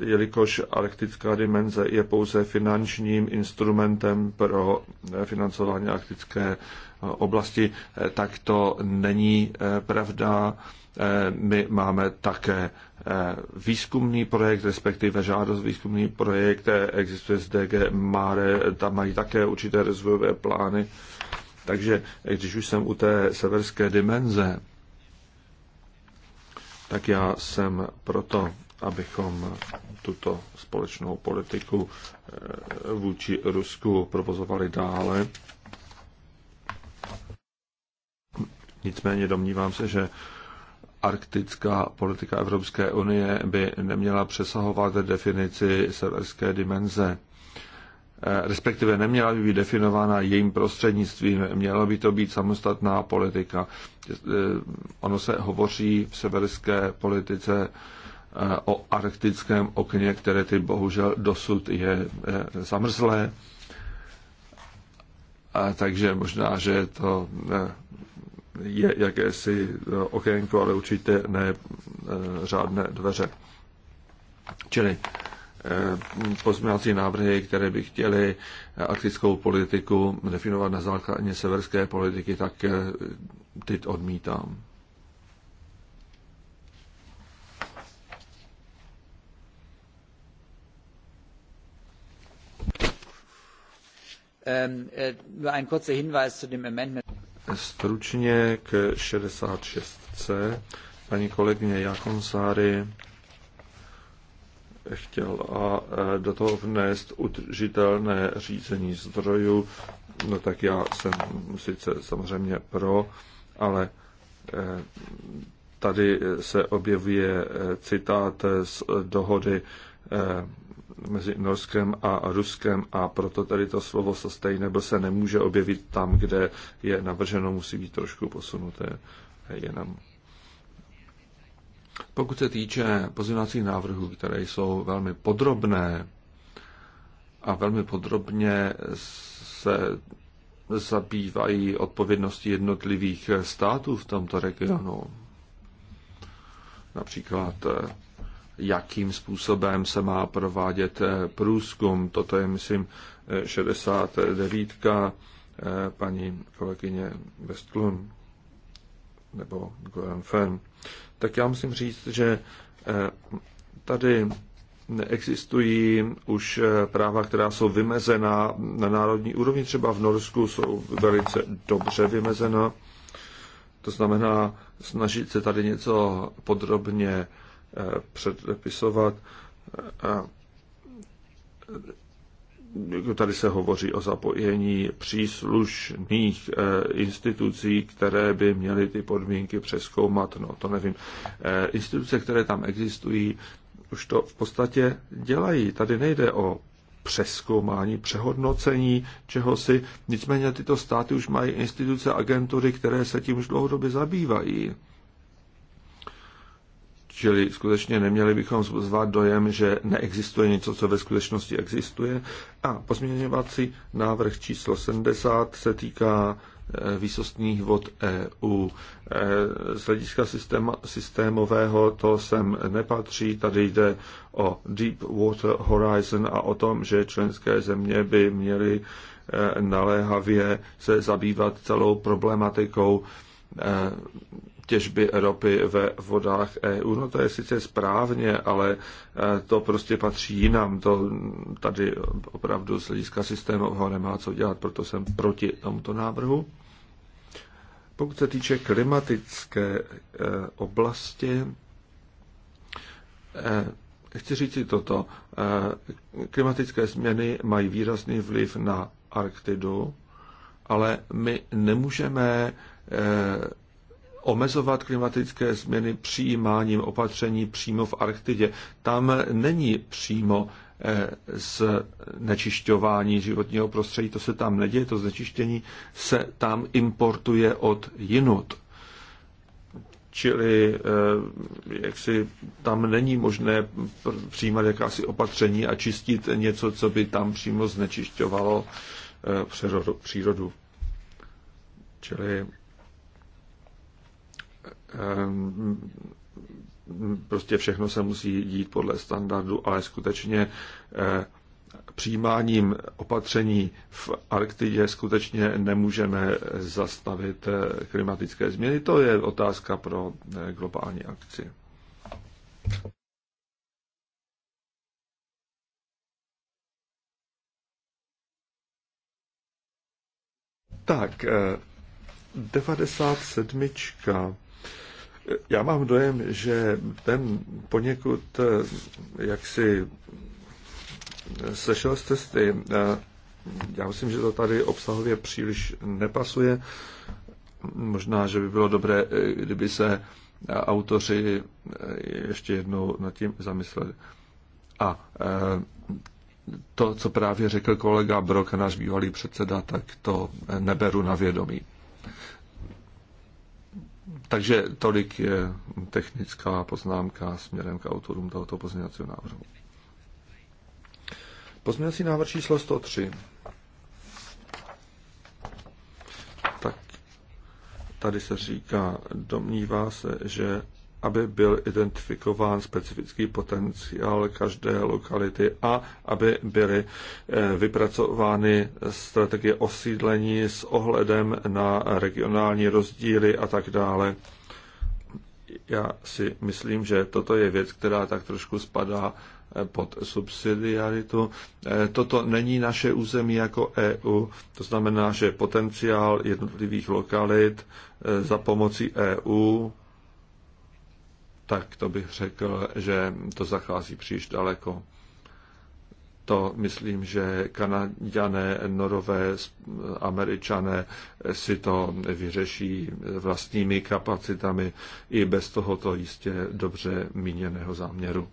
jelikož arktická dimenze je pouze finančním instrumentem pro financování arktické oblasti, tak to není eh, pravda. Eh, my máme také eh, výzkumný projekt, respektive žádost výzkumný projekt, existuje z DG Mare, tam mají také určité rozvojové plány. Takže když už jsem u té severské dimenze, tak já jsem proto, abychom tuto společnou politiku eh, vůči Rusku provozovali dále. Nicméně domnívám se, že arktická politika Evropské unie by neměla přesahovat definici severské dimenze. Eh, respektive neměla by být definována jejím prostřednictvím, měla by to být samostatná politika. Eh, ono se hovoří v severské politice eh, o arktickém okně, které ty bohužel dosud je zamrzlé. A takže možná, že to je jakési okénko, ale určitě ne řádné dveře. Čili Eh, pozměňovací návrhy, které by chtěly eh, arktickou politiku definovat na základě severské politiky, tak eh, ty odmítám. Ehm, Stručně k 66C. Paní kolegyně Jakonsáry chtěla e, do toho vnést udržitelné řízení zdrojů, no tak já jsem sice samozřejmě pro, ale e, tady se objevuje e, citát z dohody mezi Norskem a Ruskem a proto tady to slovo sustainable se nemůže objevit tam, kde je navrženo, musí být trošku posunuté jenom pokud se týče pozměňovacích návrhů, které jsou velmi podrobné a velmi podrobně se zabývají odpovědnosti jednotlivých států v tomto regionu, například jakým způsobem se má provádět průzkum. Toto je, myslím, 69. paní kolegyně Westlund nebo Goran Fenn tak já musím říct, že eh, tady existují už eh, práva, která jsou vymezena na národní úrovni, třeba v Norsku jsou velice dobře vymezena. To znamená, snažit se tady něco podrobně eh, předpisovat jako tady se hovoří o zapojení příslušných eh, institucí, které by měly ty podmínky přeskoumat. No, to nevím. Eh, instituce, které tam existují, už to v podstatě dělají. Tady nejde o přeskoumání, přehodnocení čehosi. Nicméně tyto státy už mají instituce, agentury, které se tím už dlouhodobě zabývají. Čili skutečně neměli bychom zvát dojem, že neexistuje něco, co ve skutečnosti existuje. A pozměňovací návrh číslo 70 se týká eh, výsostných vod EU. Eh, z hlediska systémového to sem nepatří. Tady jde o Deep Water Horizon a o tom, že členské země by měly eh, naléhavě se zabývat celou problematikou těžby ropy ve vodách EU. No to je sice správně, ale e, to prostě patří jinam. To tady opravdu z hlediska ho nemá co dělat, proto jsem proti tomuto návrhu. Pokud se týče klimatické e, oblasti, e, chci říct si toto. Klimatické změny mají výrazný vliv na Arktidu, ale my nemůžeme omezovat klimatické změny přijímáním opatření přímo v Arktidě. Tam není přímo eh, z nečišťování životního prostředí, to se tam neděje, to znečištění se tam importuje od jinut. Čili eh, jak si tam není možné přijímat jakási opatření a čistit něco, co by tam přímo znečišťovalo eh, přírodu. Čili Ehm, prostě všechno se musí dít podle standardu, ale skutečně eh, přijímáním opatření v Arktidě skutečně nemůžeme zastavit eh, klimatické změny. To je otázka pro eh, globální akci. Tak, 97. Já mám dojem, že ten poněkud eh, jaksi eh, sešel z cesty. Eh, já myslím, že to tady obsahově příliš nepasuje. Možná, že by bylo dobré, kdyby se autoři ještě jednou nad tím zamysleli. A to, co právě řekl kolega Brok, náš bývalý předseda, tak to neberu na vědomí. Takže tolik je technická poznámka směrem k autorům tohoto pozměňovacího návrhu. Pozměňovací návrh číslo 103. Tak tady se říká, domnívá se, že aby byl identifikován specifický potenciál každé lokality a aby byly eh, vypracovány strategie osídlení s ohledem na regionální rozdíly a tak dále. Já si myslím, že toto je věc, která tak trošku spadá eh, pod subsidiaritu. Eh, toto není naše území jako EU, to znamená, že potenciál jednotlivých lokalit za pomocí EU tak to bych řekl, že to zachází příliš daleko. To myslím, že Kanaďané, Norové, Američané si to vyřeší vlastními kapacitami i bez tohoto jistě dobře míněného záměru.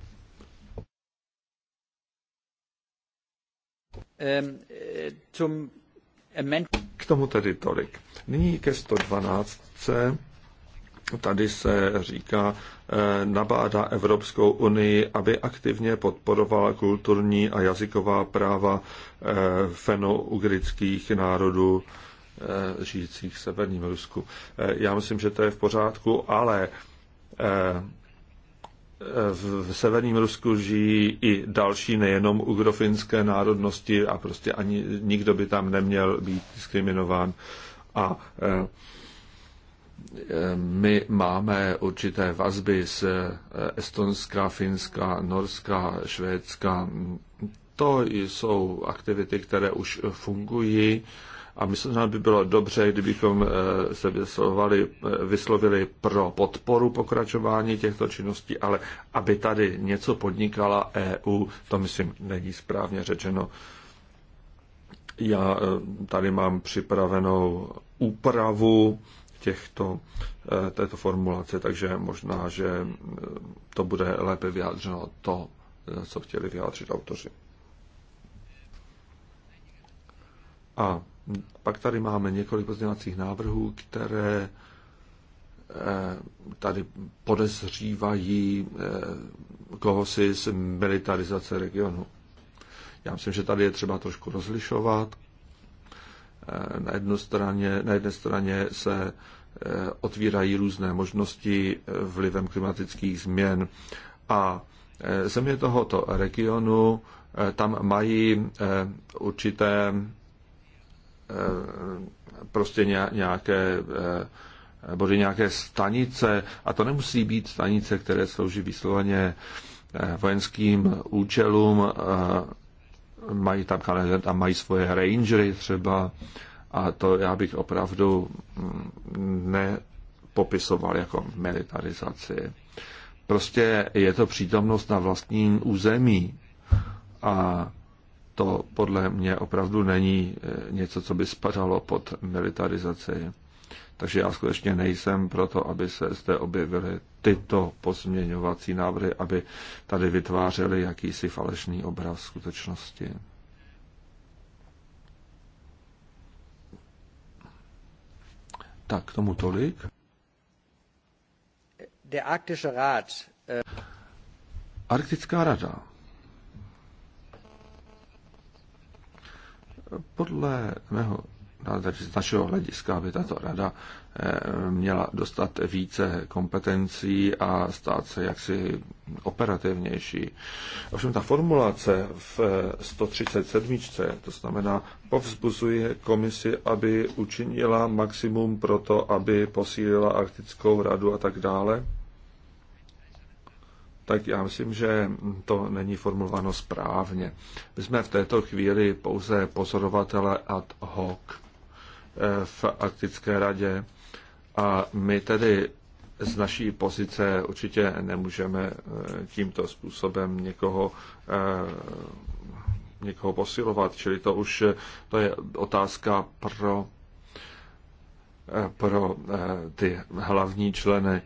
Ehm, eh, K tomu tedy tolik. Nyní ke 112. Tady se říká, eh, nabádá Evropskou unii, aby aktivně podporovala kulturní a jazyková práva eh, fenougrických národů eh, žijících v severním Rusku. Já myslím, že to je v pořádku, ale v severním Rusku žijí i další, nejenom ugrofinské národnosti a prostě ani nikdo by tam neměl být diskriminován. A my máme určité vazby z Estonska, Finska, Norska, Švédska. To jsou aktivity, které už fungují a myslím, že by bylo dobře, kdybychom eh, se vyslovali, eh, vyslovili pro podporu pokračování těchto činností, ale aby tady něco podnikala EU, to myslím není správně řečeno. Já eh, tady mám připravenou úpravu těchto, eh, této formulace, takže možná, že eh, to bude lépe vyjádřeno to, eh, co chtěli vyjádřit autoři. A pak tady máme několik pozměňovacích návrhů, které tady podezřívají koho si z militarizace regionu. Já myslím, že tady je třeba trošku rozlišovat Eh, na, jednu straně, na jedné straně se eh, otvírají různé možnosti eh, vlivem klimatických změn a země tohoto regionu tam mají určité prostě nějaké bože, nějaké stanice, a to nemusí být stanice, které slouží vysloveně vojenským účelům mají tam kalendář a mají svoje rangery třeba a to já bych opravdu nepopisoval jako militarizaci. Prostě je to přítomnost na vlastním území a to podle mě opravdu není eh, něco, co by spadalo pod militarizaci. Takže já skutečně nejsem proto, aby se zde objevily tyto pozměňovací návrhy, aby tady vytvářely jakýsi falešný obraz skutečnosti. Tak, tomu tolik. Äh, Arktická rada. Podle mého z našeho hlediska aby tato rada eh, měla dostat více kompetencí a stát se jaksi operativnější. Ovšem ta formulace v 137. Eh, to znamená povzbuzuje komisi, aby učinila maximum pro to, aby posílila arktickou radu a tak dále, tak já myslím, že to není formulováno správně. My jsme v této chvíli pouze pozorovatele ad hoc v Arktické radě. A my tedy z naší pozice určitě nemůžeme eh, tímto způsobem někoho, eh, někoho posilovat. Čili to už eh, to je otázka pro, pro ty hlavní členy.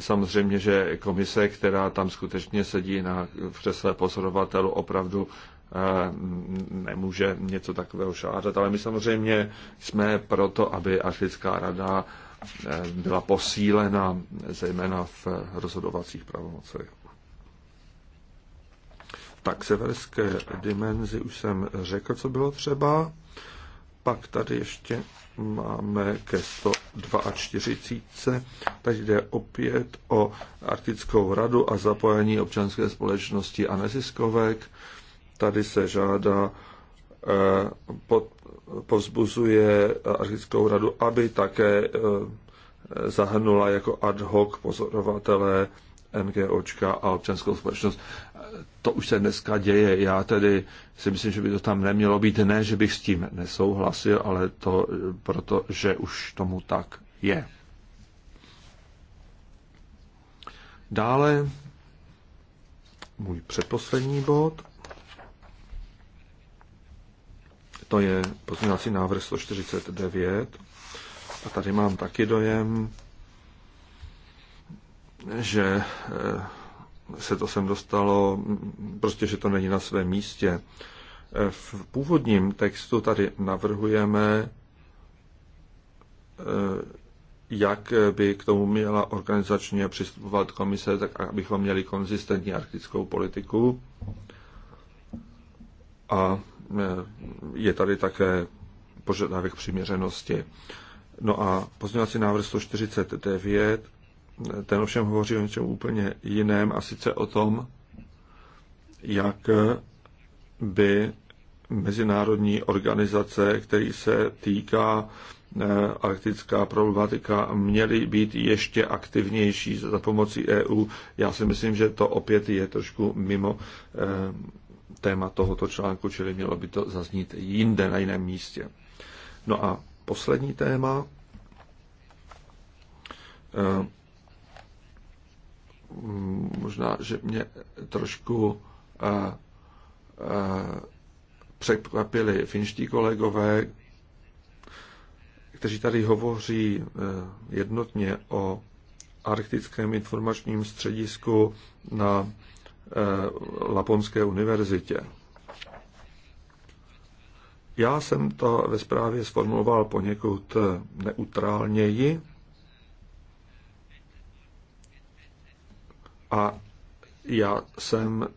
Samozřejmě, že komise, která tam skutečně sedí na v křesle pozorovatelů, opravdu Eh, nemůže něco takového šářet, ale my samozřejmě jsme proto, aby Arktická rada eh, byla posílena, zejména v rozhodovacích pravomocech. Tak severské dimenzi už jsem řekl, co bylo třeba. Pak tady ještě máme ke 142. Tady jde opět o Arktickou radu a zapojení občanské společnosti a neziskovek. Tady se žádá, eh, povzbuzuje Archickou radu, aby také eh, zahrnula jako ad hoc pozorovatele NGOčka a občanskou společnost. To už se dneska děje. Já tedy si myslím, že by to tam nemělo být. Ne, že bych s tím nesouhlasil, ale to proto, že už tomu tak je. Dále můj předposlední bod – To je pozměňovací návrh 149. A tady mám taky dojem, že eh, se to sem dostalo, prostě, že to není na svém místě. Eh, v původním textu tady navrhujeme, eh, jak by k tomu měla organizačně přistupovat komise, tak abychom měli konzistentní arktickou politiku. A Eh, je tady také požadavek přiměřenosti. No a pozměňovací návrh 149, ten ovšem hovoří o něčem úplně jiném, a sice o tom, jak by mezinárodní organizace, který se týká eh, arktická problematika, měly být ještě aktivnější za pomocí EU. Já si myslím, že to opět je trošku mimo eh, téma tohoto článku, čili mělo by to zaznít jinde, na jiném místě. No a poslední téma. Eh, možná, že mě trošku eh, eh, překvapili finští kolegové, kteří tady hovoří jednotně o arktickém informačním středisku na Eh, Laponské univerzitě. Já jsem to ve zprávě sformuloval poněkud neutrálněji a já jsem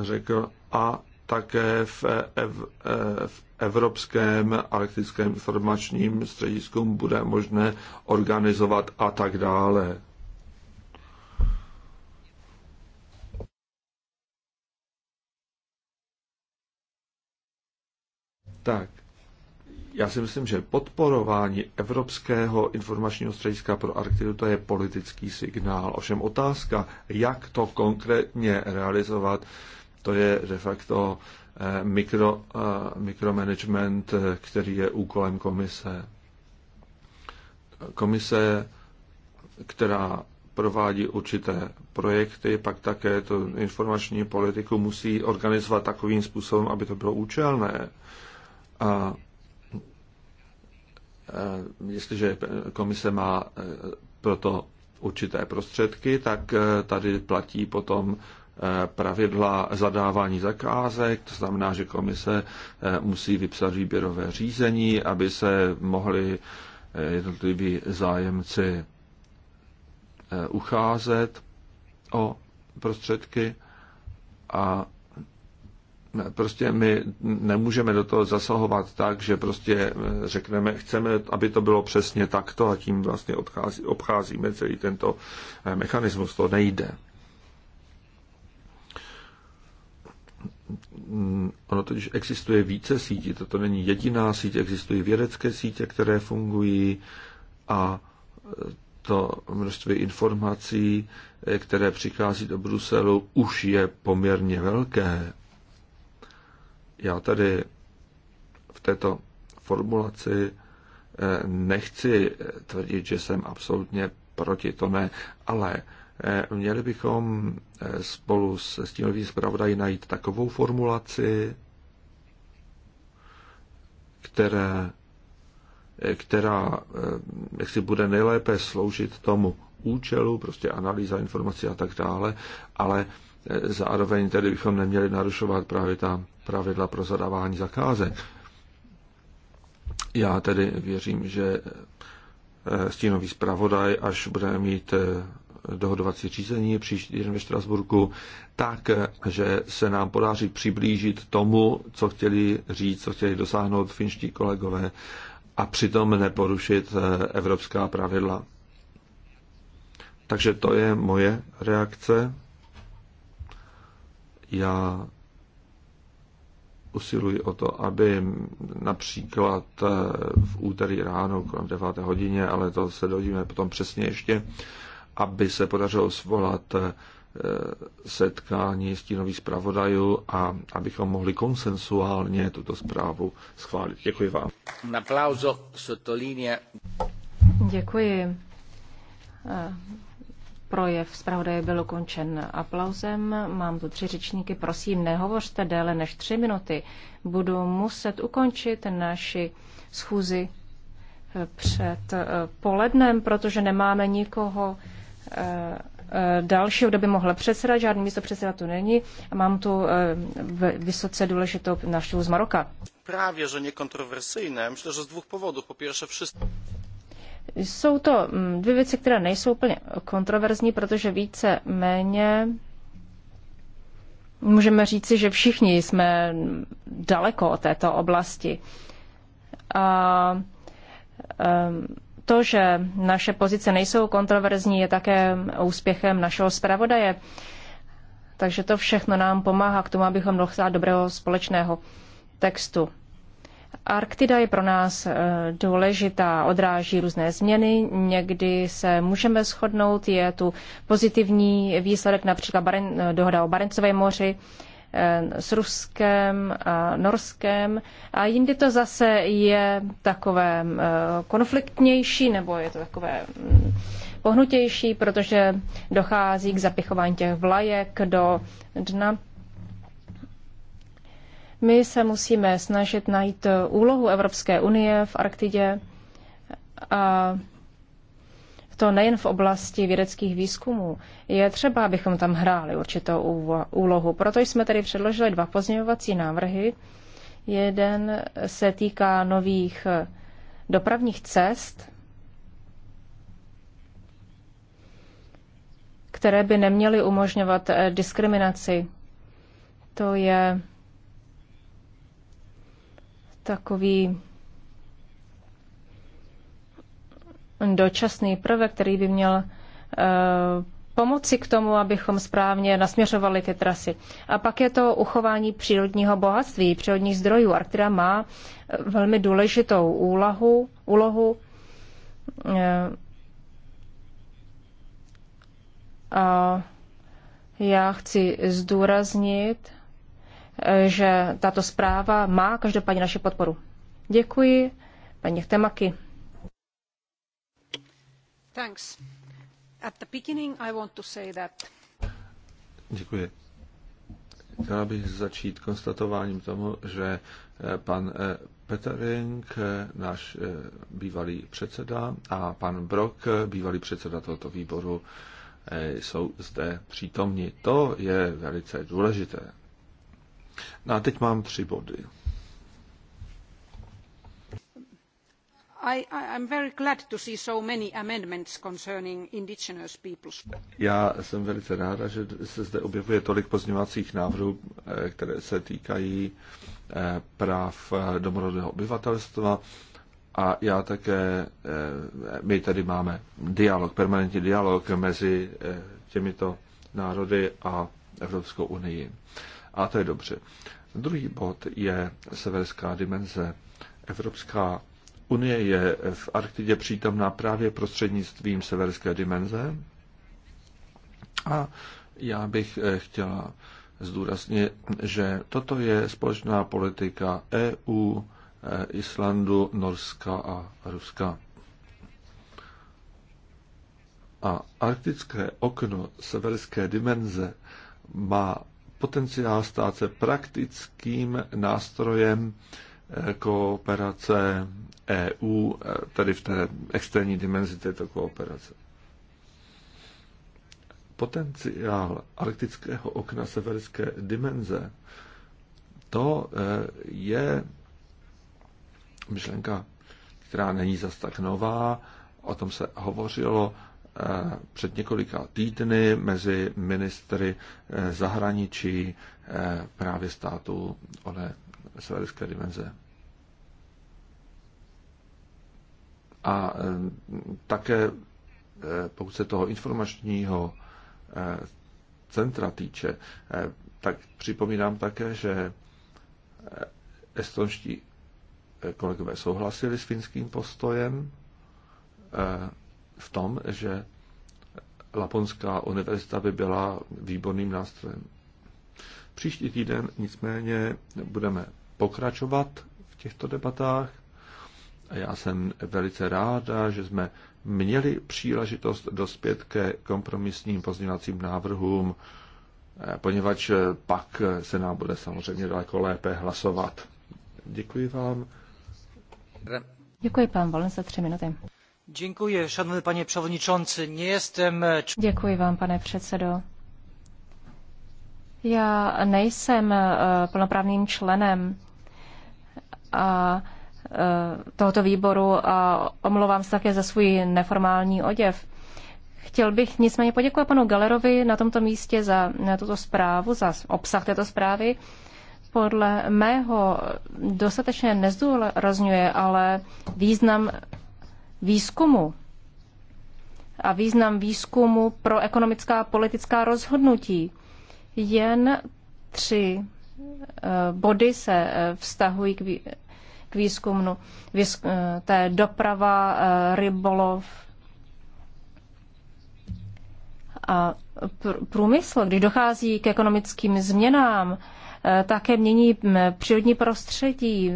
řekl a také v, ev, eh, v Evropském arktickém informačním středisku bude možné organizovat a tak dále. Tak, já si myslím, že podporování Evropského informačního střediska pro Arktidu to je politický signál. Ovšem otázka, jak to konkrétně realizovat, to je de facto eh, mikro, eh, mikromanagement, eh, který je úkolem komise. Komise, která provádí určité projekty, pak také tu informační politiku musí organizovat takovým způsobem, aby to bylo účelné. A e, jestliže komise má e, proto určité prostředky, tak e, tady platí potom pravidla zadávání zakázek, to znamená, že komise musí vypsat výběrové řízení, aby se mohli jednotliví zájemci ucházet o prostředky a Prostě my nemůžeme do toho zasahovat tak, že prostě eh, řekneme, chceme, aby to bylo přesně takto a tím vlastně odchází, obcházíme celý tento eh, mechanismus. To nejde. Mm, ono totiž existuje více sítí, toto není jediná síť, existují vědecké sítě, které fungují a eh, to množství informací, které přichází do Bruselu, už je poměrně velké. Já tady v této formulaci eh, nechci eh, tvrdit, že jsem absolutně proti, to ne, ale eh, měli bychom spolu s stínovým zpravodají najít takovou formulaci, která, která jak si bude nejlépe sloužit tomu účelu, prostě analýza informací a tak dále, ale zároveň tedy bychom neměli narušovat právě ta pravidla pro zadávání zakázek. Já tedy věřím, že eh, stínový zpravodaj, až bude mít eh, dohodovací řízení příští týden ve Štrasburku, tak, eh, že se nám podaří přiblížit tomu, co chtěli říct, co chtěli dosáhnout finští kolegové a přitom neporušit evropská pravidla. Takže to je moje reakce. Já usiluji o to, aby například eh, v úterý ráno kolem 9. hodině, ale to se dozvíme potom přesně ještě, aby se podařilo svolat eh, setkání stínových zpravodajů a abychom mohli konsensuálně tuto zprávu schválit. Děkuji vám. Děkuji. Eh, Projev zpravodaje byl ukončen aplauzem. Mám tu tři řečníky. Prosím, nehovořte déle než tři minuty. Budu muset ukončit naši schůzi eh, před eh, polednem, protože nemáme nikoho eh, dalšího, kdo by mohl předsedat. Žádný místo předseda tu není. mám tu vysoce důležitou návštěvu z Maroka. Právě, že nekontroversijné. Myslím, že z dvou povodů. Po pierwsze, všichni. Jsou to mm, dvě věci, které nejsou úplně kontroverzní, protože více méně můžeme říci, že všichni jsme daleko od této oblasti. A to, že naše pozice nejsou kontroverzní, je také úspěchem našeho zpravodaje. Takže to všechno nám pomáhá k tomu, abychom dosáhli dobrého společného textu. Arktida je pro nás eh, důležitá, odráží různé změny, někdy se můžeme shodnout, je tu pozitivní výsledek, například Baren, eh, dohoda o Barencové moři eh, s Ruskem a Norskem a jindy to zase je takové konfliktnější nebo je to takové mm, pohnutější, protože dochází k zapichování těch vlajek do dna. My se musíme snažit najít eh, úlohu Evropské unie v Arktidě a to nejen v oblasti vědeckých výzkumů. Je třeba, abychom tam hráli určitou úlohu. Proto jsme tady předložili dva pozměňovací návrhy. Jeden se týká nových eh, dopravních cest, které by neměly umožňovat eh, diskriminaci. To je takový dočasný prvek, který by měl eh, pomoci k tomu, abychom správně nasměřovali ty trasy. A pak je to uchování přírodního bohatství, přírodních zdrojů. která má eh, velmi důležitou úlohu, úlohu eh, a já chci zdůraznit, že tato zpráva má každopádně naši podporu. Děkuji, paní Chtemaky. Thanks. At the beginning I want to say that... Děkuji. Chtěla bych začít konstatováním tomu, že eh, pan eh, Petering, eh, náš bývalý předseda, a pan Brok, bývalý předseda tohoto výboru, jsou zde přítomni. To je velice důležité. No a teď mám tři body. Já jsem velice ráda, že se zde objevuje tolik pozměňovacích návrhů, eh, které se týkají eh, práv eh, domorodého obyvatelstva. A já také, my tady máme dialog, permanentní dialog mezi těmito národy a Evropskou unii. A to je dobře. Druhý bod je severská dimenze. Evropská unie je v Arktidě přítomná právě prostřednictvím severské dimenze. A já bych eh, chtěla zdůraznit, že toto je společná politika EU, eh, Islandu, Norska a Ruska. A arktické okno severské dimenze má potenciál stát se praktickým nástrojem eh, kooperace EU, eh, tedy v té externí dimenzi této kooperace. Potenciál arktického okna severské dimenze, to eh, je myšlenka, která není zas tak nová, o tom se hovořilo před několika týdny mezi ministry eh, zahraničí eh, právě státu ole severské dimenze. A eh, také pokud se toho informačního centra týče, tak připomínám také, že estonští kolegové souhlasili s finským postojem, v tom, že Laponská univerzita by byla výborným nástrojem. Příští týden nicméně budeme pokračovat v těchto debatách. A já jsem velice ráda, že jsme měli příležitost dospět ke kompromisním pozměňovacím návrhům, eh, poněvadž pak se nám bude samozřejmě daleko lépe hlasovat. Děkuji vám. Děkuji, pán Valen za tři minuty. Děkuji, šanovný pane předsedající. Nejsem... Děkuji vám, pane předsedo. Já nejsem eh, plnoprávným členem a eh, tohoto výboru a omlouvám se také za svůj neformální oděv. Chtěl bych nicméně poděkovat panu Galerovi na tomto místě za tuto zprávu, za obsah této zprávy. Podle mého dostatečně nezdůrazňuje ale význam výzkumu a význam výzkumu pro ekonomická a politická rozhodnutí. Jen tři eh, body se eh, vztahují k výzkumu. Eh, to je doprava, rybolov a průmysl. Když dochází k ekonomickým změnám, také mění přírodní prostředí.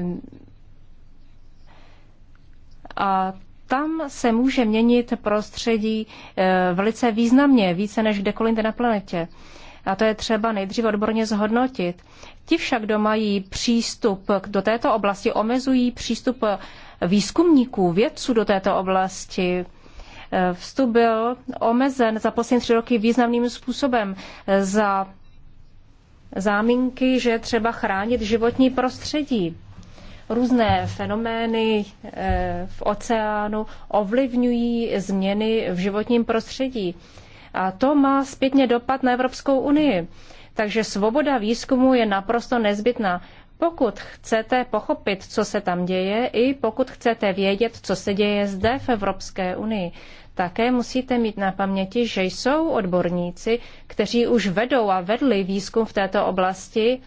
A tam se může měnit prostředí eh, velice významně, více než kdekoliv na planetě. A to je třeba nejdříve odborně zhodnotit. Ti však, kdo mají přístup do této oblasti, omezují přístup eh, výzkumníků, vědců do této oblasti. Eh, vstup byl omezen za poslední tři roky významným způsobem za záminky, že třeba chránit životní prostředí různé fenomény eh, v oceánu ovlivňují změny v životním prostředí. A to má zpětně dopad na Evropskou unii. Takže svoboda výzkumu je naprosto nezbytná. Pokud chcete pochopit, co se tam děje, i pokud chcete vědět, co se děje zde v Evropské unii, také musíte mít na paměti, že jsou odborníci, kteří už vedou a vedli výzkum v této oblasti,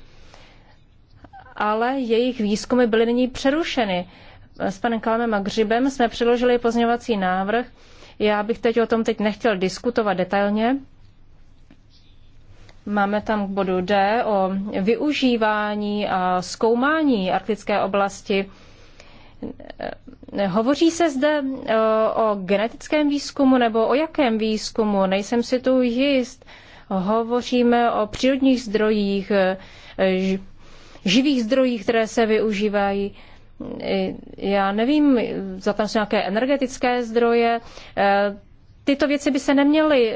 ale jejich výzkumy byly nyní přerušeny. S panem Kalemem a Gřibem jsme přiložili pozměňovací návrh. Já bych teď o tom teď nechtěl diskutovat detailně. Máme tam k bodu D o využívání a zkoumání arktické oblasti. Hovoří se zde e, o genetickém výzkumu nebo o jakém výzkumu? Nejsem si tu jist. Hovoříme o přírodních zdrojích, e, živých zdrojích, které se využívají. Já nevím, za tam jsou nějaké energetické zdroje. E, tyto věci by se neměly e,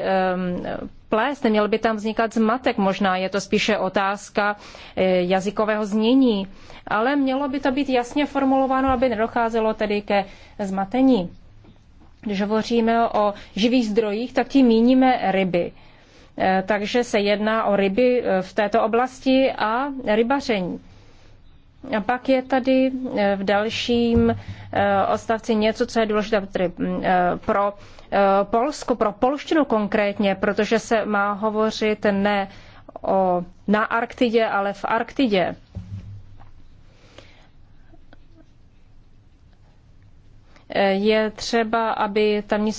plést, neměl by tam vznikat zmatek, možná je to spíše otázka e, jazykového znění, ale mělo by to být jasně formulováno, aby nedocházelo tedy ke zmatení. Když hovoříme o živých zdrojích, tak tím míníme ryby. Eh, takže se jedná o ryby eh, v této oblasti a rybaření. A pak je tady eh, v dalším odstavci něco, co je důležité mm, pro Polsko, pro polštinu konkrétně, protože se má hovořit ne o, na Arktidě, ale v Arktidě. Je třeba, aby tamní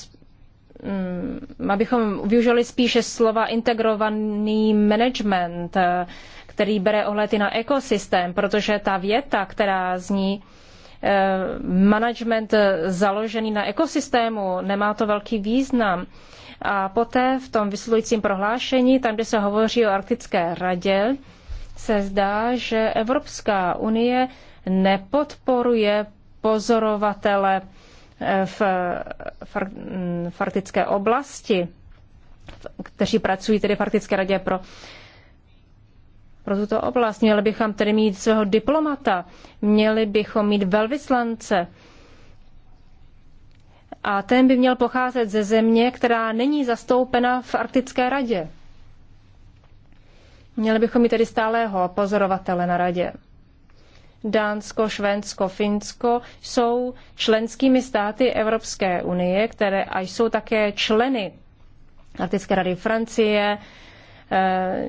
Mm, abychom využili spíše slova integrovaný management, eh, který bere ohledy na ekosystém, protože ta věta, která zní eh, management založený na ekosystému, nemá to velký význam. A poté v tom vysvětlujícím prohlášení, tam, kde se hovoří o Arktické radě, se zdá, že Evropská unie nepodporuje pozorovatele v, v arktické mm, oblasti, kteří pracují tedy v Arktické radě pro pro tuto oblast. Měli bychom tedy mít svého diplomata, měli bychom mít velvyslance. A ten by měl pocházet ze země, která není zastoupena v Arktické radě. Měli bychom mít tedy stálého pozorovatele na radě. Dánsko, Švédsko, Finsko jsou členskými státy Evropské unie, které a jsou také členy Arktické rady Francie, eh,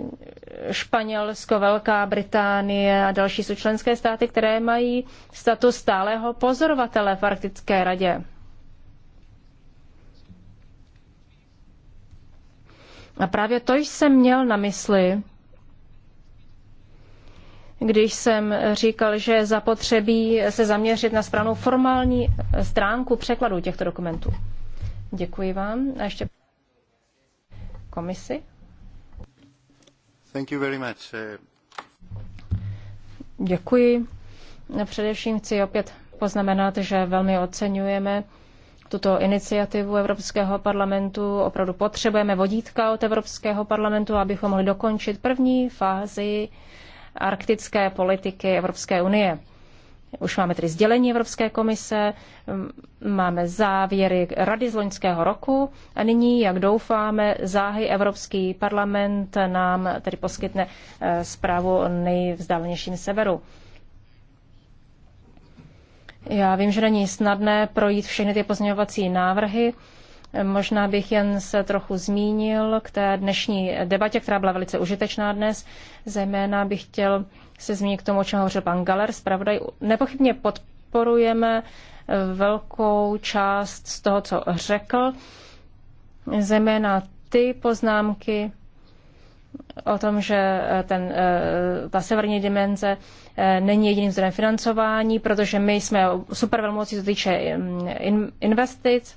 Španělsko, Velká Británie a další jsou členské státy, které mají status stálého pozorovatele v Arktické radě. A právě to jsem měl na mysli, když jsem říkal, že zapotřebí se zaměřit na správnou formální stránku překladu těchto dokumentů. Děkuji vám. A ještě komisi. Thank you very much. Eh. Děkuji. Především chci opět poznamenat, že velmi oceňujeme tuto iniciativu Evropského parlamentu. Opravdu potřebujeme vodítka od Evropského parlamentu, abychom mohli dokončit první fázi arktické politiky Evropské unie. Už máme tedy sdělení Evropské komise, máme závěry Rady z loňského roku a nyní, jak doufáme, záhy Evropský parlament nám tedy poskytne eh, zprávu o nejvzdálenějším severu. Já vím, že není snadné projít všechny ty pozměňovací návrhy, Možná bych jen se trochu zmínil k té dnešní debatě, která byla velice užitečná dnes. Zejména bych chtěl se zmínit k tomu, o čem hovořil pan Galer, Spravodaj, Nepochybně podporujeme velkou část z toho, co řekl, zejména ty poznámky o tom, že ten, eh, ta severní dimenze eh, není jediným zdrojem financování, protože my jsme super velmocí, co týče mm, investic,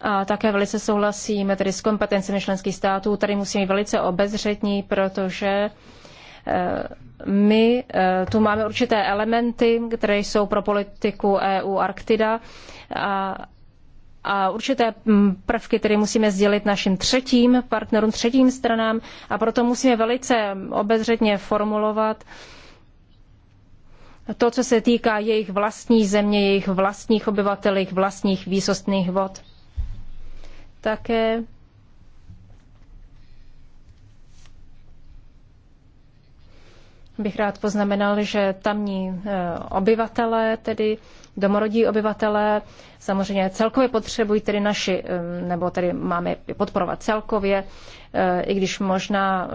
a také velice souhlasíme tedy s kompetencemi členských států. Tady musíme být velice obezřetní, protože eh, my eh, tu máme určité elementy, které jsou pro politiku EU Arktida a, a určité mm, prvky, které musíme sdělit našim třetím partnerům, třetím stranám a proto musíme velice obezřetně formulovat to, co se týká jejich vlastní země, jejich vlastních obyvatel, jejich vlastních výsostných vod také bych rád poznamenal, že tamní eh, obyvatelé, tedy domorodí obyvatelé, samozřejmě celkově potřebují tedy naši, eh, nebo tedy máme podporovat celkově, eh, i když možná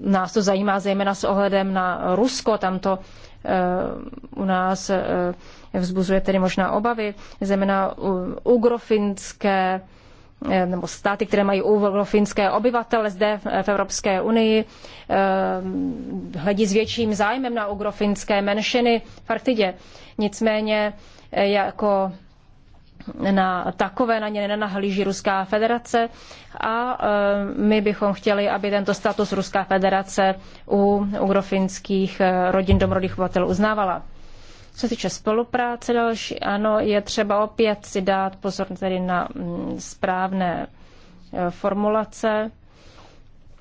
nás to zajímá zejména s ohledem na Rusko, tam to u nás Vzbuzuje tedy možná obavy, zejména ugrofinské eh, nebo státy, které mají ugrofinské obyvatele zde v Evropské unii, eh, hledí s větším zájmem na ugrofinské menšiny v Arktidě. Nicméně eh, jako na takové na ně nenahlíží Ruská federace a my bychom chtěli, aby tento status Ruská federace u ugrofinských rodin domorodých obyvatel uznávala. Co týče spolupráce další, ano, je třeba opět si dát pozor tedy na mm, správné e, formulace.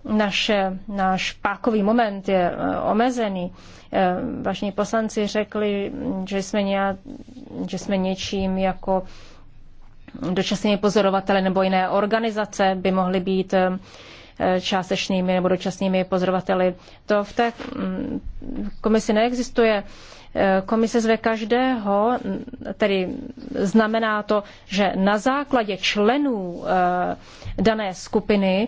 Naše, náš pákový moment je e, omezený. E, vážení poslanci řekli, mm, že jsme, nějak, že jsme něčím jako dočasní pozorovatele nebo jiné organizace by mohly být částečnými nebo dočasnými pozorovateli. To v té mm, komisi neexistuje komise zve každého, tedy znamená to, že na základě členů eh, dané skupiny,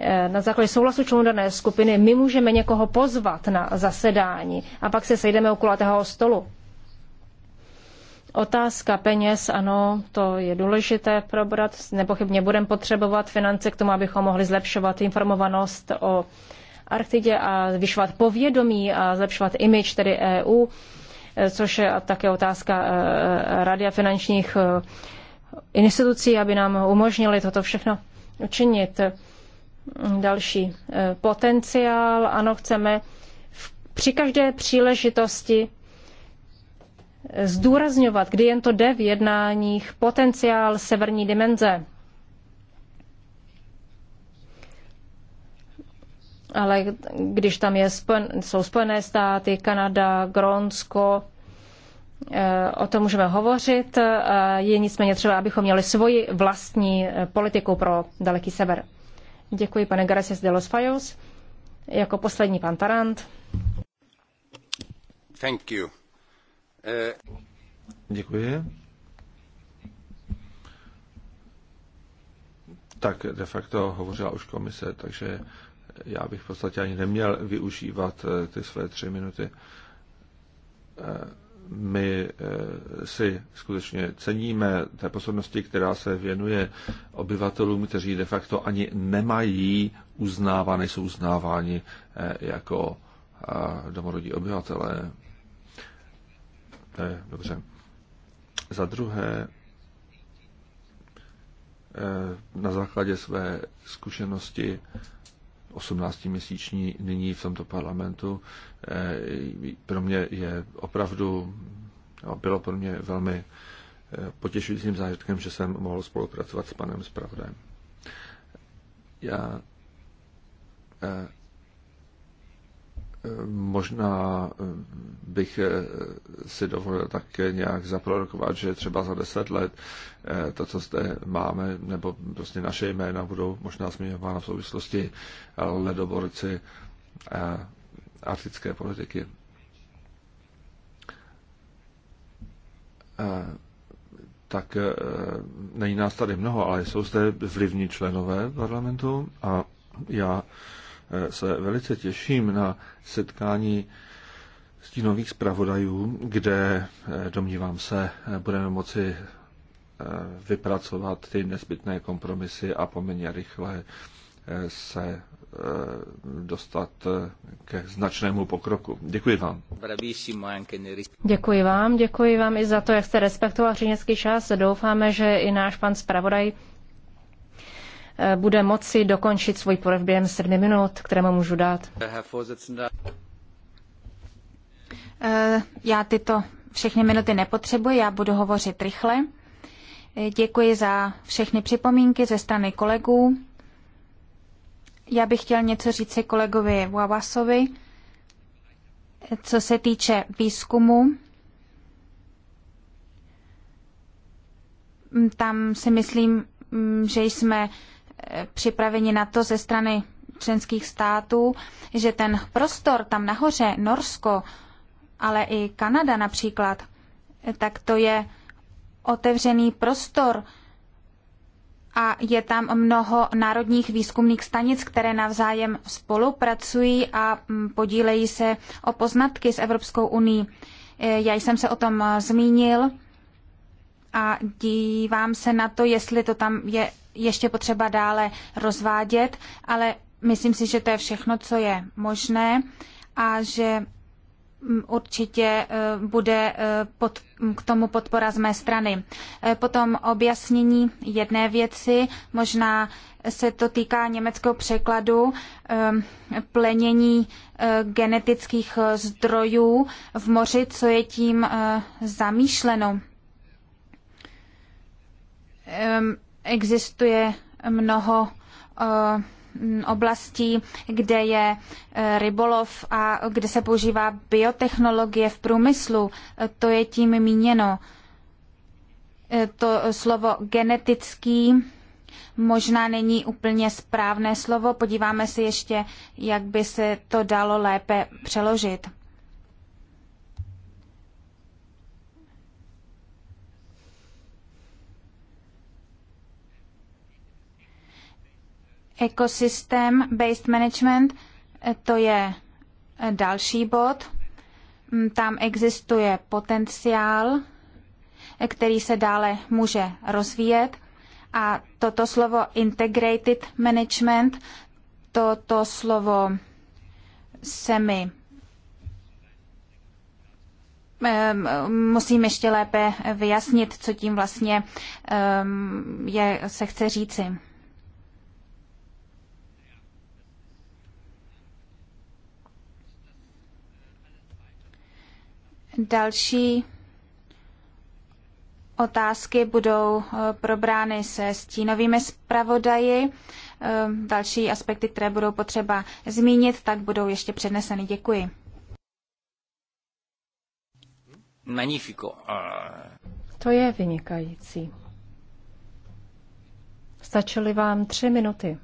eh, na základě souhlasu členů dané skupiny, my můžeme někoho pozvat na zasedání a pak se sejdeme u kulatého stolu. Otázka peněz, ano, to je důležité probrat. Nepochybně budeme potřebovat finance k tomu, abychom mohli zlepšovat informovanost o Arktidě a zvyšovat povědomí a zlepšovat image tedy EU, eh, což je také otázka eh, eh, rady a finančních institucí, aby nám umožnili toto všechno učinit. Další potenciál, ano, chceme při každé příležitosti zdůrazňovat, kdy jen to jde v jednáních, potenciál severní dimenze ale když tam je, jsou Spojené státy, Kanada, Grónsko, eh, o tom můžeme hovořit. Eh, je nicméně třeba, abychom měli svoji vlastní eh, politiku pro daleký sever. Děkuji, pane Garces de los Fajos. Jako poslední pan Tarant. Thank you. Uh... Děkuji. Tak de facto hovořila už komise, takže já bych v podstatě ani neměl využívat eh, ty své tři minuty. Eh, my eh, si skutečně ceníme té pozornosti, která se věnuje obyvatelům, kteří de facto ani nemají uznávány, jsou uznáváni jako domorodí obyvatelé. Dobře. Za druhé, na základě své zkušenosti 18-měsíční nyní v tomto parlamentu eh, pro mě je opravdu, no, bylo pro mě velmi eh, potěšujícím zážitkem, že jsem mohl spolupracovat s panem Spravdem. Já eh, Možná eh, bych eh, si dovolil také nějak zaprorokovat, že třeba za deset let eh, to, co zde máme, nebo prostě naše jména budou možná zmiňována v souvislosti ledoborci arktické politiky. Tak není nás tady mnoho, ale jsou zde vlivní členové parlamentu a já se velice těším na setkání stínových zpravodajů, kde, eh, domnívám se, eh, budeme moci eh, vypracovat ty nezbytné kompromisy a poměrně rychle se dostat ke značnému pokroku. Děkuji vám. Děkuji vám, děkuji vám i za to, jak jste respektoval řečnický čas. Doufáme, že i náš pan zpravodaj Eh, bude moci dokončit svůj projev během sedmi minut, kterému můžu dát. Eh, já tyto všechny minuty nepotřebuji, já budu hovořit rychle. Eh, děkuji za všechny připomínky ze strany kolegů. Já bych chtěl něco říct kolegovi Wawasovi, co se týče výzkumu. Tam si myslím, mm, že jsme připraveni na to ze strany členských států, že ten prostor tam nahoře, Norsko, ale i Kanada například, tak to je otevřený prostor a je tam mnoho národních výzkumných stanic, které navzájem spolupracují a mm, podílejí se o poznatky s Evropskou unii. E, já jsem se o tom e, zmínil a dívám se na to, jestli to tam je ještě potřeba dále rozvádět, ale myslím si, že to je všechno, co je možné a že mm, určitě e, bude e, pod, k tomu podpora z mé strany. E, potom objasnění jedné věci, možná se to týká německého překladu plenění genetických zdrojů v moři, co je tím zamýšleno existuje mnoho eh, oblastí, kde je eh, rybolov a kde se používá biotechnologie v průmyslu. Eh, to je tím míněno. To slovo genetický možná není úplně správné slovo. Podíváme se ještě, jak by se to dalo lépe přeložit. ecosystem Based Management, to je eh, další bod. Mm, tam existuje potenciál, eh, který se dále může rozvíjet. A toto slovo integrated management, toto slovo se mi musím ještě lépe vyjasnit, co tím vlastně je, se chce říci. Další otázky budou eh, probrány se stínovými zpravodaji. Eh, další aspekty, které budou potřeba zmínit, tak budou ještě předneseny. Děkuji. Magnifico. Eh. To je vynikající. Stačily vám tři minuty.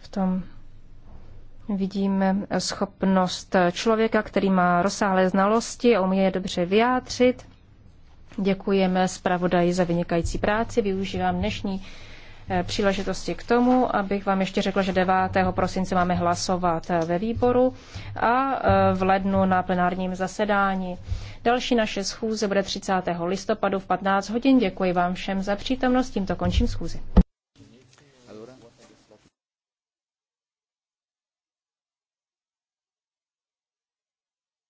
V tom Vidíme schopnost člověka, který má rozsáhlé znalosti, umí je dobře vyjádřit. Děkujeme zpravodaji za vynikající práci. Využívám dnešní eh, příležitosti k tomu, abych vám ještě řekla, že 9. prosince máme hlasovat eh, ve výboru a eh, v lednu na plenárním zasedání. Další naše schůze bude 30. listopadu v 15 hodin. Děkuji vám všem za přítomnost. Tímto končím schůzi.